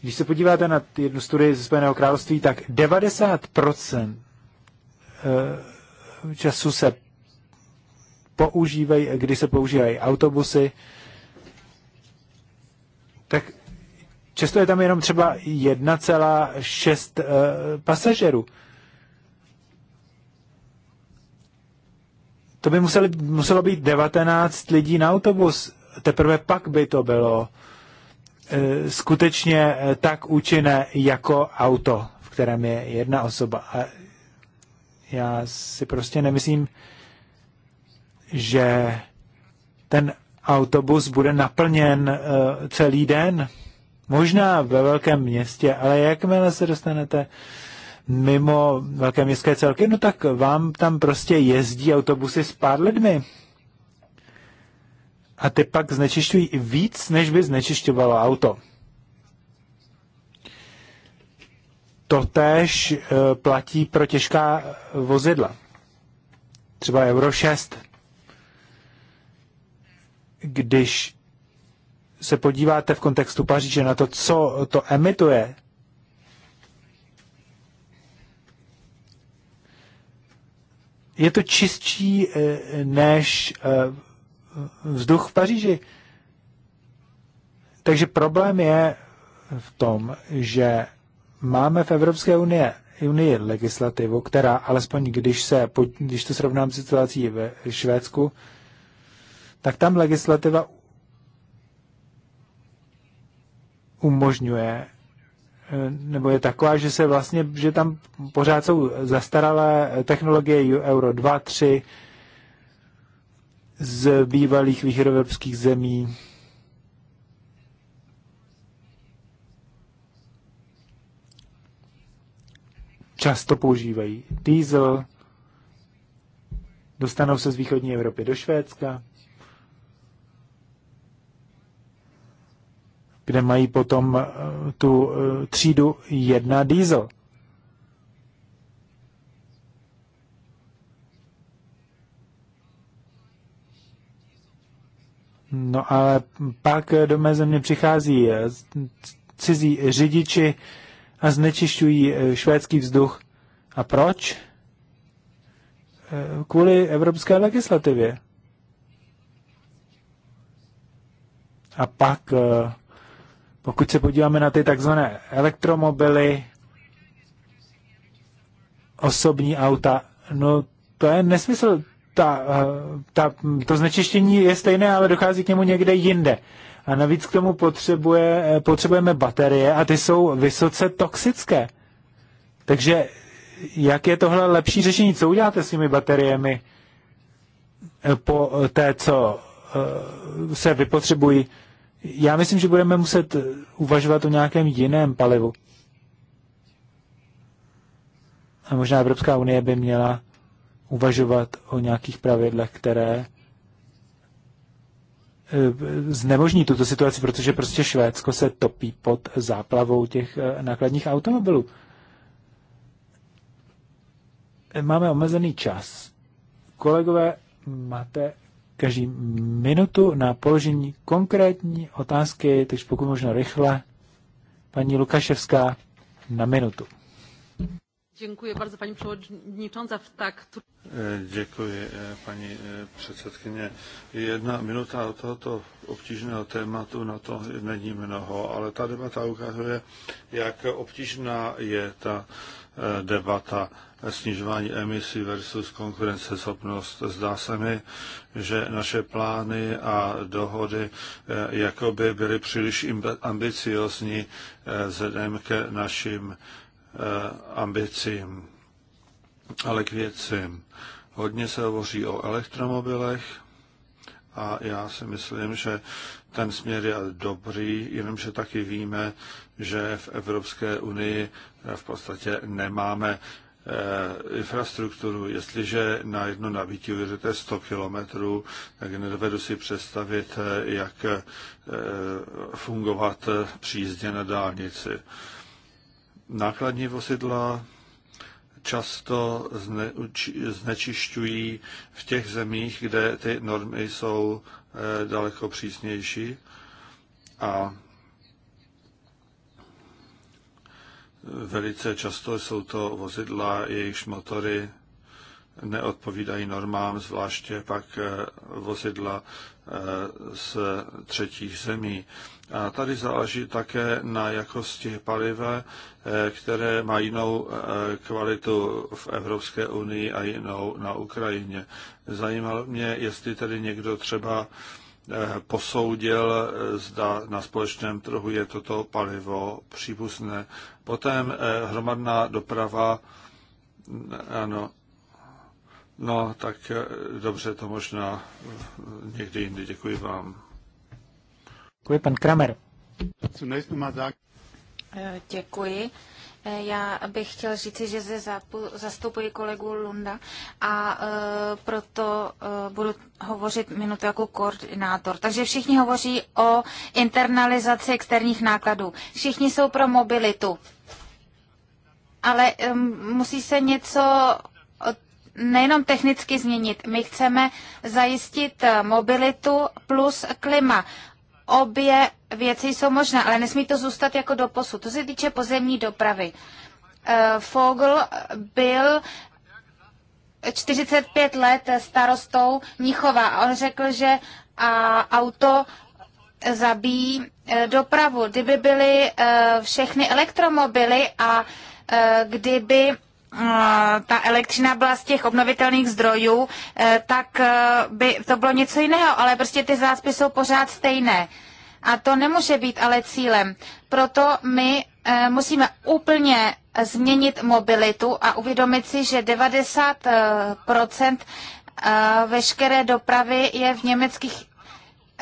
S2: Když se podíváte na jednu studii ze Spojeného království, tak 90% eh, času se používají, kdy se používají autobusy, tak často je tam jenom třeba 1,6 uh, eh, pasažerů. To by museli, muselo být 19 lidí na autobus. Teprve pak by to bylo e, skutečně eh, tak účinné jako auto, v kterém je jedna osoba. A já si prostě nemyslím, že ten autobus bude naplněn eh, celý den. Možná ve velkém městě, ale jakmile se dostanete mimo velké městské celky, no tak vám tam prostě jezdí autobusy s pár lidmi. A ty pak znečišťují víc, než by znečišťovalo auto. Totež eh, platí pro těžká eh, vozidla. Třeba Euro 6 když se podíváte v kontextu Paříže na to, co to emituje, je to čistší eh, než eh, vzduch v Paříži. Takže problém je v tom, že máme v Evropské unie, unii legislativu, která, alespoň když, se, když to srovnám s situací ve Švédsku, tak tam legislativa umožňuje eh, nebo je taková, že se vlastně, že tam pořád jsou zastaralé technologie Euro 2, 3 z bývalých východoevropských zemí. Často používají diesel, dostanou se z východní Evropy do Švédska, kde mají potom eh, tu eh, třídu jedna diesel. No ale pak do mé země přichází eh, cizí řidiči a znečišťují švédský vzduch. A proč? Kvůli evropské legislativě. A pak pokud se podíváme na ty takzvané elektromobily, osobní auta, no to je nesmysl. Ta, eh, ta, to znečištění je stejné, ale dochází k němu někde jinde. A navíc k tomu potřebuje, eh, potřebujeme baterie a ty jsou vysoce toxické. Takže jak je tohle lepší řešení? Co uděláte s těmi bateriemi eh, po té, co se vypotřebují? Já myslím, že budeme muset eh, uvažovat o nějakém jiném palivu. A možná Evropská unie by měla uvažovat o nějakých pravidlech, které eh, znemožní tuto situaci, protože prostě Švédsko se topí pod záplavou těch eh, nákladních automobilů. Máme omezený čas. Kolegové, máte každý minutu na položení konkrétní otázky, takže pokud možno rychle. Paní Lukaševská na minutu.
S4: Děkuji bardzo, paní předsednicząca. Tak...
S3: Děkuji, eh, paní eh, předsedkyně. Jedna minuta tohoto obtížného tématu, na to není mnoho, ale ta debata ukazuje, jak obtížná je ta eh, debata snižování emisí versus konkurenceschopnost. Zdá se mi, že naše plány a dohody eh, jakoby byly příliš ambiciozní eh, vzhledem ke našim eh, ambicím. Ale k věcím. Hodně se hovoří o elektromobilech a já si myslím, že ten směr je dobrý, jenomže taky víme, že v Evropské unii v podstatě nemáme Eh, infrastrukturu. Jestliže na jedno nabití uvěříte 100 kilometrů, tak nedovedu si představit, eh, jak eh, fungovat při jízdě na dálnici. Nákladní vozidla často znečišťují v těch zemích, kde ty normy jsou daleko přísnější a Velice často jsou to vozidla, jejichž motory neodpovídají normám, zvláště pak eh, vozidla eh, z třetích zemí. A tady záleží také na jakosti paliva, eh, které má jinou kvalitu v Evropské unii a jinou na Ukrajině. Zajímalo mě, jestli tedy někdo třeba posoudil, zda na společném trhu je toto palivo přípustné. Potom eh, hromadná doprava, eh, ano, no tak eh, dobře, to možná někdy jindy. Děkuji vám.
S2: Děkuji, pan Kramer.
S4: Děkuji. Eh, já bych chtěl říci, že se zastupuji kolegu Lunda a eh, proto eh, budu hovořit minutu jako koordinátor. Takže všichni hovoří o internalizaci externích nákladů. Všichni jsou pro mobilitu. Ale musí se něco nejenom technicky změnit. My chceme zajistit mobilitu plus klima obě věci jsou možné, ale nesmí to zůstat jako do posud. To se týče pozemní dopravy. Eh, Fogl byl 45 let starostou Níchova a on řekl, že a auto zabíjí eh, dopravu. Kdyby byly eh, všechny elektromobily a kdyby Eh, ta elektřina byla z těch obnovitelných zdrojů, eh, tak eh, by to bylo něco jiného, ale prostě ty zácpy jsou pořád stejné. A to nemůže být ale cílem. Proto my musíme úplně změnit mobilitu a uvědomit si, že 90 veškeré dopravy je v německých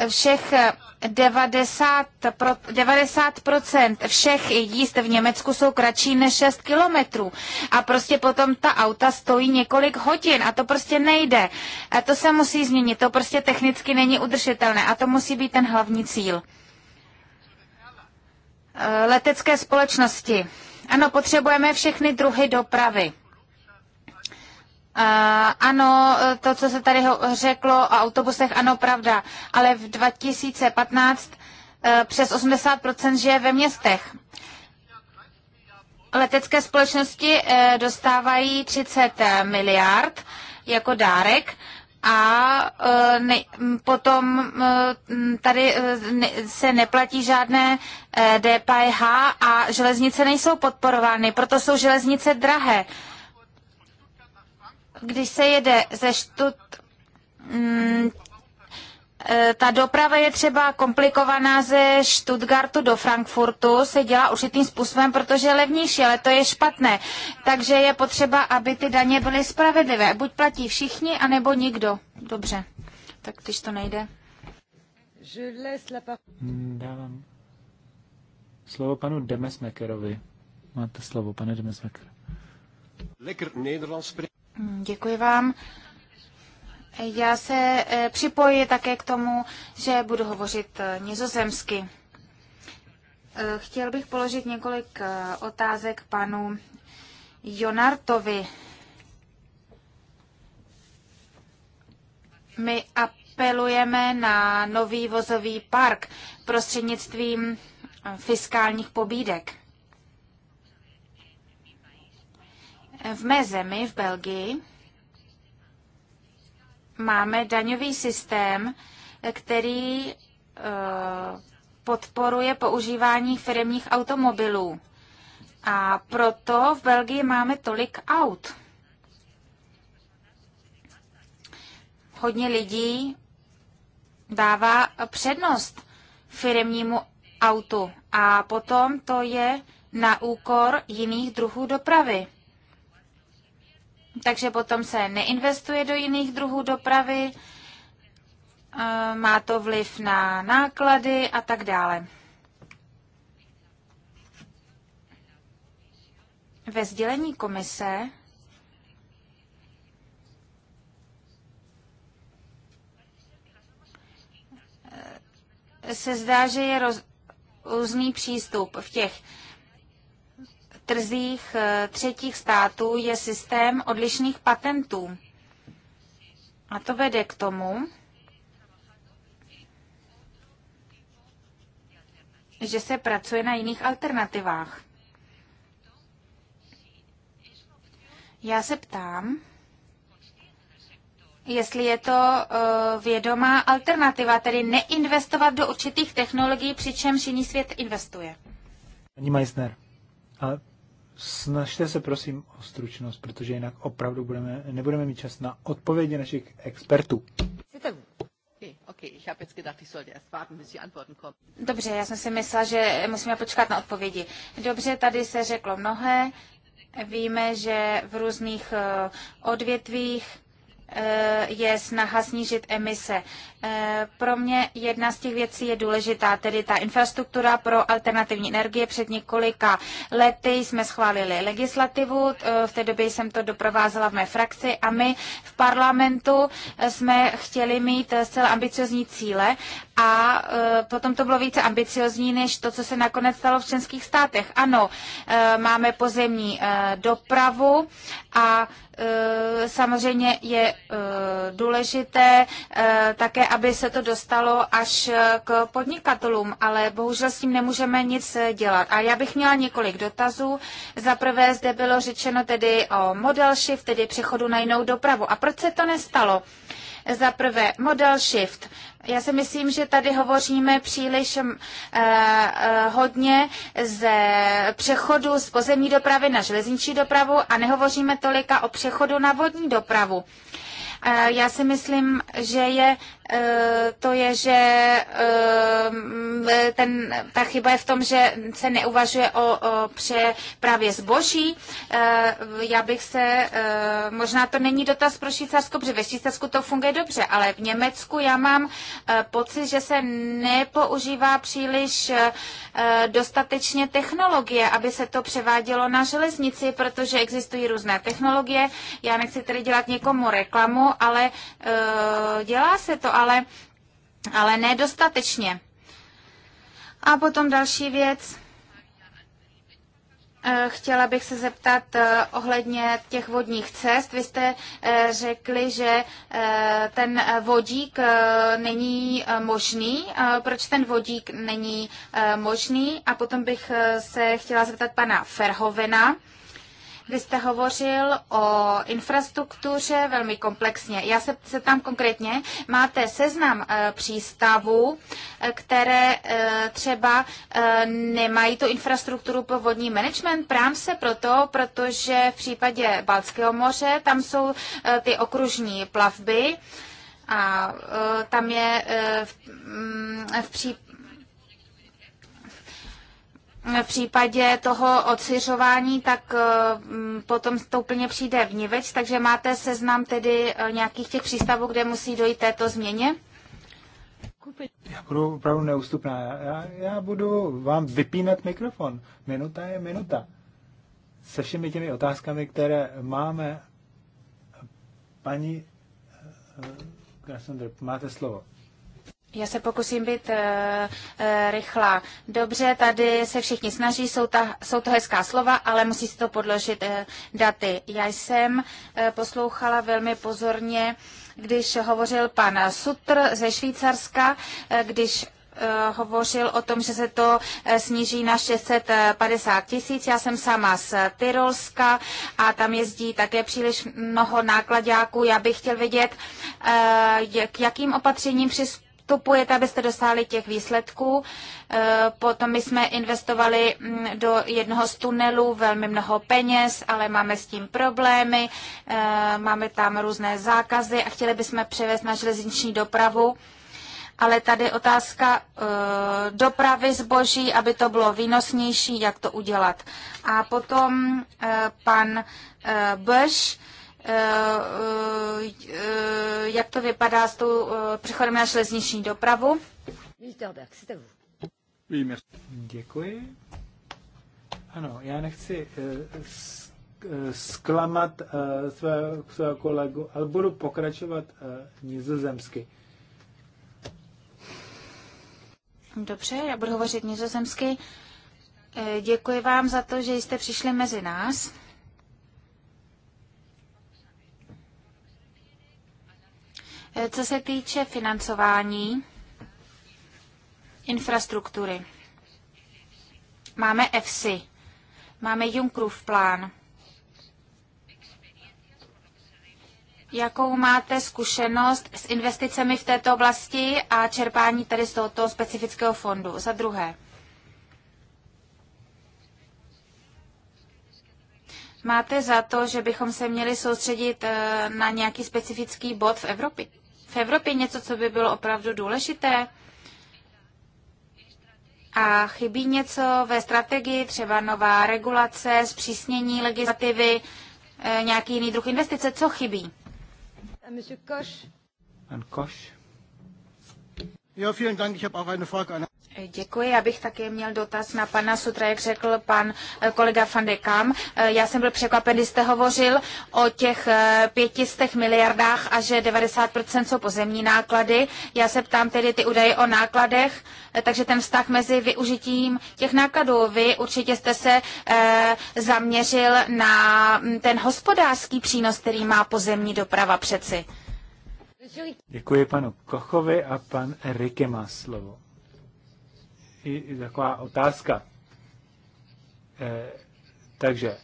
S4: všech 90, pro, 90% všech jízd v Německu jsou kratší než 6 kilometrů. A prostě potom ta auta stojí několik hodin a to prostě nejde. A to se musí změnit, to prostě technicky není udržitelné a to musí být ten hlavní cíl. Eh, letecké společnosti. Ano, potřebujeme všechny druhy dopravy. Eh, ano, eh, to, co se tady řeklo o autobusech, ano, pravda, ale v 2015 eh, přes 80% žije ve městech. Letecké společnosti dostávají 30 miliard jako dárek a ne, potom tady se neplatí žádné DPH a železnice nejsou podporovány, proto jsou železnice drahé když se jede ze Štut, mm, e, ta doprava je třeba komplikovaná ze Stuttgartu do Frankfurtu, se dělá určitým způsobem, protože je levnější, ale to je špatné. Takže je potřeba, aby ty daně byly spravedlivé. Buď platí všichni, anebo nikdo. Dobře, tak když to nejde.
S1: Dávám
S2: slovo panu Demesmekerovi. Máte slovo, pane Demesmeker. Lekker Nederlands
S4: Hm, děkuji vám. Já se eh, připojuji také k tomu, že budu hovořit eh, nizozemsky. Eh, chtěl bych položit několik otázek panu Jonartovi. My apelujeme na nový vozový park prostřednictvím fiskálních pobídek. V mé zemi, v Belgii, máme daňový systém, který eh, podporuje používání firmních automobilů. A proto v Belgii máme tolik aut. Hodně lidí dává přednost firmnímu autu a potom to je na úkor jiných druhů dopravy takže potom se neinvestuje do jiných druhů dopravy, e, má to vliv na náklady a tak dále. Ve sdělení komise se zdá, že je roz, různý přístup v těch trzích eh, třetích států je systém odlišných patentů. A to vede k tomu, že se pracuje na jiných alternativách. Já se ptám, jestli je to eh, vědomá alternativa, tedy neinvestovat do určitých technologií, přičemž jiný svět investuje.
S2: Pani Meissner, ale snažte se prosím o stručnost, protože jinak opravdu budeme, nebudeme mít čas na odpovědi našich expertů.
S4: Dobře, já jsem si myslela, že musíme počkat na odpovědi. Dobře, tady se řeklo mnohé. Víme, že v různých eh, odvětvích Eh, je snaha snížit emise. Eh, pro mě jedna z těch věcí je důležitá, tedy ta infrastruktura pro alternativní energie. Před několika lety jsme schválili legislativu, eh, v té době jsem to doprovázela v mé frakci a my v parlamentu jsme chtěli mít zcela ambiciozní cíle a e, potom to bylo více ambiciozní než to, co se nakonec stalo v členských státech. Ano, e, máme pozemní e, dopravu a samozřejmě je důležité také, aby se to dostalo až k podnikatelům, ale bohužel s tím nemůžeme nic dělat. A já bych měla několik dotazů. Za prvé zde bylo řečeno tedy o model shift, tedy přechodu na jinou dopravu. A proč se to nestalo? Za prvé model shift. Já si myslím, že tady hovoříme příliš uh, uh, hodně z přechodu z pozemní dopravy na železniční dopravu a nehovoříme tolika o přechodu na vodní dopravu. Uh, já si myslím, že je Eh, to je, že eh, ten, ta chyba je v tom, že se neuvažuje o, o přepravě zboží. Eh, já bych se, možná to není dotaz pro Švýcarsko, protože ve Švýcarsku to funguje dobře, ale v Německu já mám pocit, že se nepoužívá příliš dostatečně technologie, aby se to převádělo na železnici, protože existují různé technologie. Já nechci tedy dělat někomu reklamu, ale dělá se to ale, ale nedostatečně. A potom další věc. Eh, chtěla bych se zeptat eh, ohledně těch vodních cest. Vy jste eh, řekli, že ten vodík není možný. Proč ten vodík není možný? A potom bych se chtěla zeptat pana Ferhovena vy jste hovořil o infrastruktuře velmi komplexně. Já se, se tam konkrétně, máte seznam e, přístavů, eh, které e, třeba e, nemají tu infrastrukturu pro vodní management. Prám se proto, protože v případě Balckého moře tam jsou e, ty okružní plavby. A tam je v, mm, v, v případě toho odsiřování, tak eh, potom to úplně přijde vniveč, takže máte seznam tedy eh, nějakých těch přístavů, kde musí dojít této změně?
S2: Já budu opravdu neústupná. Já, já budu vám vypínat mikrofon. Minuta je minuta. Se všemi těmi otázkami, které máme, paní eh, Krasnodrb, máte slovo.
S4: Já se pokusím být uh, uh, rychlá. Dobře, tady se všichni snaží, jsou, ta, jsou to hezká slova, ale musí si to podložit uh, daty. Já jsem uh, poslouchala velmi pozorně, když hovořil pan Sutr ze Švýcarska, uh, když hovořil o tom, že se to sníží na 650 tisíc. Já jsem sama z Tyrolska a tam jezdí také příliš mnoho nákladáků. Já bych chtěl vědět, k jakým opatřením přispěl postupujete, abyste dosáhli těch výsledků. Eh, potom my jsme investovali mm, do jednoho z tunelů velmi mnoho peněz, ale máme s tím problémy, eh, máme tam různé zákazy a chtěli bychom převést na železniční dopravu ale tady otázka e, dopravy zboží, aby to bylo výnosnější, jak to udělat. A potom e, pan e, Bösch Eh, eh, jak to vypadá s tou eh, přechodem na železniční dopravu.
S2: Děkuji. Ano, já nechci zklamat svého, svého kolegu, ale budu pokračovat nizozemsky.
S4: Dobře, já budu hovořit nizozemsky. Děkuji vám za to, že jste přišli mezi nás. Eh, co se týče financování infrastruktury, máme EFSI, máme Junckerův plán. Jakou máte zkušenost s investicemi v této oblasti a čerpání tady z tohoto specifického fondu? Za druhé, máte za to, že bychom se měli soustředit eh, na nějaký specifický bod v Evropě? v Evropě něco, co by bylo opravdu důležité? A chybí něco ve strategii, třeba nová regulace, zpřísnění legislativy, eh, nějaký jiný druh investice, co chybí?
S1: Pan Koš. Ja, vielen Dank. Ich habe auch eine Frage an
S4: Děkuji. Já bych také měl dotaz na pana Sutra, jak řekl pan eh, kolega van de Kam. Eh, já jsem byl překvapen, když jste hovořil o těch eh, pětistech miliardách a že 90% jsou pozemní náklady. Já se ptám tedy ty údaje o nákladech, takže ten vztah mezi využitím těch nákladů. Vy určitě jste se zaměřil na mm, ten hospodářský přínos, který má pozemní doprava přeci.
S2: Děkuji panu Kochovi a pan Erike má slovo i taková otázka. E, takže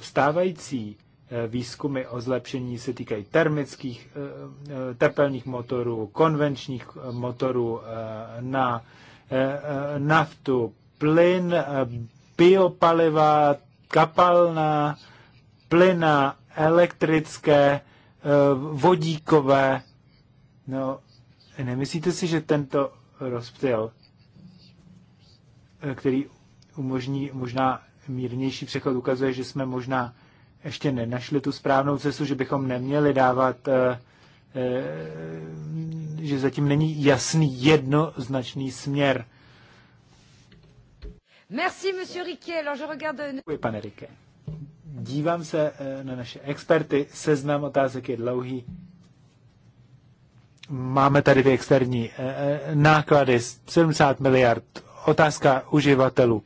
S2: stávající e, výzkumy o zlepšení se týkají termických e, e, tepelných motorů, konvenčních motorů na naftu, plyn, biopaliva, kapalná, plyna, elektrické, vodíkové. No, nemyslíte si, že tento rozptyl Eh, který umožní možná mírnější přechod, ukazuje, že jsme možná ještě nenašli tu správnou cestu, že bychom neměli dávat, eh, eh, že zatím není jasný jednoznačný směr.
S1: Merci, monsieur Riquet. Alors, je regarde... Děkuji, pane
S2: Riquet. Dívám se na naše experty, seznam otázek je dlouhý. Máme tady ty externí náklady 70 miliard otázka uživatelů.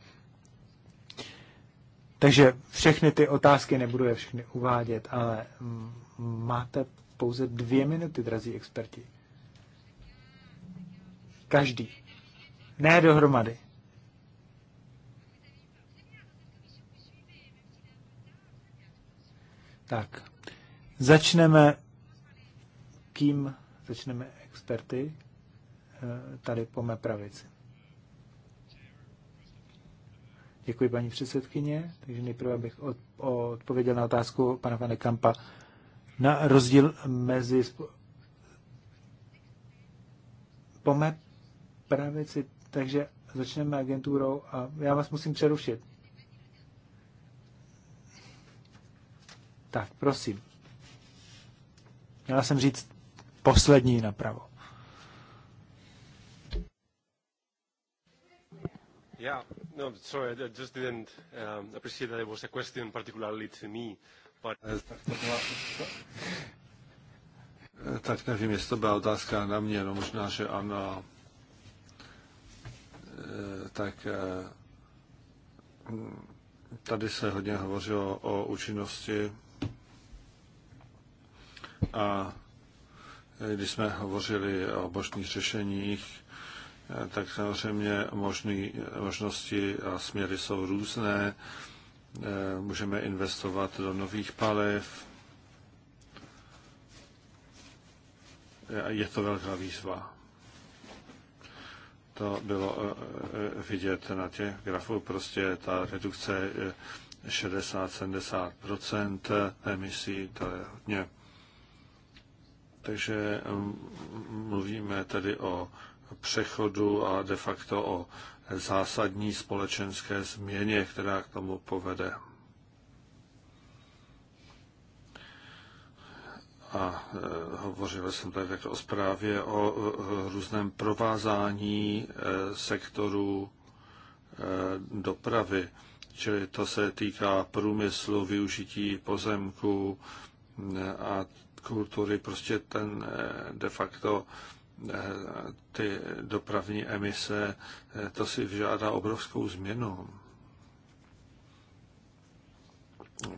S2: Takže všechny ty otázky nebudu je všechny uvádět, ale máte pouze dvě minuty, drazí experti. Každý. Ne dohromady. Tak. Začneme kým začneme experty eh, tady po mé pravici. Děkuji, paní předsedkyně. Takže nejprve bych odpověděl na otázku pana Vane Kampa na rozdíl mezi po mé pravici, takže začneme agenturou a já vás musím přerušit. Tak, prosím. Měla jsem říct poslední napravo.
S3: Yeah. No, sorry, I just didn't um, appreciate that it was a question particularly to me, but... Eh, eh, tak nevím, jestli to byla otázka na mě, no možná, že ano. Eh, tak tady se hodně hovořilo o účinnosti a když jsme hovořili o možných řešeních, tak samozřejmě možný, možnosti a směry jsou různé. E, můžeme investovat do nových paliv. Je to velká výzva. To bylo e, e, vidět na těch grafů. Prostě ta redukce 60-70 emisí, to je hodně. Takže mluvíme tedy o přechodu a de facto o zásadní společenské změně, která k tomu povede. A e, hovořil jsem tady také o zprávě o e, různém provázání e, sektorů dopravy, čili to se týká průmyslu, využití pozemků a kultury, prostě ten de facto Eh, ty dopravní emise, eh, to si vyžádá obrovskou změnu.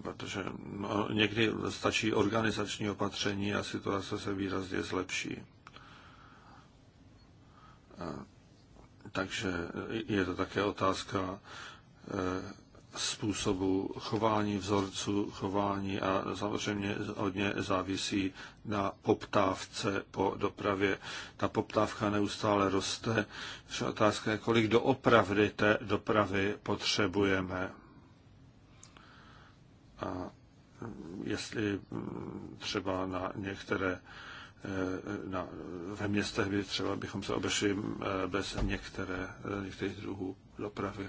S3: Protože no, někdy stačí organizační opatření a situace se výrazně zlepší. Eh, takže je to také otázka způsobu chování vzorců, chování a samozřejmě hodně závisí na poptávce po dopravě. Ta poptávka neustále roste. Otázka je, kolik doopravdy té dopravy potřebujeme. A jestli mm, třeba na některé eh, na, ve městech by třeba bychom se obešli mm, eh, bez některé, eh, některých druhů dopravy.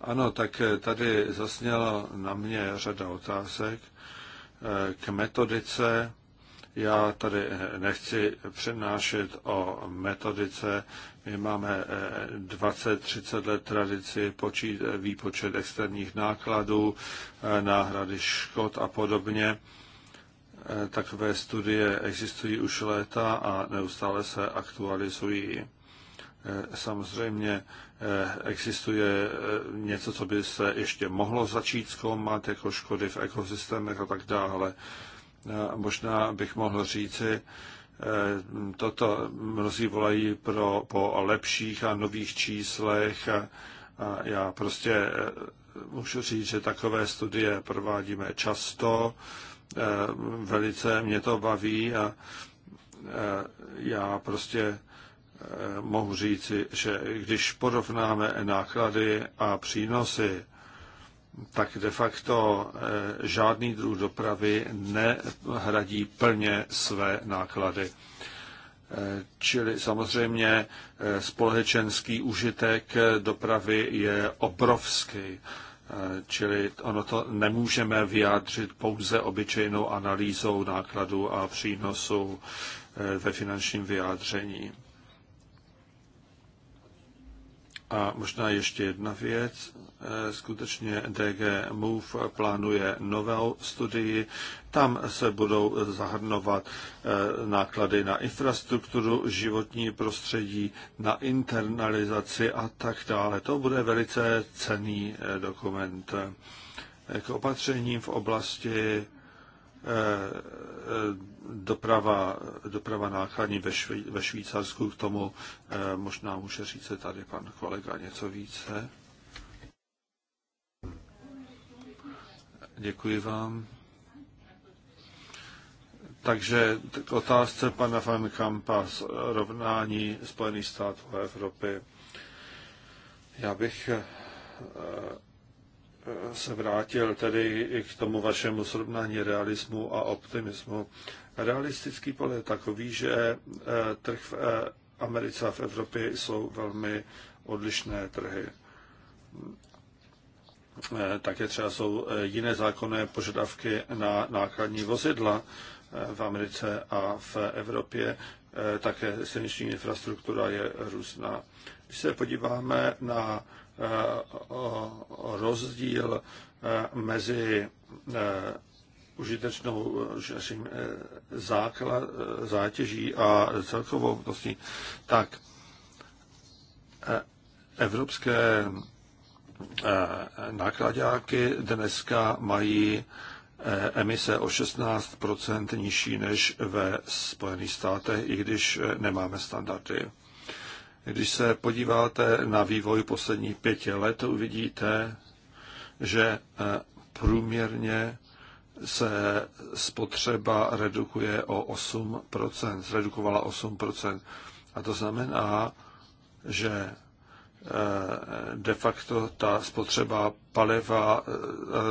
S3: Ano, tak eh, tady zasněla na mě řada otázek eh, k metodice. Já tady eh, nechci přednášet o metodice. My máme 20-30 let tradici počít, výpočet externích nákladů, náhrady škod a podobně. Takové studie existují už léta a neustále se aktualizují. Samozřejmě Eh, existuje eh, něco, co by se ještě mohlo začít zkoumat, jako škody v ekosystémech a tak dále. Eh, možná bych mohl říci, toto mnozí volají pro, po lepších a nových číslech a, já prostě můžu říct, že takové studie provádíme často, velice mě to baví a já prostě mohu říci, že když porovnáme náklady a přínosy, tak de facto eh, žádný druh dopravy nehradí plně své náklady. Eh, čili samozřejmě eh, společenský užitek dopravy je obrovský. Čili ono to nemůžeme vyjádřit pouze obyčejnou analýzou nákladů a přínosů ve finančním vyjádření. A možná ještě jedna věc. Eh, skutečně DG Move plánuje novou studii. Tam se budou zahrnovat eh, náklady na infrastrukturu, životní prostředí, na internalizaci a tak dále. To bude velice cený eh, dokument. K opatřením v oblasti Eh, doprava, doprava nákladní ve, Švý, ve Švýcarsku, k tomu eh, možná může říct tady pan kolega něco více. Děkuji vám. Takže k otázce pana Van Kampa z rovnání Spojených států a Evropy. Já bych eh, se vrátil tedy i k tomu vašemu srovnání realismu a optimismu. Realistický pol je takový, že eh, trh v eh, Americe a v Evropě jsou velmi odlišné trhy. Eh, také třeba jsou jiné zákonné požadavky na nákladní vozidla v Americe a v Evropě. Také silniční infrastruktura je různá. Když se podíváme na Eh, rozdíl eh, mezi eh, užitečnou základ, zátěží a celkovou vlastní, tak evropské nákladáky dneska mají emise o 16 nižší než ve Spojených státech, i když nemáme standardy. Když se podíváte na vývoj posledních pěti let, uvidíte, že e, průměrně se spotřeba redukuje o 8%, zredukovala 8%. A to znamená, že e, de facto ta spotřeba paliva e,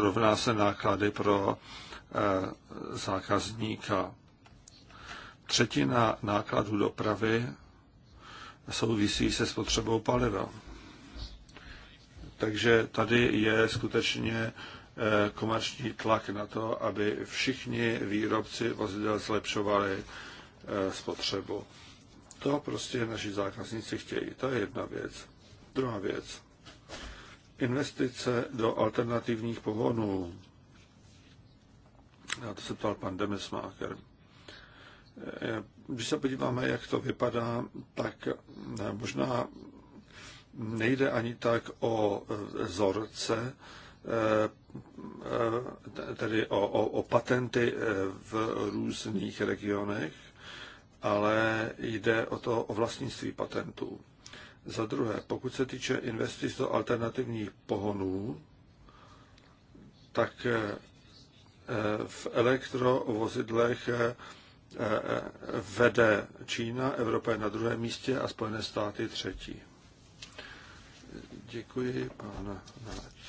S3: rovná se náklady pro zákazníka. Třetina nákladů dopravy souvisí se spotřebou paliva. Takže tady je skutečně eh, komerční tlak na to, aby všichni výrobci vozidel zlepšovali eh, spotřebu. To prostě naši zákazníci chtějí. To je jedna věc. Druhá věc. Investice do alternativních pohonů. Na to se ptal pan Demesmaker. Eh, když se podíváme, jak to vypadá, tak eh, možná nejde ani tak o eh, vzorce, tedy o, o, o patenty v různých regionech, ale jde o to o vlastnictví patentů. Za druhé, pokud se týče investic do alternativních pohonů, tak v elektrovozidlech vede Čína, Evropa je na druhém místě a Spojené státy třetí. Děkuji, pána Náč.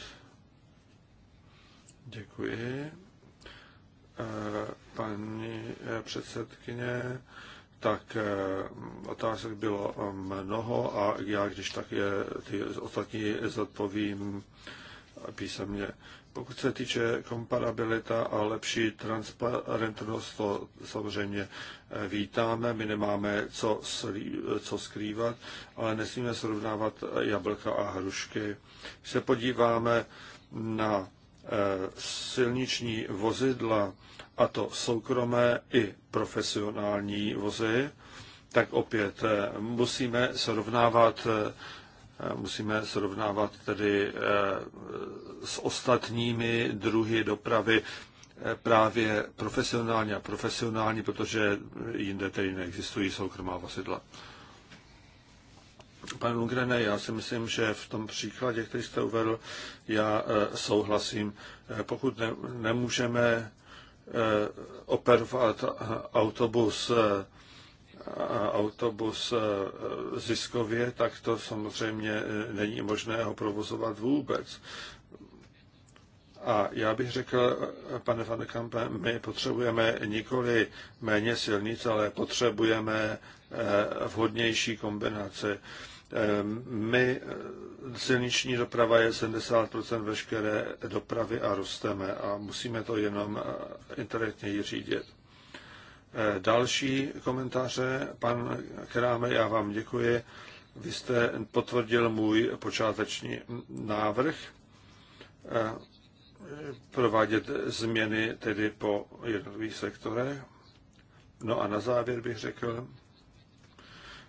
S3: Děkuji. Eh, paní eh, předsedkyně, tak eh, otázek bylo mnoho a já, když tak je, ty ostatní zodpovím písemně. Pokud se týče komparabilita a lepší transparentnost, to samozřejmě eh, vítáme. My nemáme co, slí, eh, co skrývat, ale nesmíme srovnávat eh, jablka a hrušky. Když se podíváme na silniční vozidla, a to soukromé i profesionální vozy, tak opět musíme srovnávat musíme srovnávat tedy s ostatními druhy dopravy eh, právě profesionálně, a profesionální, protože jinde tedy neexistují soukromá vozidla. Pane Lungrene, já si myslím, že v tom příkladě, který jste uvedl, já eh, souhlasím. Eh, pokud ne, nemůžeme operovat autobus autobus ziskově, tak to samozřejmě není možné ho provozovat vůbec. A já bych řekl, pane Van de Kampe, my potřebujeme nikoli méně silnic, ale potřebujeme eh, vhodnější kombinace. Eh, my, eh, silniční doprava je 70% veškeré dopravy a rosteme a musíme to jenom inteligentněji řídit. Další komentáře, pan Kráme, já vám děkuji. Vy jste potvrdil můj počáteční návrh provádět změny tedy po jednotlivých sektorech. No a na závěr bych řekl,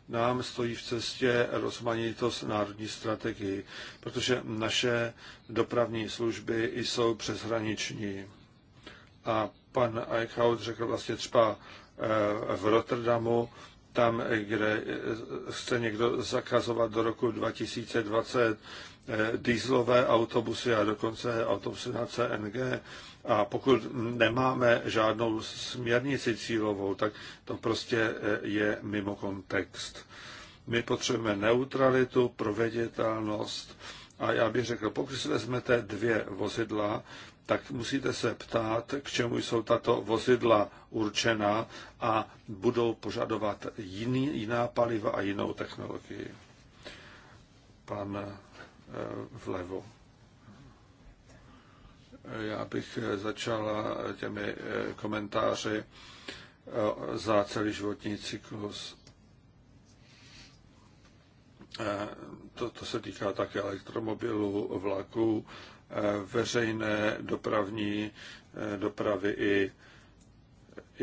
S3: nám stojí v cestě rozmanitost národní strategii, protože naše dopravní služby jsou přeshraniční. A pan Eichhout řekl vlastně třeba eh, v Rotterdamu, tam, kde eh, chce někdo zakazovat do roku 2020 Eh, dýzlové autobusy a dokonce autobusy na CNG. A pokud nemáme žádnou směrnici cílovou, tak to prostě eh, je mimo kontext. My potřebujeme neutralitu, proveditelnost a já bych řekl, pokud si vezmete dvě vozidla, tak musíte se ptát, k čemu jsou tato vozidla určena a budou požadovat jiný, jiná paliva a jinou technologii. Pan Eh, vlevo. Já bych eh, začala eh, těmi komentáři za celý životní cyklus. To, to se týká také elektromobilů, vlaků, veřejné dopravní dopravy i,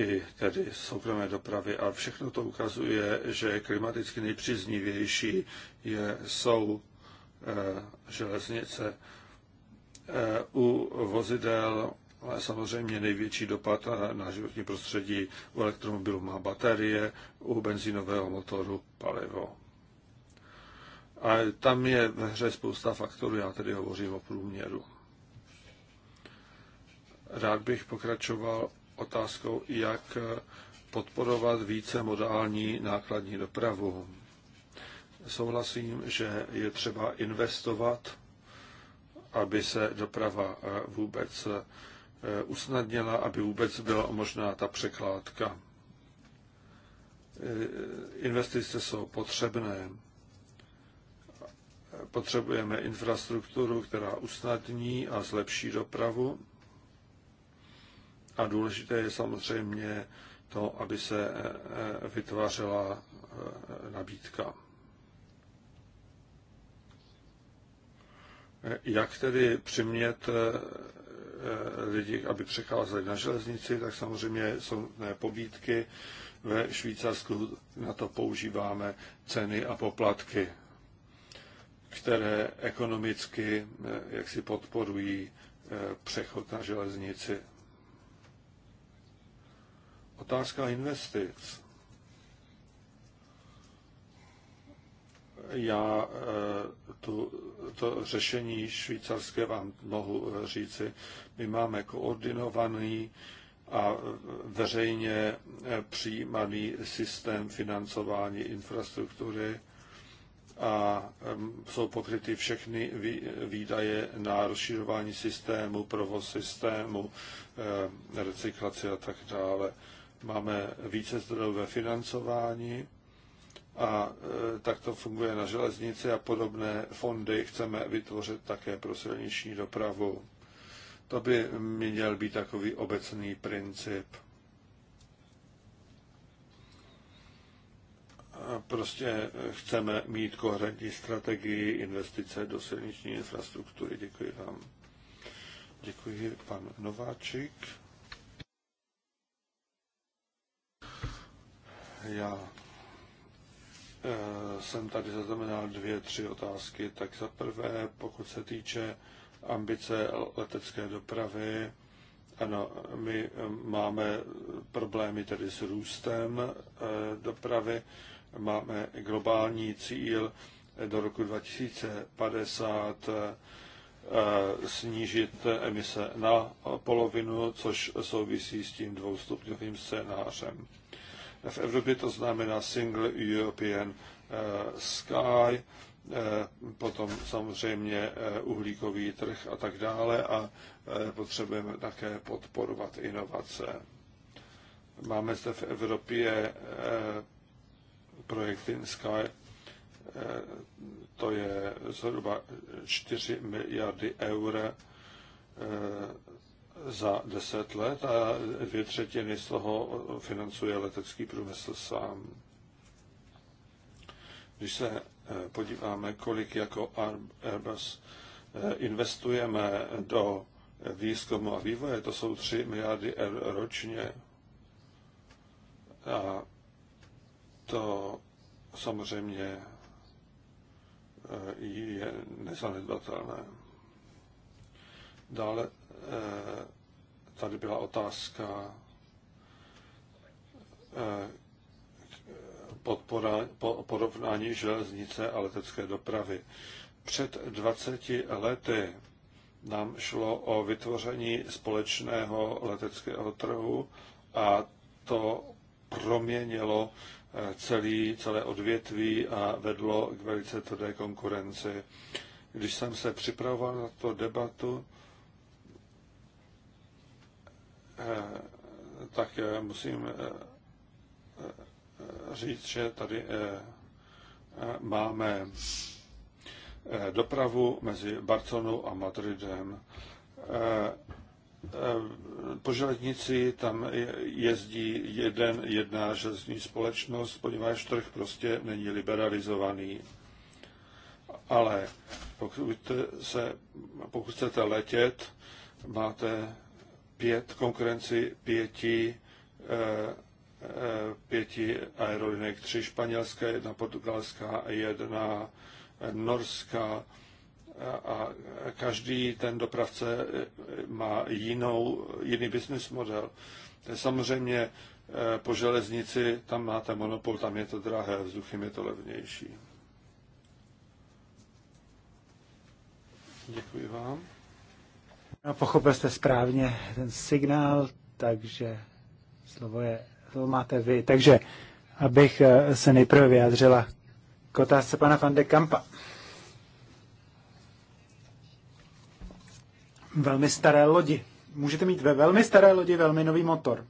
S3: i tedy soukromé dopravy. A všechno to ukazuje, že klimaticky nejpříznivější je, jsou Eh, železnice. Eh, u vozidel ale samozřejmě největší dopad na životní prostředí u elektromobilu má baterie, u benzínového motoru palivo. A tam je ve hře spousta faktorů, já tedy hovořím o průměru. Rád bych pokračoval otázkou, jak podporovat více modální nákladní dopravu souhlasím, že je třeba investovat, aby se doprava eh, vůbec eh, usnadnila, aby vůbec byla možná ta překládka. Eh, investice jsou potřebné. Potřebujeme infrastrukturu, která usnadní a zlepší dopravu. A důležité je samozřejmě to, aby se vytvářela nabídka. Jak tedy přimět eh, eh, lidi, aby přecházeli na železnici, tak samozřejmě jsou pobídky. Ve Švýcarsku na to používáme ceny a poplatky, které ekonomicky eh, jak si podporují přechod na železnici. Otázka investic. já eh, tu, to řešení švýcarské vám mohu eh, říci. My máme koordinovaný a eh, veřejně přijímaný systém financování infrastruktury a jsou pokryty všechny výdaje na rozšiřování systému, provoz systému, recyklaci a tak dále. Máme více zdrojové financování a e, tak to funguje na železnici a podobné fondy chceme vytvořit také pro silniční dopravu. To by měl být takový obecný princip. Prostě chceme mít koherentní strategii investice do silniční infrastruktury. Děkuji vám. Děkuji pan Nováčik. Já Eh, jsem tady zaznamenal dvě, tři otázky. Tak za prvé, pokud se týče ambice letecké dopravy, ano, my máme problémy tedy s růstem eh, dopravy, máme globální cíl do roku 2050 eh, snížit emise na polovinu, což souvisí s tím dvoustupňovým scénářem. V Evropě to znamená Single European eh, Sky, eh, potom samozřejmě eh, uhlíkový trh a tak dále a potřebujeme také podporovat inovace. Máme zde v Evropě projekt Sky, to je zhruba 4 miliardy eur za deset let a dvě třetiny z toho financuje letecký průmysl sám. Když se eh, podíváme, kolik jako Airbus eh, investujeme do výzkumu a vývoje, to jsou 3 miliardy eur ročně. A to samozřejmě eh, je nezanedbatelné. Dále Eh, tady byla otázka eh, podpora, po, porovnání železnice a letecké dopravy. Před 20 lety nám šlo o vytvoření společného leteckého trhu a to proměnilo eh, celý, celé odvětví a vedlo k velice tvrdé konkurenci. Když jsem se připravoval na to debatu, Eh, tak eh, musím eh, říct, že tady máme dopravu mezi Barcelonou a Madridem. Po železnici tam jezdí jeden, jedna železní společnost, poněvadž trh prostě není liberalizovaný. Ale pokud, se, pokud chcete letět, máte pět konkurenci pěti, eh, eh, pěti aerolinek, tři španělské jedna portugalská, jedna norská a každý ten dopravce eh, má jinou, jiný business model. Samozřejmě po železnici tam máte monopol, tam je to drahé, vzduchem je to levnější. Děkuji vám.
S2: No, pochopil jste správně ten signál, takže slovo, je, slovo máte vy. Takže abych eh, se nejprve vyjádřila k otázce pana van de Kampa. Velmi staré lodi. Můžete mít ve velmi staré lodi velmi nový motor.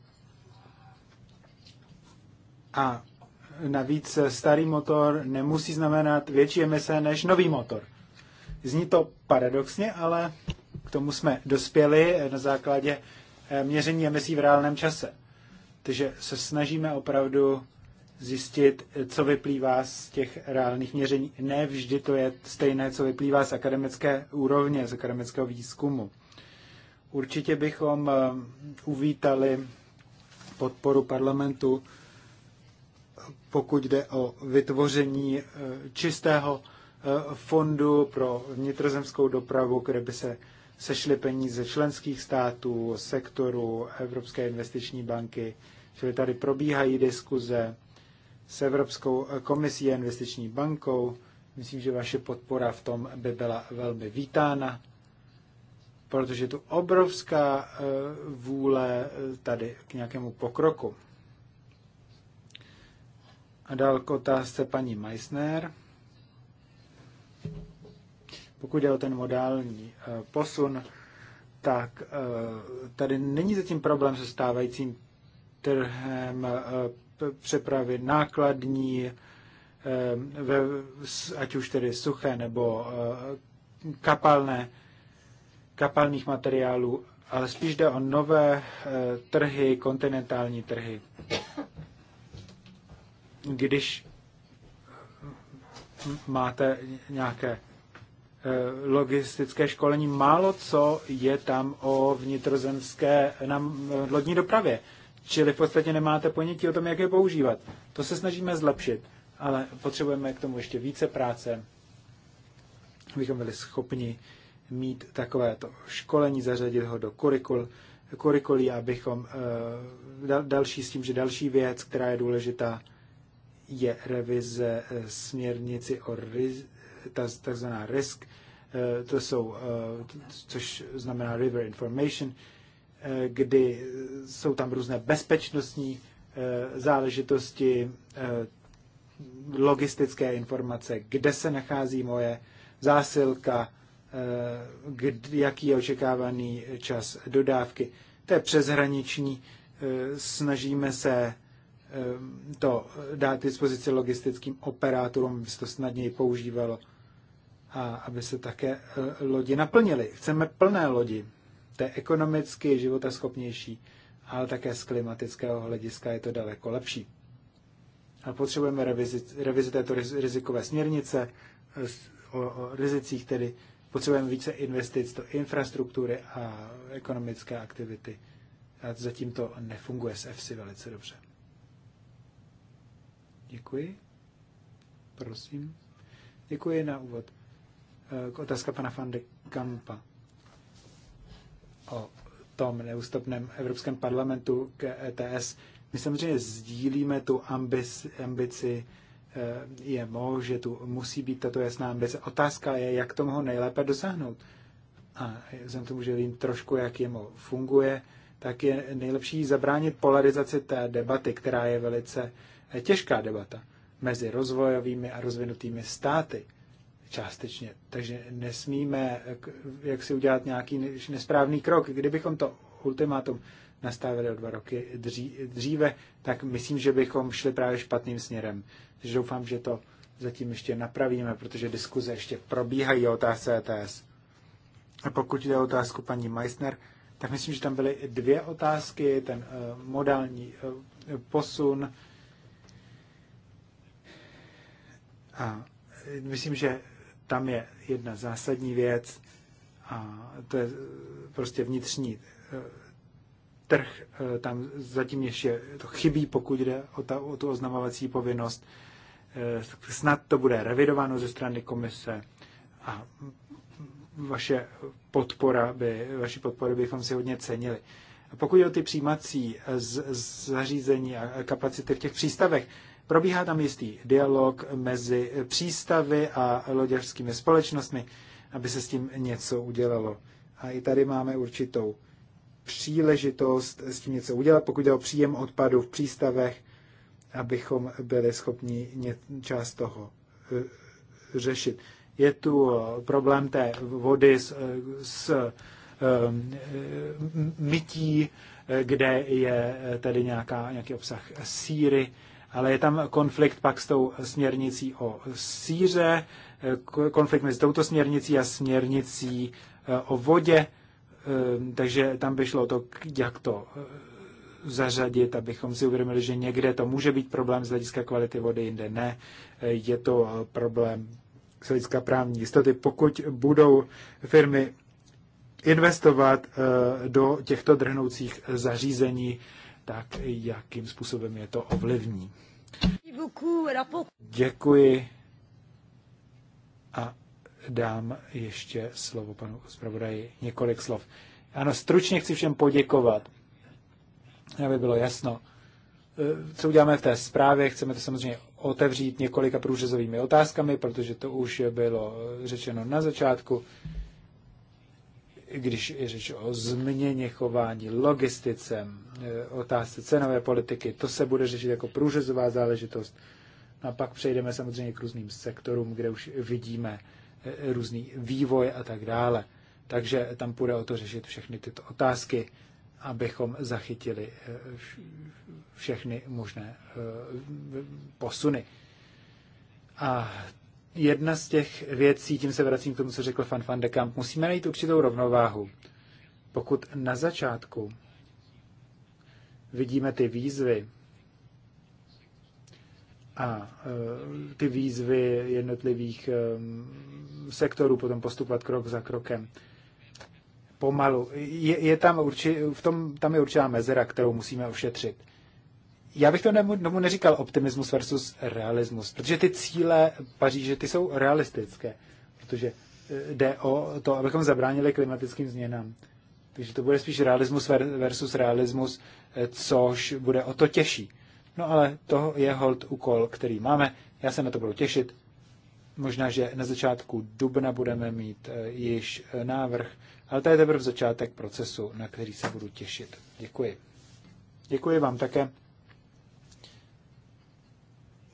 S2: A navíc starý motor nemusí znamenat větší emise než nový motor. Zní to paradoxně, ale tomu jsme dospěli eh, na základě eh, měření emisí v reálném čase. Takže se snažíme opravdu zjistit, eh, co vyplývá z těch reálných měření. Ne vždy to je stejné, co vyplývá z akademické úrovně, z akademického výzkumu. Určitě bychom uvítali podporu parlamentu, pokud jde o vytvoření čistého fondu pro vnitrozemskou dopravu, kde by se sešly peníze členských států, sektoru Evropské investiční banky, čili tady probíhají diskuze s Evropskou komisí a investiční bankou. Myslím, že vaše podpora v tom by byla velmi vítána, protože je tu obrovská e, vůle e, tady k nějakému pokroku. A dál k otázce paní Meissner. Pokud je o ten modální eh, posun, tak eh, tady není zatím problém se stávajícím trhem eh, přepravy nákladní, ať už tedy suché nebo kapalné, kapalných materiálů, ale spíš jde o nové trhy, kontinentální trhy. Když máte nějaké Eh, logistické školení. Málo co je tam o vnitrozemské na eh, lodní dopravě. Čili v podstatě nemáte ponětí o tom, jak je používat. To se snažíme zlepšit, ale potřebujeme k tomu ještě více práce, abychom byli schopni mít takovéto školení, zařadit ho do kurikul, kurikulí, abychom eh, další s tím, že další věc, která je důležitá, je revize směrnici o riz, takzvaná risk, eh, to jsou, eh, což znamená river information, eh, kdy jsou tam různé bezpečnostní záležitosti, logistické informace, kde se nachází moje zásilka, jaký je očekávaný čas dodávky. To je přeshraniční, snažíme se to dát dispozici logistickým operátorům, aby se to snadněji používalo a aby se také e, lodi naplnily. Chceme plné lodi, je ekonomicky životaschopnější, ale také z klimatického hlediska je to daleko lepší. A potřebujeme revizi, revizi této rizikové směrnice e, o, o rizicích, tedy potřebujeme více investic do infrastruktury a ekonomické aktivity. A zatím to nefunguje s EFSI velice dobře. Děkuji. Prosím. Děkuji na úvod. Eh, otázka pana van de Kampa o tom neústupném Evropském parlamentu k ETS. My samozřejmě sdílíme tu ambici, ambici eh, možné, že tu musí být tato jasná ambice. Otázka je, jak mohu nejlépe dosáhnout. A jsem tomu, že vím trošku, jak jemu funguje, tak je nejlepší zabránit polarizaci té debaty, která je velice eh, těžká debata mezi rozvojovými a rozvinutými státy částečně. Takže nesmíme jak si udělat nějaký nesprávný krok. Kdybychom to ultimátum nastavili o dva roky dříve, tak myslím, že bychom šli právě špatným směrem. Takže doufám, že to zatím ještě napravíme, protože diskuze ještě probíhají o otázce ETS. A pokud jde o otázku paní Meissner, tak myslím, že tam byly dvě otázky, ten uh, modální uh, posun. A myslím, že tam je jedna zásadní věc a to je eh, prostě vnitřní eh, trh. Eh, tam zatím ještě to chybí, pokud jde o, ta, o tu oznamovací povinnost. Snad to bude revidováno ze strany komise a vaše podpora by, vaši podpory bychom si hodně cenili. pokud je o ty přijímací z, z zařízení a kapacity v těch přístavech, Probíhá tam jistý dialog mezi přístavy a loděřskými společnostmi, aby se s tím něco udělalo. A i tady máme určitou příležitost s tím něco udělat, pokud jde o příjem odpadu v přístavech, abychom byli schopni část toho e, řešit. Je tu e, problém té vody s, e, s mytí, kde je tedy nějaká, nějaký obsah síry ale je tam konflikt pak s tou směrnicí o síře, eh, konflikt mezi touto směrnicí a směrnicí eh, o vodě, eh, takže tam by šlo o to, jak to zařadit, abychom si uvědomili, že někde to může být problém z hlediska kvality vody, jinde ne. Je to problém z hlediska právní jistoty. Pokud budou firmy investovat do těchto drhnoucích zařízení, tak jakým způsobem je to ovlivní. Děkuji a dám ještě slovo panu zpravodaji několik slov. Ano, stručně chci všem poděkovat, aby bylo jasno, eh, co uděláme v té zprávě. Chceme to samozřejmě otevřít několika průřezovými otázkami, protože to už bylo řečeno na začátku když je řeč o změně chování, logistice, e, otázce cenové politiky, to se bude řešit jako průřezová záležitost. No a pak přejdeme samozřejmě k různým sektorům, kde už vidíme e, různý vývoj a tak dále. Takže tam půjde o to řešit všechny tyto otázky, abychom zachytili e, všechny možné posuny. A jedna z těch věcí, tím se vracím k tomu, co řekl Fan Van de Kamp, musíme najít určitou rovnováhu. Pokud na začátku vidíme ty výzvy a e, ty výzvy jednotlivých e, sektorů, potom postupovat krok za krokem, pomalu. Je, je tam urči, v tom, tam je určitá mezera, kterou musíme ošetřit já bych to tomu neříkal optimismus versus realismus, protože ty cíle Paříže, ty jsou realistické, protože eh, jde o to, abychom zabránili klimatickým změnám. Takže to bude spíš realismus versus realismus, eh, což bude o to těžší. No ale to je hold úkol, který máme. Já se na to budu těšit. Možná, že na začátku dubna budeme mít eh, již návrh, ale to je teprve začátek procesu, na který se budu těšit. Děkuji. Děkuji vám také.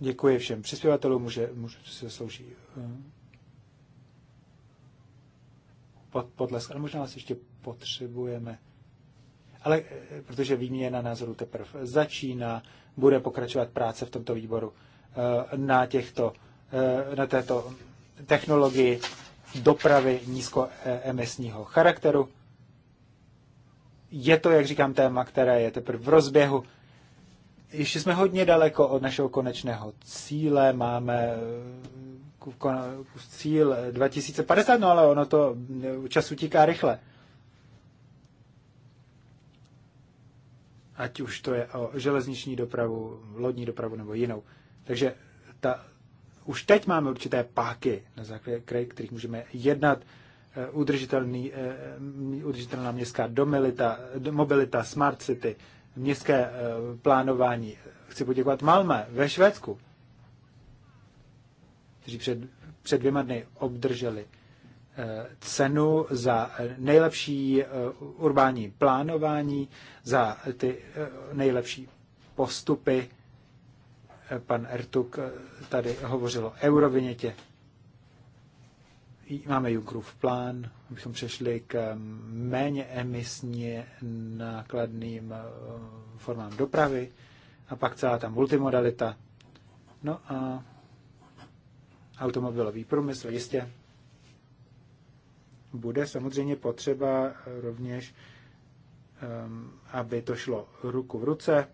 S2: Děkuji všem přispěvatelům, může, může si slouží eh, pod, podlesk, ale možná vás ještě potřebujeme. Ale eh, protože výměna názoru teprve začíná, bude pokračovat práce v tomto výboru eh, na, těchto, na této technologii dopravy nízkoemisního charakteru. Je to, jak říkám, téma, které je teprve v rozběhu ještě jsme hodně daleko od našeho konečného cíle, máme eh, cíl 2050, no ale ono to eh, čas utíká rychle. Ať už to je o železniční dopravu, lodní dopravu nebo jinou. Takže ta, už teď máme určité páky, na základě kterých můžeme jednat, eh, udržitelný, udržitelná městská domilita, mobilita, smart city, městské eh, plánování. Chci poděkovat Malme ve Švédsku, kteří před, před dvěma dny obdrželi eh, cenu za eh, nejlepší urbání plánování, za ty nejlepší postupy. Pan Ertuk tady hovořil o eurovinětě máme Junckerův plán, abychom přešli k um, méně emisně nákladným uh, formám dopravy a pak celá ta multimodalita. No a automobilový průmysl jistě bude samozřejmě potřeba rovněž, um, aby to šlo ruku v ruce.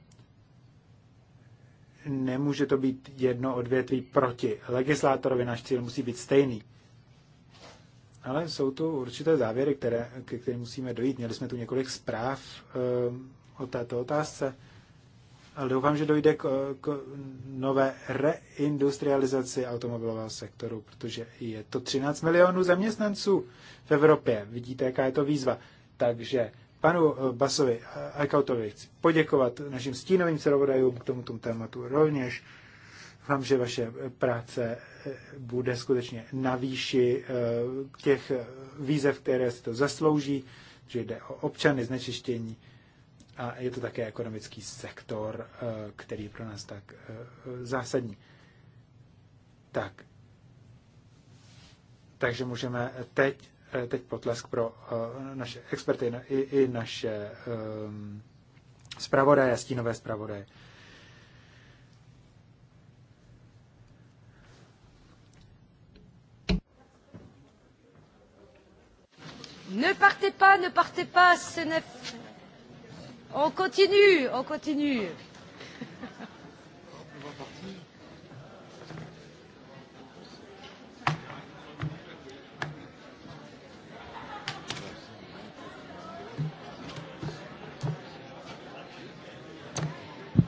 S2: Nemůže to být jedno odvětví proti legislátorovi, náš cíl musí být stejný. Ale jsou tu určité závěry, které, ke kterým musíme dojít. Měli jsme tu několik zpráv e, o této otázce, ale doufám, že dojde k, k nové reindustrializaci automobilového sektoru, protože je to 13 milionů zaměstnanců v Evropě. Vidíte, jaká je to výzva. Takže panu eh, Basovi Aikautovi eh, chci poděkovat našim stínovým zpravodajům k tomuto tématu rovněž. Doufám, že vaše práce eh, bude skutečně na výši eh, těch výzev, které si to zaslouží, že jde o občany znečištění a je to také ekonomický sektor, eh, který je pro nás tak zásadní. Tak. Takže můžeme teď, teď potlesk pro naše experty i, i naše ehm, zpravodaje, stínové zpravodaje.
S1: Ne partez pas, ne partez pas, ce n'est... On continue, on continue.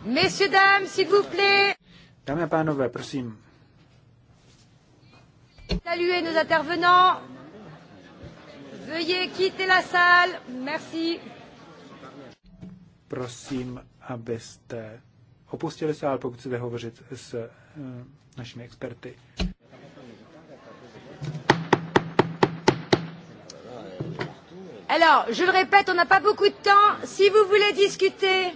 S1: Messieurs, dames, s'il vous plaît.
S2: Dame et pánové, prosím.
S1: Saluez nos intervenants. Veuillez quitter la salle. Merci.
S2: Prosím, abyste opustili sál, pokud chcete hovořit s eh, našimi experty.
S1: Alors, je le répète, on n'a pas beaucoup de temps. Si vous voulez discuter.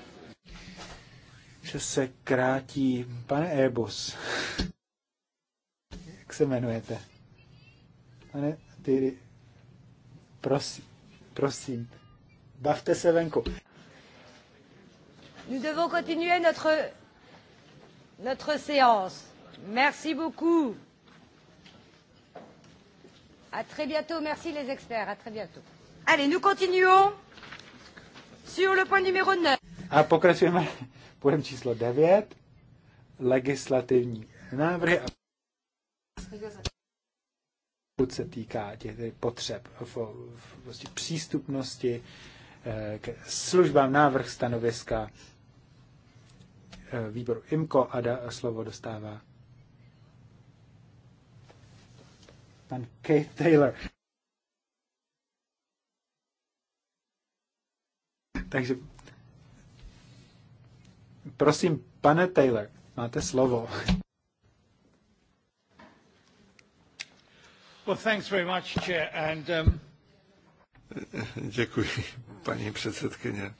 S2: Že se krátí. Pane Airbus, jak se jmenujete? Pane Tyry. Prosím, prosím, bavte se venku.
S1: Nous devons continuer notre, notre séance. Merci beaucoup. À très bientôt. Merci les experts. À très bientôt. Allez, nous continuons sur le point numéro 9.
S2: A pokračujeme pojem číslo 9. Legislativní návrhy pokud se týká těch potřeb v, v, v vlastně přístupnosti eh, k službám, návrh stanoviska eh, výboru IMKO a da, slovo dostává pan Kate Taylor. Takže prosím, pane Taylor, máte slovo.
S3: Um, Děkuji, paní předsedkyně.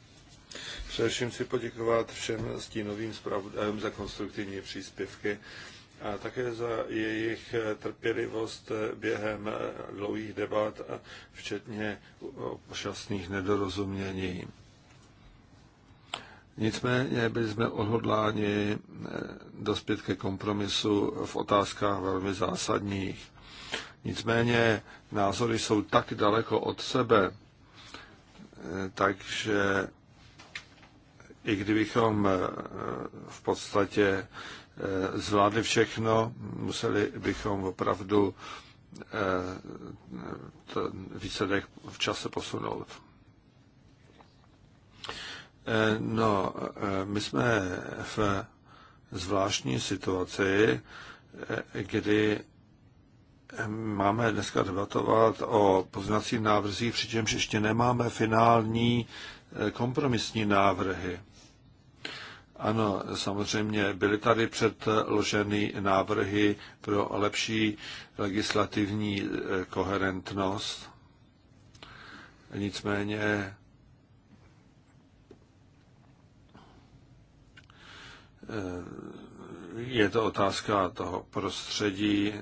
S3: Především chci poděkovat všem stínovým zpravodajům za konstruktivní příspěvky a také za jejich trpělivost během dlouhých debat, včetně šťastných nedorozumění. Nicméně byli jsme odhodláni dospět ke kompromisu v otázkách velmi zásadních. Nicméně názory jsou tak daleko od sebe, eh, takže i kdybychom eh, v podstatě eh, zvládli všechno, museli bychom opravdu ten výsledek v čase posunout. No, my jsme v zvláštní situaci, kdy Máme dneska debatovat o poznacím návrzích, přičemž ještě nemáme finální eh, kompromisní návrhy. Ano, samozřejmě byly tady předloženy návrhy pro lepší legislativní eh, koherentnost. Nicméně eh, je to otázka toho prostředí,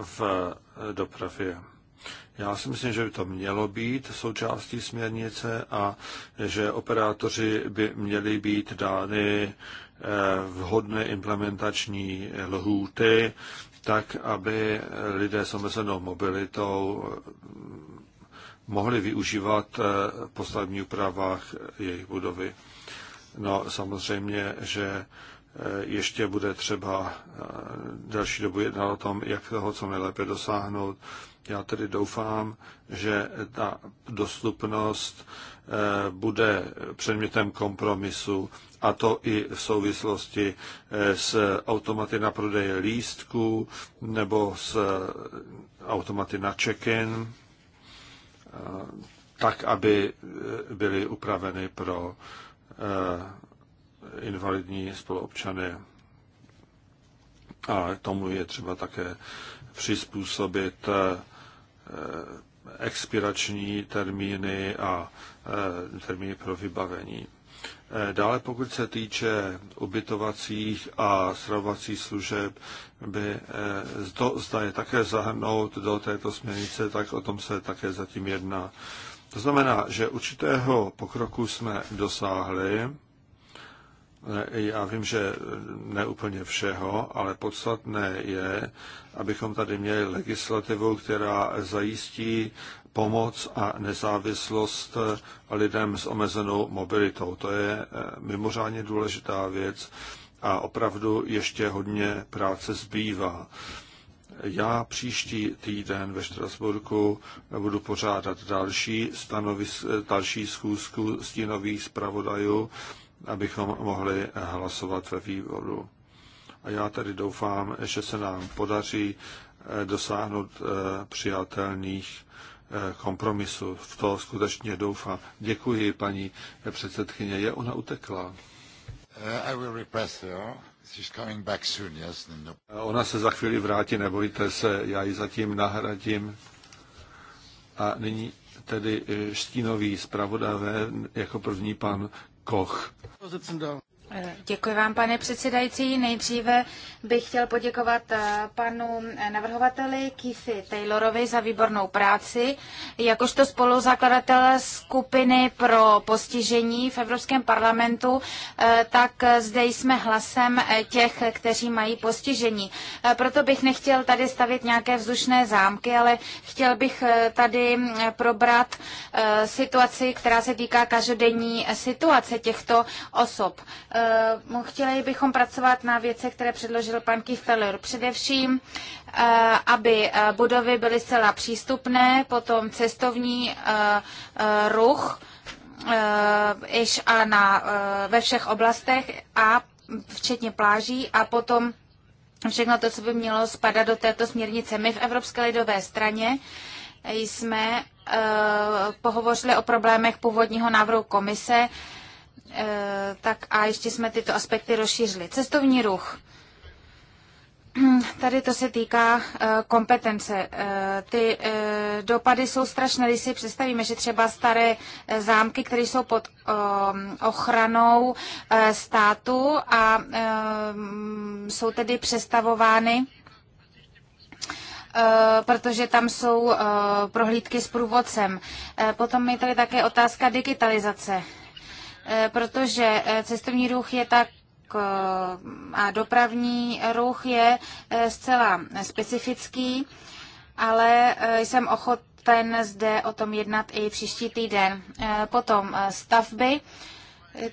S3: v dopravě. Já si myslím, že by to mělo být součástí směrnice a že operátoři by měli být dány eh, vhodné implementační lhůty, tak aby lidé s omezenou mobilitou eh, mohli využívat eh, v stavebních úpravách jejich budovy. No samozřejmě, že ještě bude třeba eh, další dobu jednat o tom, jak toho co nejlépe dosáhnout. Já tedy doufám, že ta dostupnost eh, bude předmětem kompromisu a to i v souvislosti eh, s automaty na prodej lístků nebo s automaty na check-in, tak, aby byly upraveny pro invalidní spoluobčany. A tomu je třeba také přizpůsobit eh, eh, expirační termíny a eh, termíny pro vybavení. Dále pokud se týče ubytovacích a stravovacích služeb, by to zda je také zahrnout do této směrnice, tak o tom se také zatím jedná. To znamená, že určitého pokroku jsme dosáhli E, já vím, že ne úplně všeho, ale podstatné je, abychom tady měli legislativu, která zajistí pomoc a nezávislost lidem s omezenou mobilitou. To je e, mimořádně důležitá věc a opravdu ještě hodně práce zbývá. Já příští týden ve Štrasburku budu pořádat další, stanovis, další schůzku stínových zpravodajů abychom mohli hlasovat ve výboru. A já tedy doufám, že se nám podaří eh, dosáhnout eh, přijatelných eh, kompromisu. V to skutečně doufám. Děkuji, paní předsedkyně. Je ona utekla? Ona se za chvíli vrátí, nebojte se, já ji zatím nahradím. A nyní tedy štínový zpravodavé, jako první pan Koch.
S4: Děkuji vám, pane předsedající. Nejdříve bych chtěl poděkovat eh, panu eh, navrhovateli Keithy Taylorovi za výbornou práci. Jakožto spoluzakladatel skupiny pro postižení v Evropském parlamentu, eh, tak zde jsme hlasem těch, kteří mají postižení. Proto bych nechtěl tady stavit nějaké vzdušné zámky, ale chtěl bych tady probrat situaci, která se týká každodenní situace těchto osob. Eh, chtěli bychom pracovat na věcech, které předložil pan Kifeler. Především, eh, aby eh, budovy byly zcela přístupné, potom cestovní ruch, iž a na, ve všech oblastech a včetně pláží a potom všechno to, co by mělo spadat do této směrnice. My v Evropské lidové straně jsme pohovořili o problémech původního návrhu komise, Eh, tak a ještě jsme tyto aspekty rozšířili. Cestovní ruch. Tady to se týká eh, kompetence. Eh, ty dopady jsou strašné, když si představíme, že třeba staré zámky, které jsou pod ehm, ochranou státu a ehm, jsou tedy přestavovány protože tam jsou prohlídky s průvodcem. Potom je tady také otázka digitalizace. Eh, protože eh, cestovní ruch je tak eh, a dopravní ruch je zcela specifický, ale jsem ochoten zde o tom jednat i příští týden. Potom stavby,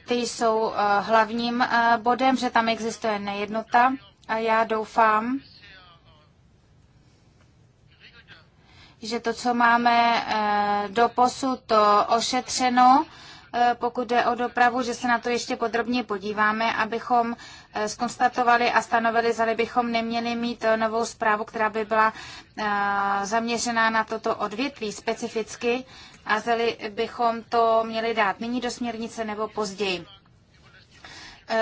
S4: ty jsou hlavním bodem, že tam existuje nejednota a já doufám, že to, co máme do posud ošetřeno, Eh, pokud jde o dopravu, že se na to ještě podrobně podíváme, abychom skonstatovali eh, a stanovili, zda bychom neměli mít eh, novou zprávu, která by byla zaměřená na toto odvětví specificky a zda bychom to měli dát nyní do směrnice nebo později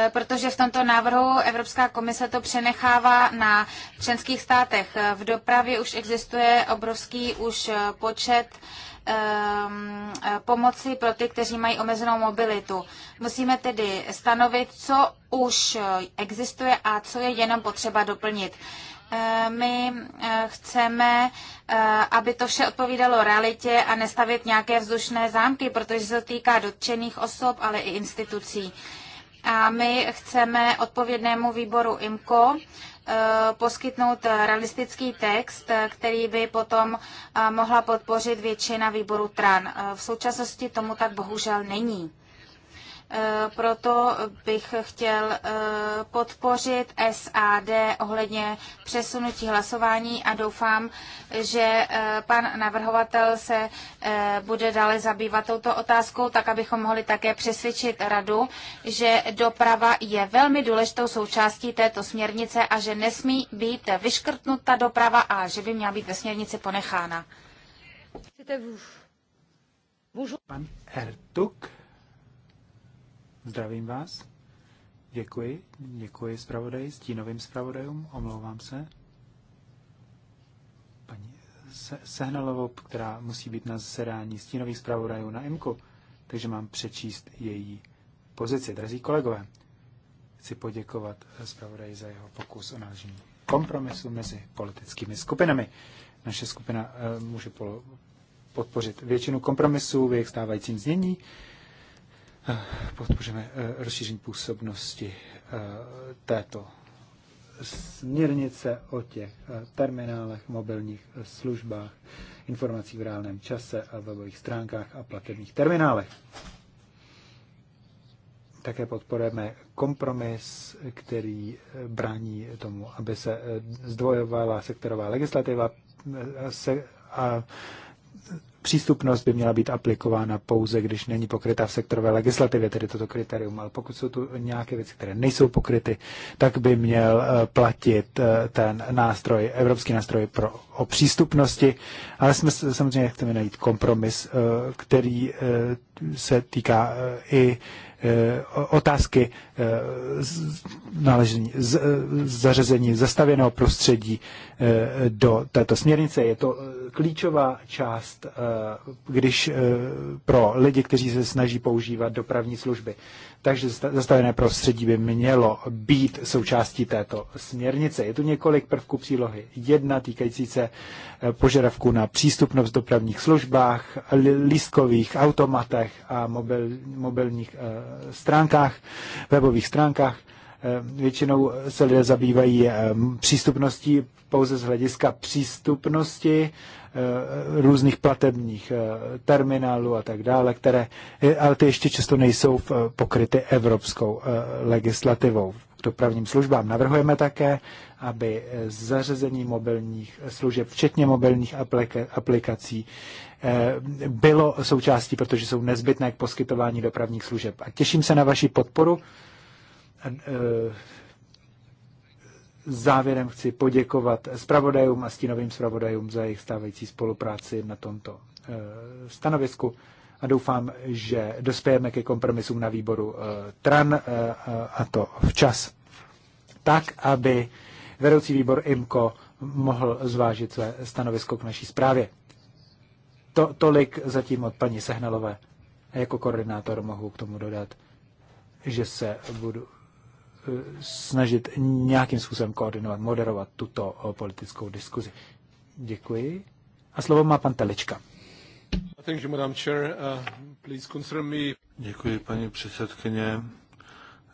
S4: protože v tomto návrhu Evropská komise to přenechává na členských státech. V dopravě už existuje obrovský už počet uh, Ehm, pomoci pro ty, kteří mají omezenou mobilitu. Musíme tedy stanovit, co už existuje a co je jenom potřeba doplnit. Ehm, my eh, chceme, eh, aby to vše odpovídalo realitě a nestavit nějaké vzdušné zámky, protože se to týká dotčených osob, ale i institucí. A my chceme odpovědnému výboru IMCO Eh, poskytnout realistický text, eh, který by potom eh, mohla podpořit většina výboru TRAN. V současnosti tomu tak bohužel není. Eh, proto bych chtěl eh, podpořit SAD ohledně přesunutí hlasování a doufám, že eh, pan navrhovatel se bude dále zabývat touto otázkou, tak abychom mohli také přesvědčit radu, že doprava je velmi důležitou součástí této směrnice a že nesmí být vyškrtnuta doprava a že by měla být ve směrnici ponechána.
S2: Pan Ertuk. Zdravím vás. Děkuji. Děkuji zpravodaji, stínovým zpravodajům. Omlouvám se. Paní se Sehnalovou, která musí být na zasedání stínových zpravodajů na IMKU, takže mám přečíst její pozici. Drazí kolegové, chci poděkovat zpravodaji za jeho pokus o nážení kompromisu mezi politickými skupinami. Naše skupina eh, může podpořit většinu kompromisů v jejich stávajícím znění podpoříme eh, rozšíření působnosti eh, této směrnice o těch eh, terminálech, mobilních službách, informací v reálném čase a webových stránkách a platebních terminálech. Také podporujeme kompromis, který brání tomu, aby se zdvojovala sektorová legislativa a přístupnost by měla být aplikována pouze, když není pokryta v sektorové legislativě, tedy toto kritérium. Ale pokud jsou tu nějaké věci, které nejsou pokryty, tak by měl eh, platit eh, ten nástroj, evropský nástroj pro, o přístupnosti. Ale jsme samozřejmě chceme najít kompromis, eh, který se týká eh, i eh, otázky eh, naležení, zařazení zastavěného prostředí do této směrnice. Je to klíčová část, když pro lidi, kteří se snaží používat dopravní služby. Takže zastavené prostředí by mělo být součástí této směrnice. Je tu několik prvků přílohy. Jedna týkající se požadavku na přístupnost v dopravních službách, lístkových automatech, webech a mobil, mobilních eh, stránkách, webových stránkách. Eh, většinou se lidé zabývají eh, přístupností pouze z hlediska přístupnosti eh, různých platebních eh, terminálů a tak dále, které, eh, ale ty ještě často nejsou pokryty evropskou legislativou. K dopravním službám navrhujeme také, aby zařazení mobilních služeb, včetně mobilních aplikací, bylo součástí, protože jsou nezbytné k poskytování dopravních služeb. A těším se na vaši podporu závěrem chci poděkovat zpravodajům a stínovým zpravodajům za jejich stávající spolupráci na tomto eh, stanovisku a doufám, že dospějeme ke kompromisům na výboru eh, TRAN eh, a to včas. Tak, aby vedoucí výbor IMKO mohl zvážit své stanovisko k naší zprávě. To, tolik zatím od paní Sehnalové. A jako koordinátor mohu k tomu dodat, že se budu snažit nějakým způsobem koordinovat, moderovat tuto eh, politickou diskuzi. Děkuji. A slovo má pan Telička.
S3: Uh, Děkuji, paní předsedkyně.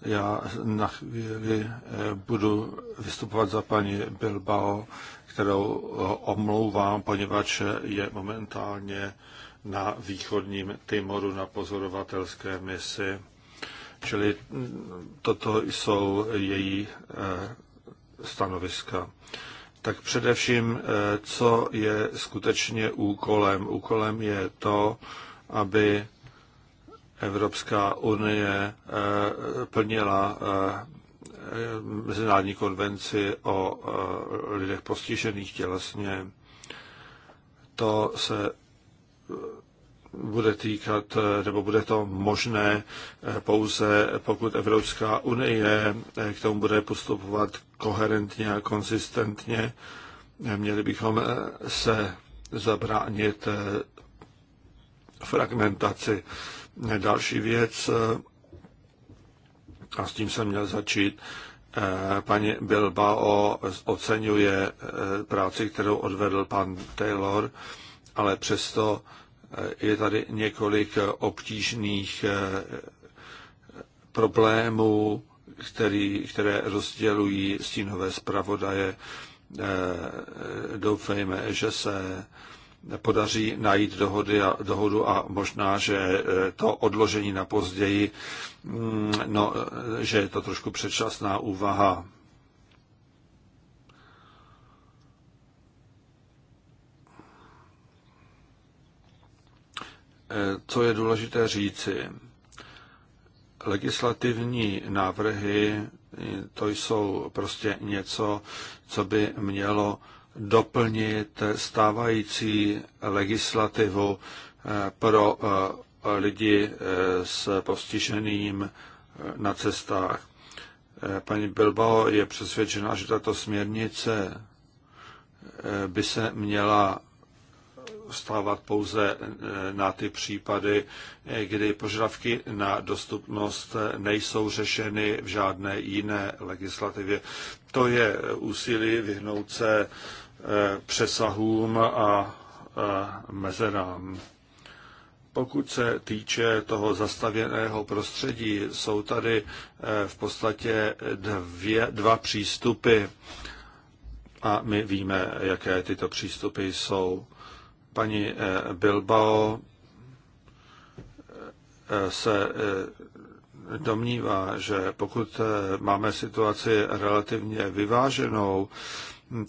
S3: Já na chvíli eh, budu vystupovat za paní Bilbao, kterou eh, omlouvám, poněvadž je momentálně na východním Timoru na pozorovatelské misi Čili mm, toto jsou její eh, stanoviska. Tak především, eh, co je skutečně úkolem? Úkolem je to, aby Evropská unie eh, plnila Mezinárodní konvenci o lidech postižených tělesně. To se bude týkat, nebo bude to možné eh, pouze, pokud Evropská unie eh, k tomu bude postupovat koherentně a konsistentně. Měli bychom eh, se zabránit fragmentaci. Další věc, a s tím jsem měl začít, paní Bilbao oceňuje práci, kterou odvedl pan Taylor, ale přesto je tady několik obtížných eh, problémů, který, které rozdělují stínové zpravodaje. Eh, doufejme, že se podaří najít dohody a, dohodu a možná, že eh, to odložení na později, mm, no, že je to trošku předčasná úvaha. co je důležité říci. Legislativní návrhy to jsou prostě něco, co by mělo doplnit stávající legislativu eh, pro eh, lidi eh, s postiženým na cestách. Paní Bilbao je přesvědčena, že tato směrnice by se měla stávat pouze eh, na ty případy, eh, kdy požadavky na dostupnost eh, nejsou řešeny v žádné jiné legislativě. To je úsilí vyhnout se přesahům a mezerám. Pokud se týče toho zastavěného prostředí, jsou tady v podstatě dvě, dva přístupy a my víme, jaké tyto přístupy jsou paní eh, Bilbao eh, se eh, domnívá, že pokud máme situaci relativně vyváženou,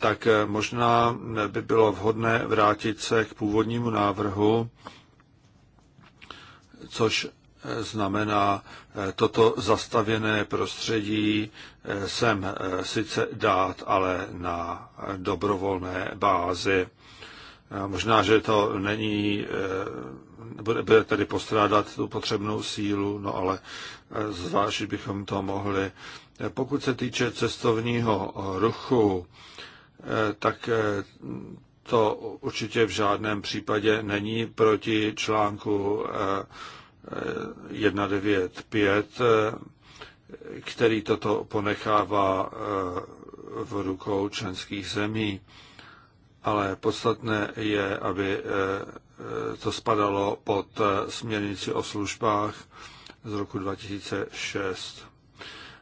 S3: tak možná by bylo vhodné vrátit se k původnímu návrhu, což znamená toto zastavěné prostředí sem sice dát, ale na dobrovolné bázi a možná, že to není, eh, bude, bude tedy postrádat tu potřebnou sílu, no ale eh, zvlášť bychom to mohli. Eh, pokud se týče cestovního ruchu, tak to určitě v žádném případě není proti článku 195, který toto ponechává v rukou členských zemí ale podstatné je, aby eh, eh, to spadalo pod eh, směrnici o službách z roku 2006.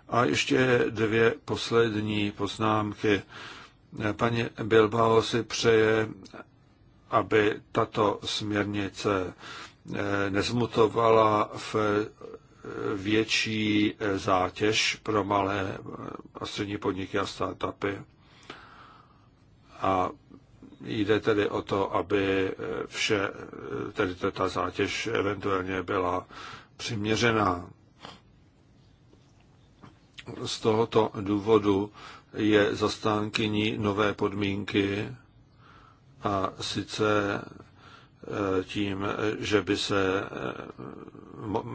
S3: A ještě dvě poslední poznámky. Paní Bilbao si přeje, aby tato směrnice nezmutovala v větší zátěž pro malé a střední podniky a startupy. A Jde tedy o to, aby eh, vše, eh, tedy ta zátěž eventuálně byla přiměřená. Z tohoto důvodu je zastánkyní nové podmínky a sice eh, tím, že by se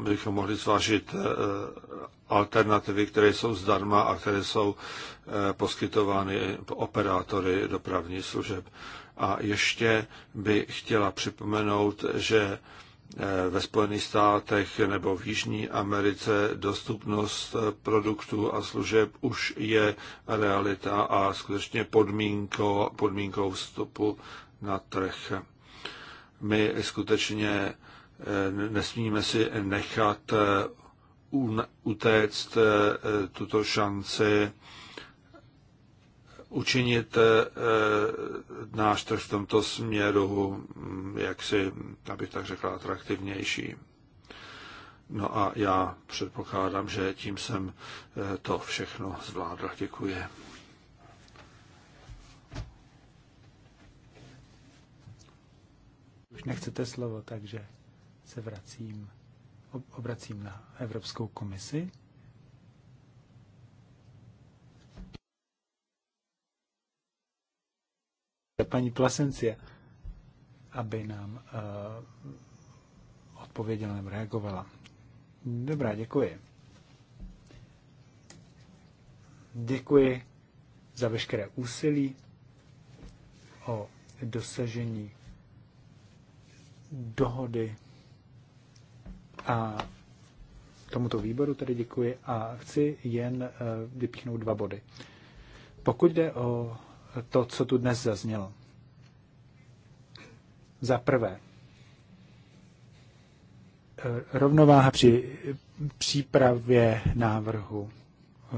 S3: bychom mohli zvážit alternativy, které jsou zdarma a které jsou poskytovány operátory dopravní služeb. A ještě by chtěla připomenout, že eh, ve Spojených státech nebo v Jižní Americe dostupnost eh, produktů a služeb už je realita a skutečně podmínkou, podmínkou vstupu na trh. My skutečně eh, nesmíme si nechat utéct tuto šanci učinit eh, náš trh v tomto směru, mm, jak si, abych tak řekla, atraktivnější. No a já předpokládám, že tím jsem eh, to všechno zvládla. Děkuji.
S2: Už nechcete slovo, takže se vracím, obracím na Evropskou komisi. paní Plasencia, aby nám uh, odpověděla nebo reagovala. Dobrá, děkuji. Děkuji za veškeré úsilí o dosažení dohody a tomuto výboru tedy děkuji a chci jen eh, vypíchnout dva body. Pokud jde o to, co tu dnes zaznělo. Za prvé, eh, rovnováha při přípravě návrhu, eh,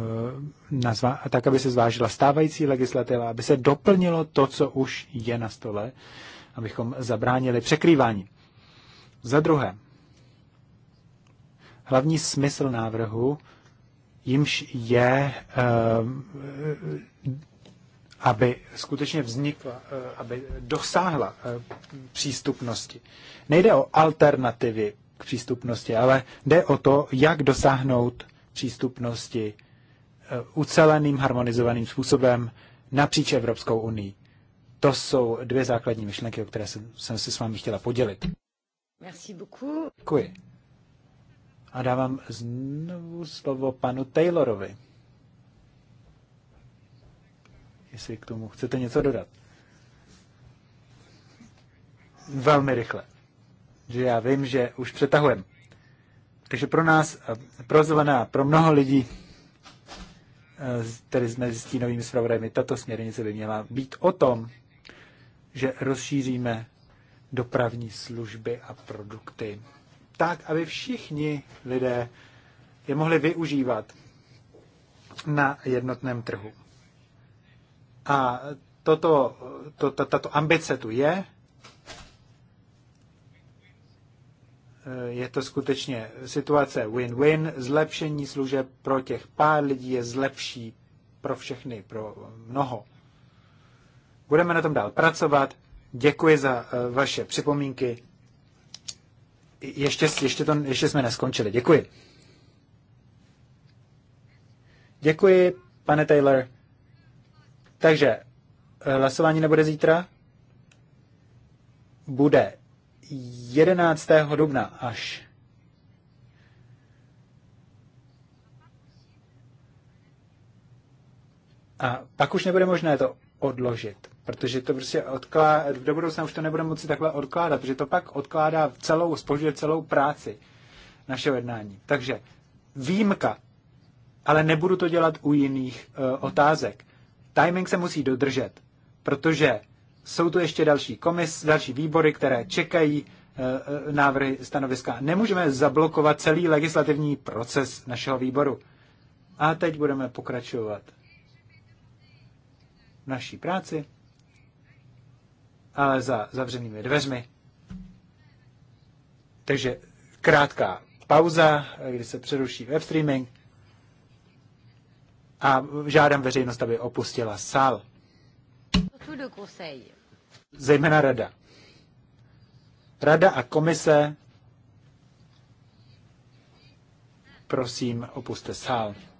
S2: nazva, tak, aby se zvážila stávající legislativa, aby se doplnilo to, co už je na stole, abychom zabránili překrývání. Za druhé, hlavní smysl návrhu, jimž je eh, aby skutečně vznikla, eh, aby dosáhla eh, přístupnosti. Nejde o alternativy k přístupnosti, ale jde o to, jak dosáhnout přístupnosti eh, uceleným, harmonizovaným způsobem napříč Evropskou unii. To jsou dvě základní myšlenky, o které jsem, jsem si s vámi chtěla podělit.
S1: Merci beaucoup.
S2: Děkuji. A dávám znovu slovo panu Taylorovi jestli k tomu chcete něco dodat. Velmi rychle. Že já vím, že už přetahujeme. Takže pro nás, pro zelená, pro mnoho lidí, eh, tedy jsme s novými zpravodajmi, tato směrnice by měla být o tom, že rozšíříme dopravní služby a produkty tak, aby všichni lidé je mohli využívat na jednotném trhu. A toto, to, tato ambice tu je. Je to skutečně situace win-win. Zlepšení služeb pro těch pár lidí je zlepší pro všechny, pro mnoho. Budeme na tom dál pracovat. Děkuji za eh, vaše připomínky. Ještě, ještě, to, ještě jsme neskončili. Děkuji. Děkuji, pane Taylor. Takže eh, hlasování nebude zítra? Bude 11. dubna až. A pak už nebude možné to odložit, protože to prostě odklá... do budoucna už to nebude moci takhle odkládat, protože to pak odkládá celou, spožuje celou práci našeho jednání. Takže výjimka, ale nebudu to dělat u jiných uh, otázek timing se musí dodržet, protože jsou tu ještě další komis, další výbory, které čekají e, návrhy stanoviska. Nemůžeme zablokovat celý legislativní proces našeho výboru. A teď budeme pokračovat v naší práci, ale za zavřenými dveřmi. Takže krátká pauza, kdy se přeruší webstreaming a žádám veřejnost, aby opustila sál. Zejména rada. Rada a komise,
S3: prosím,
S2: opuste sál.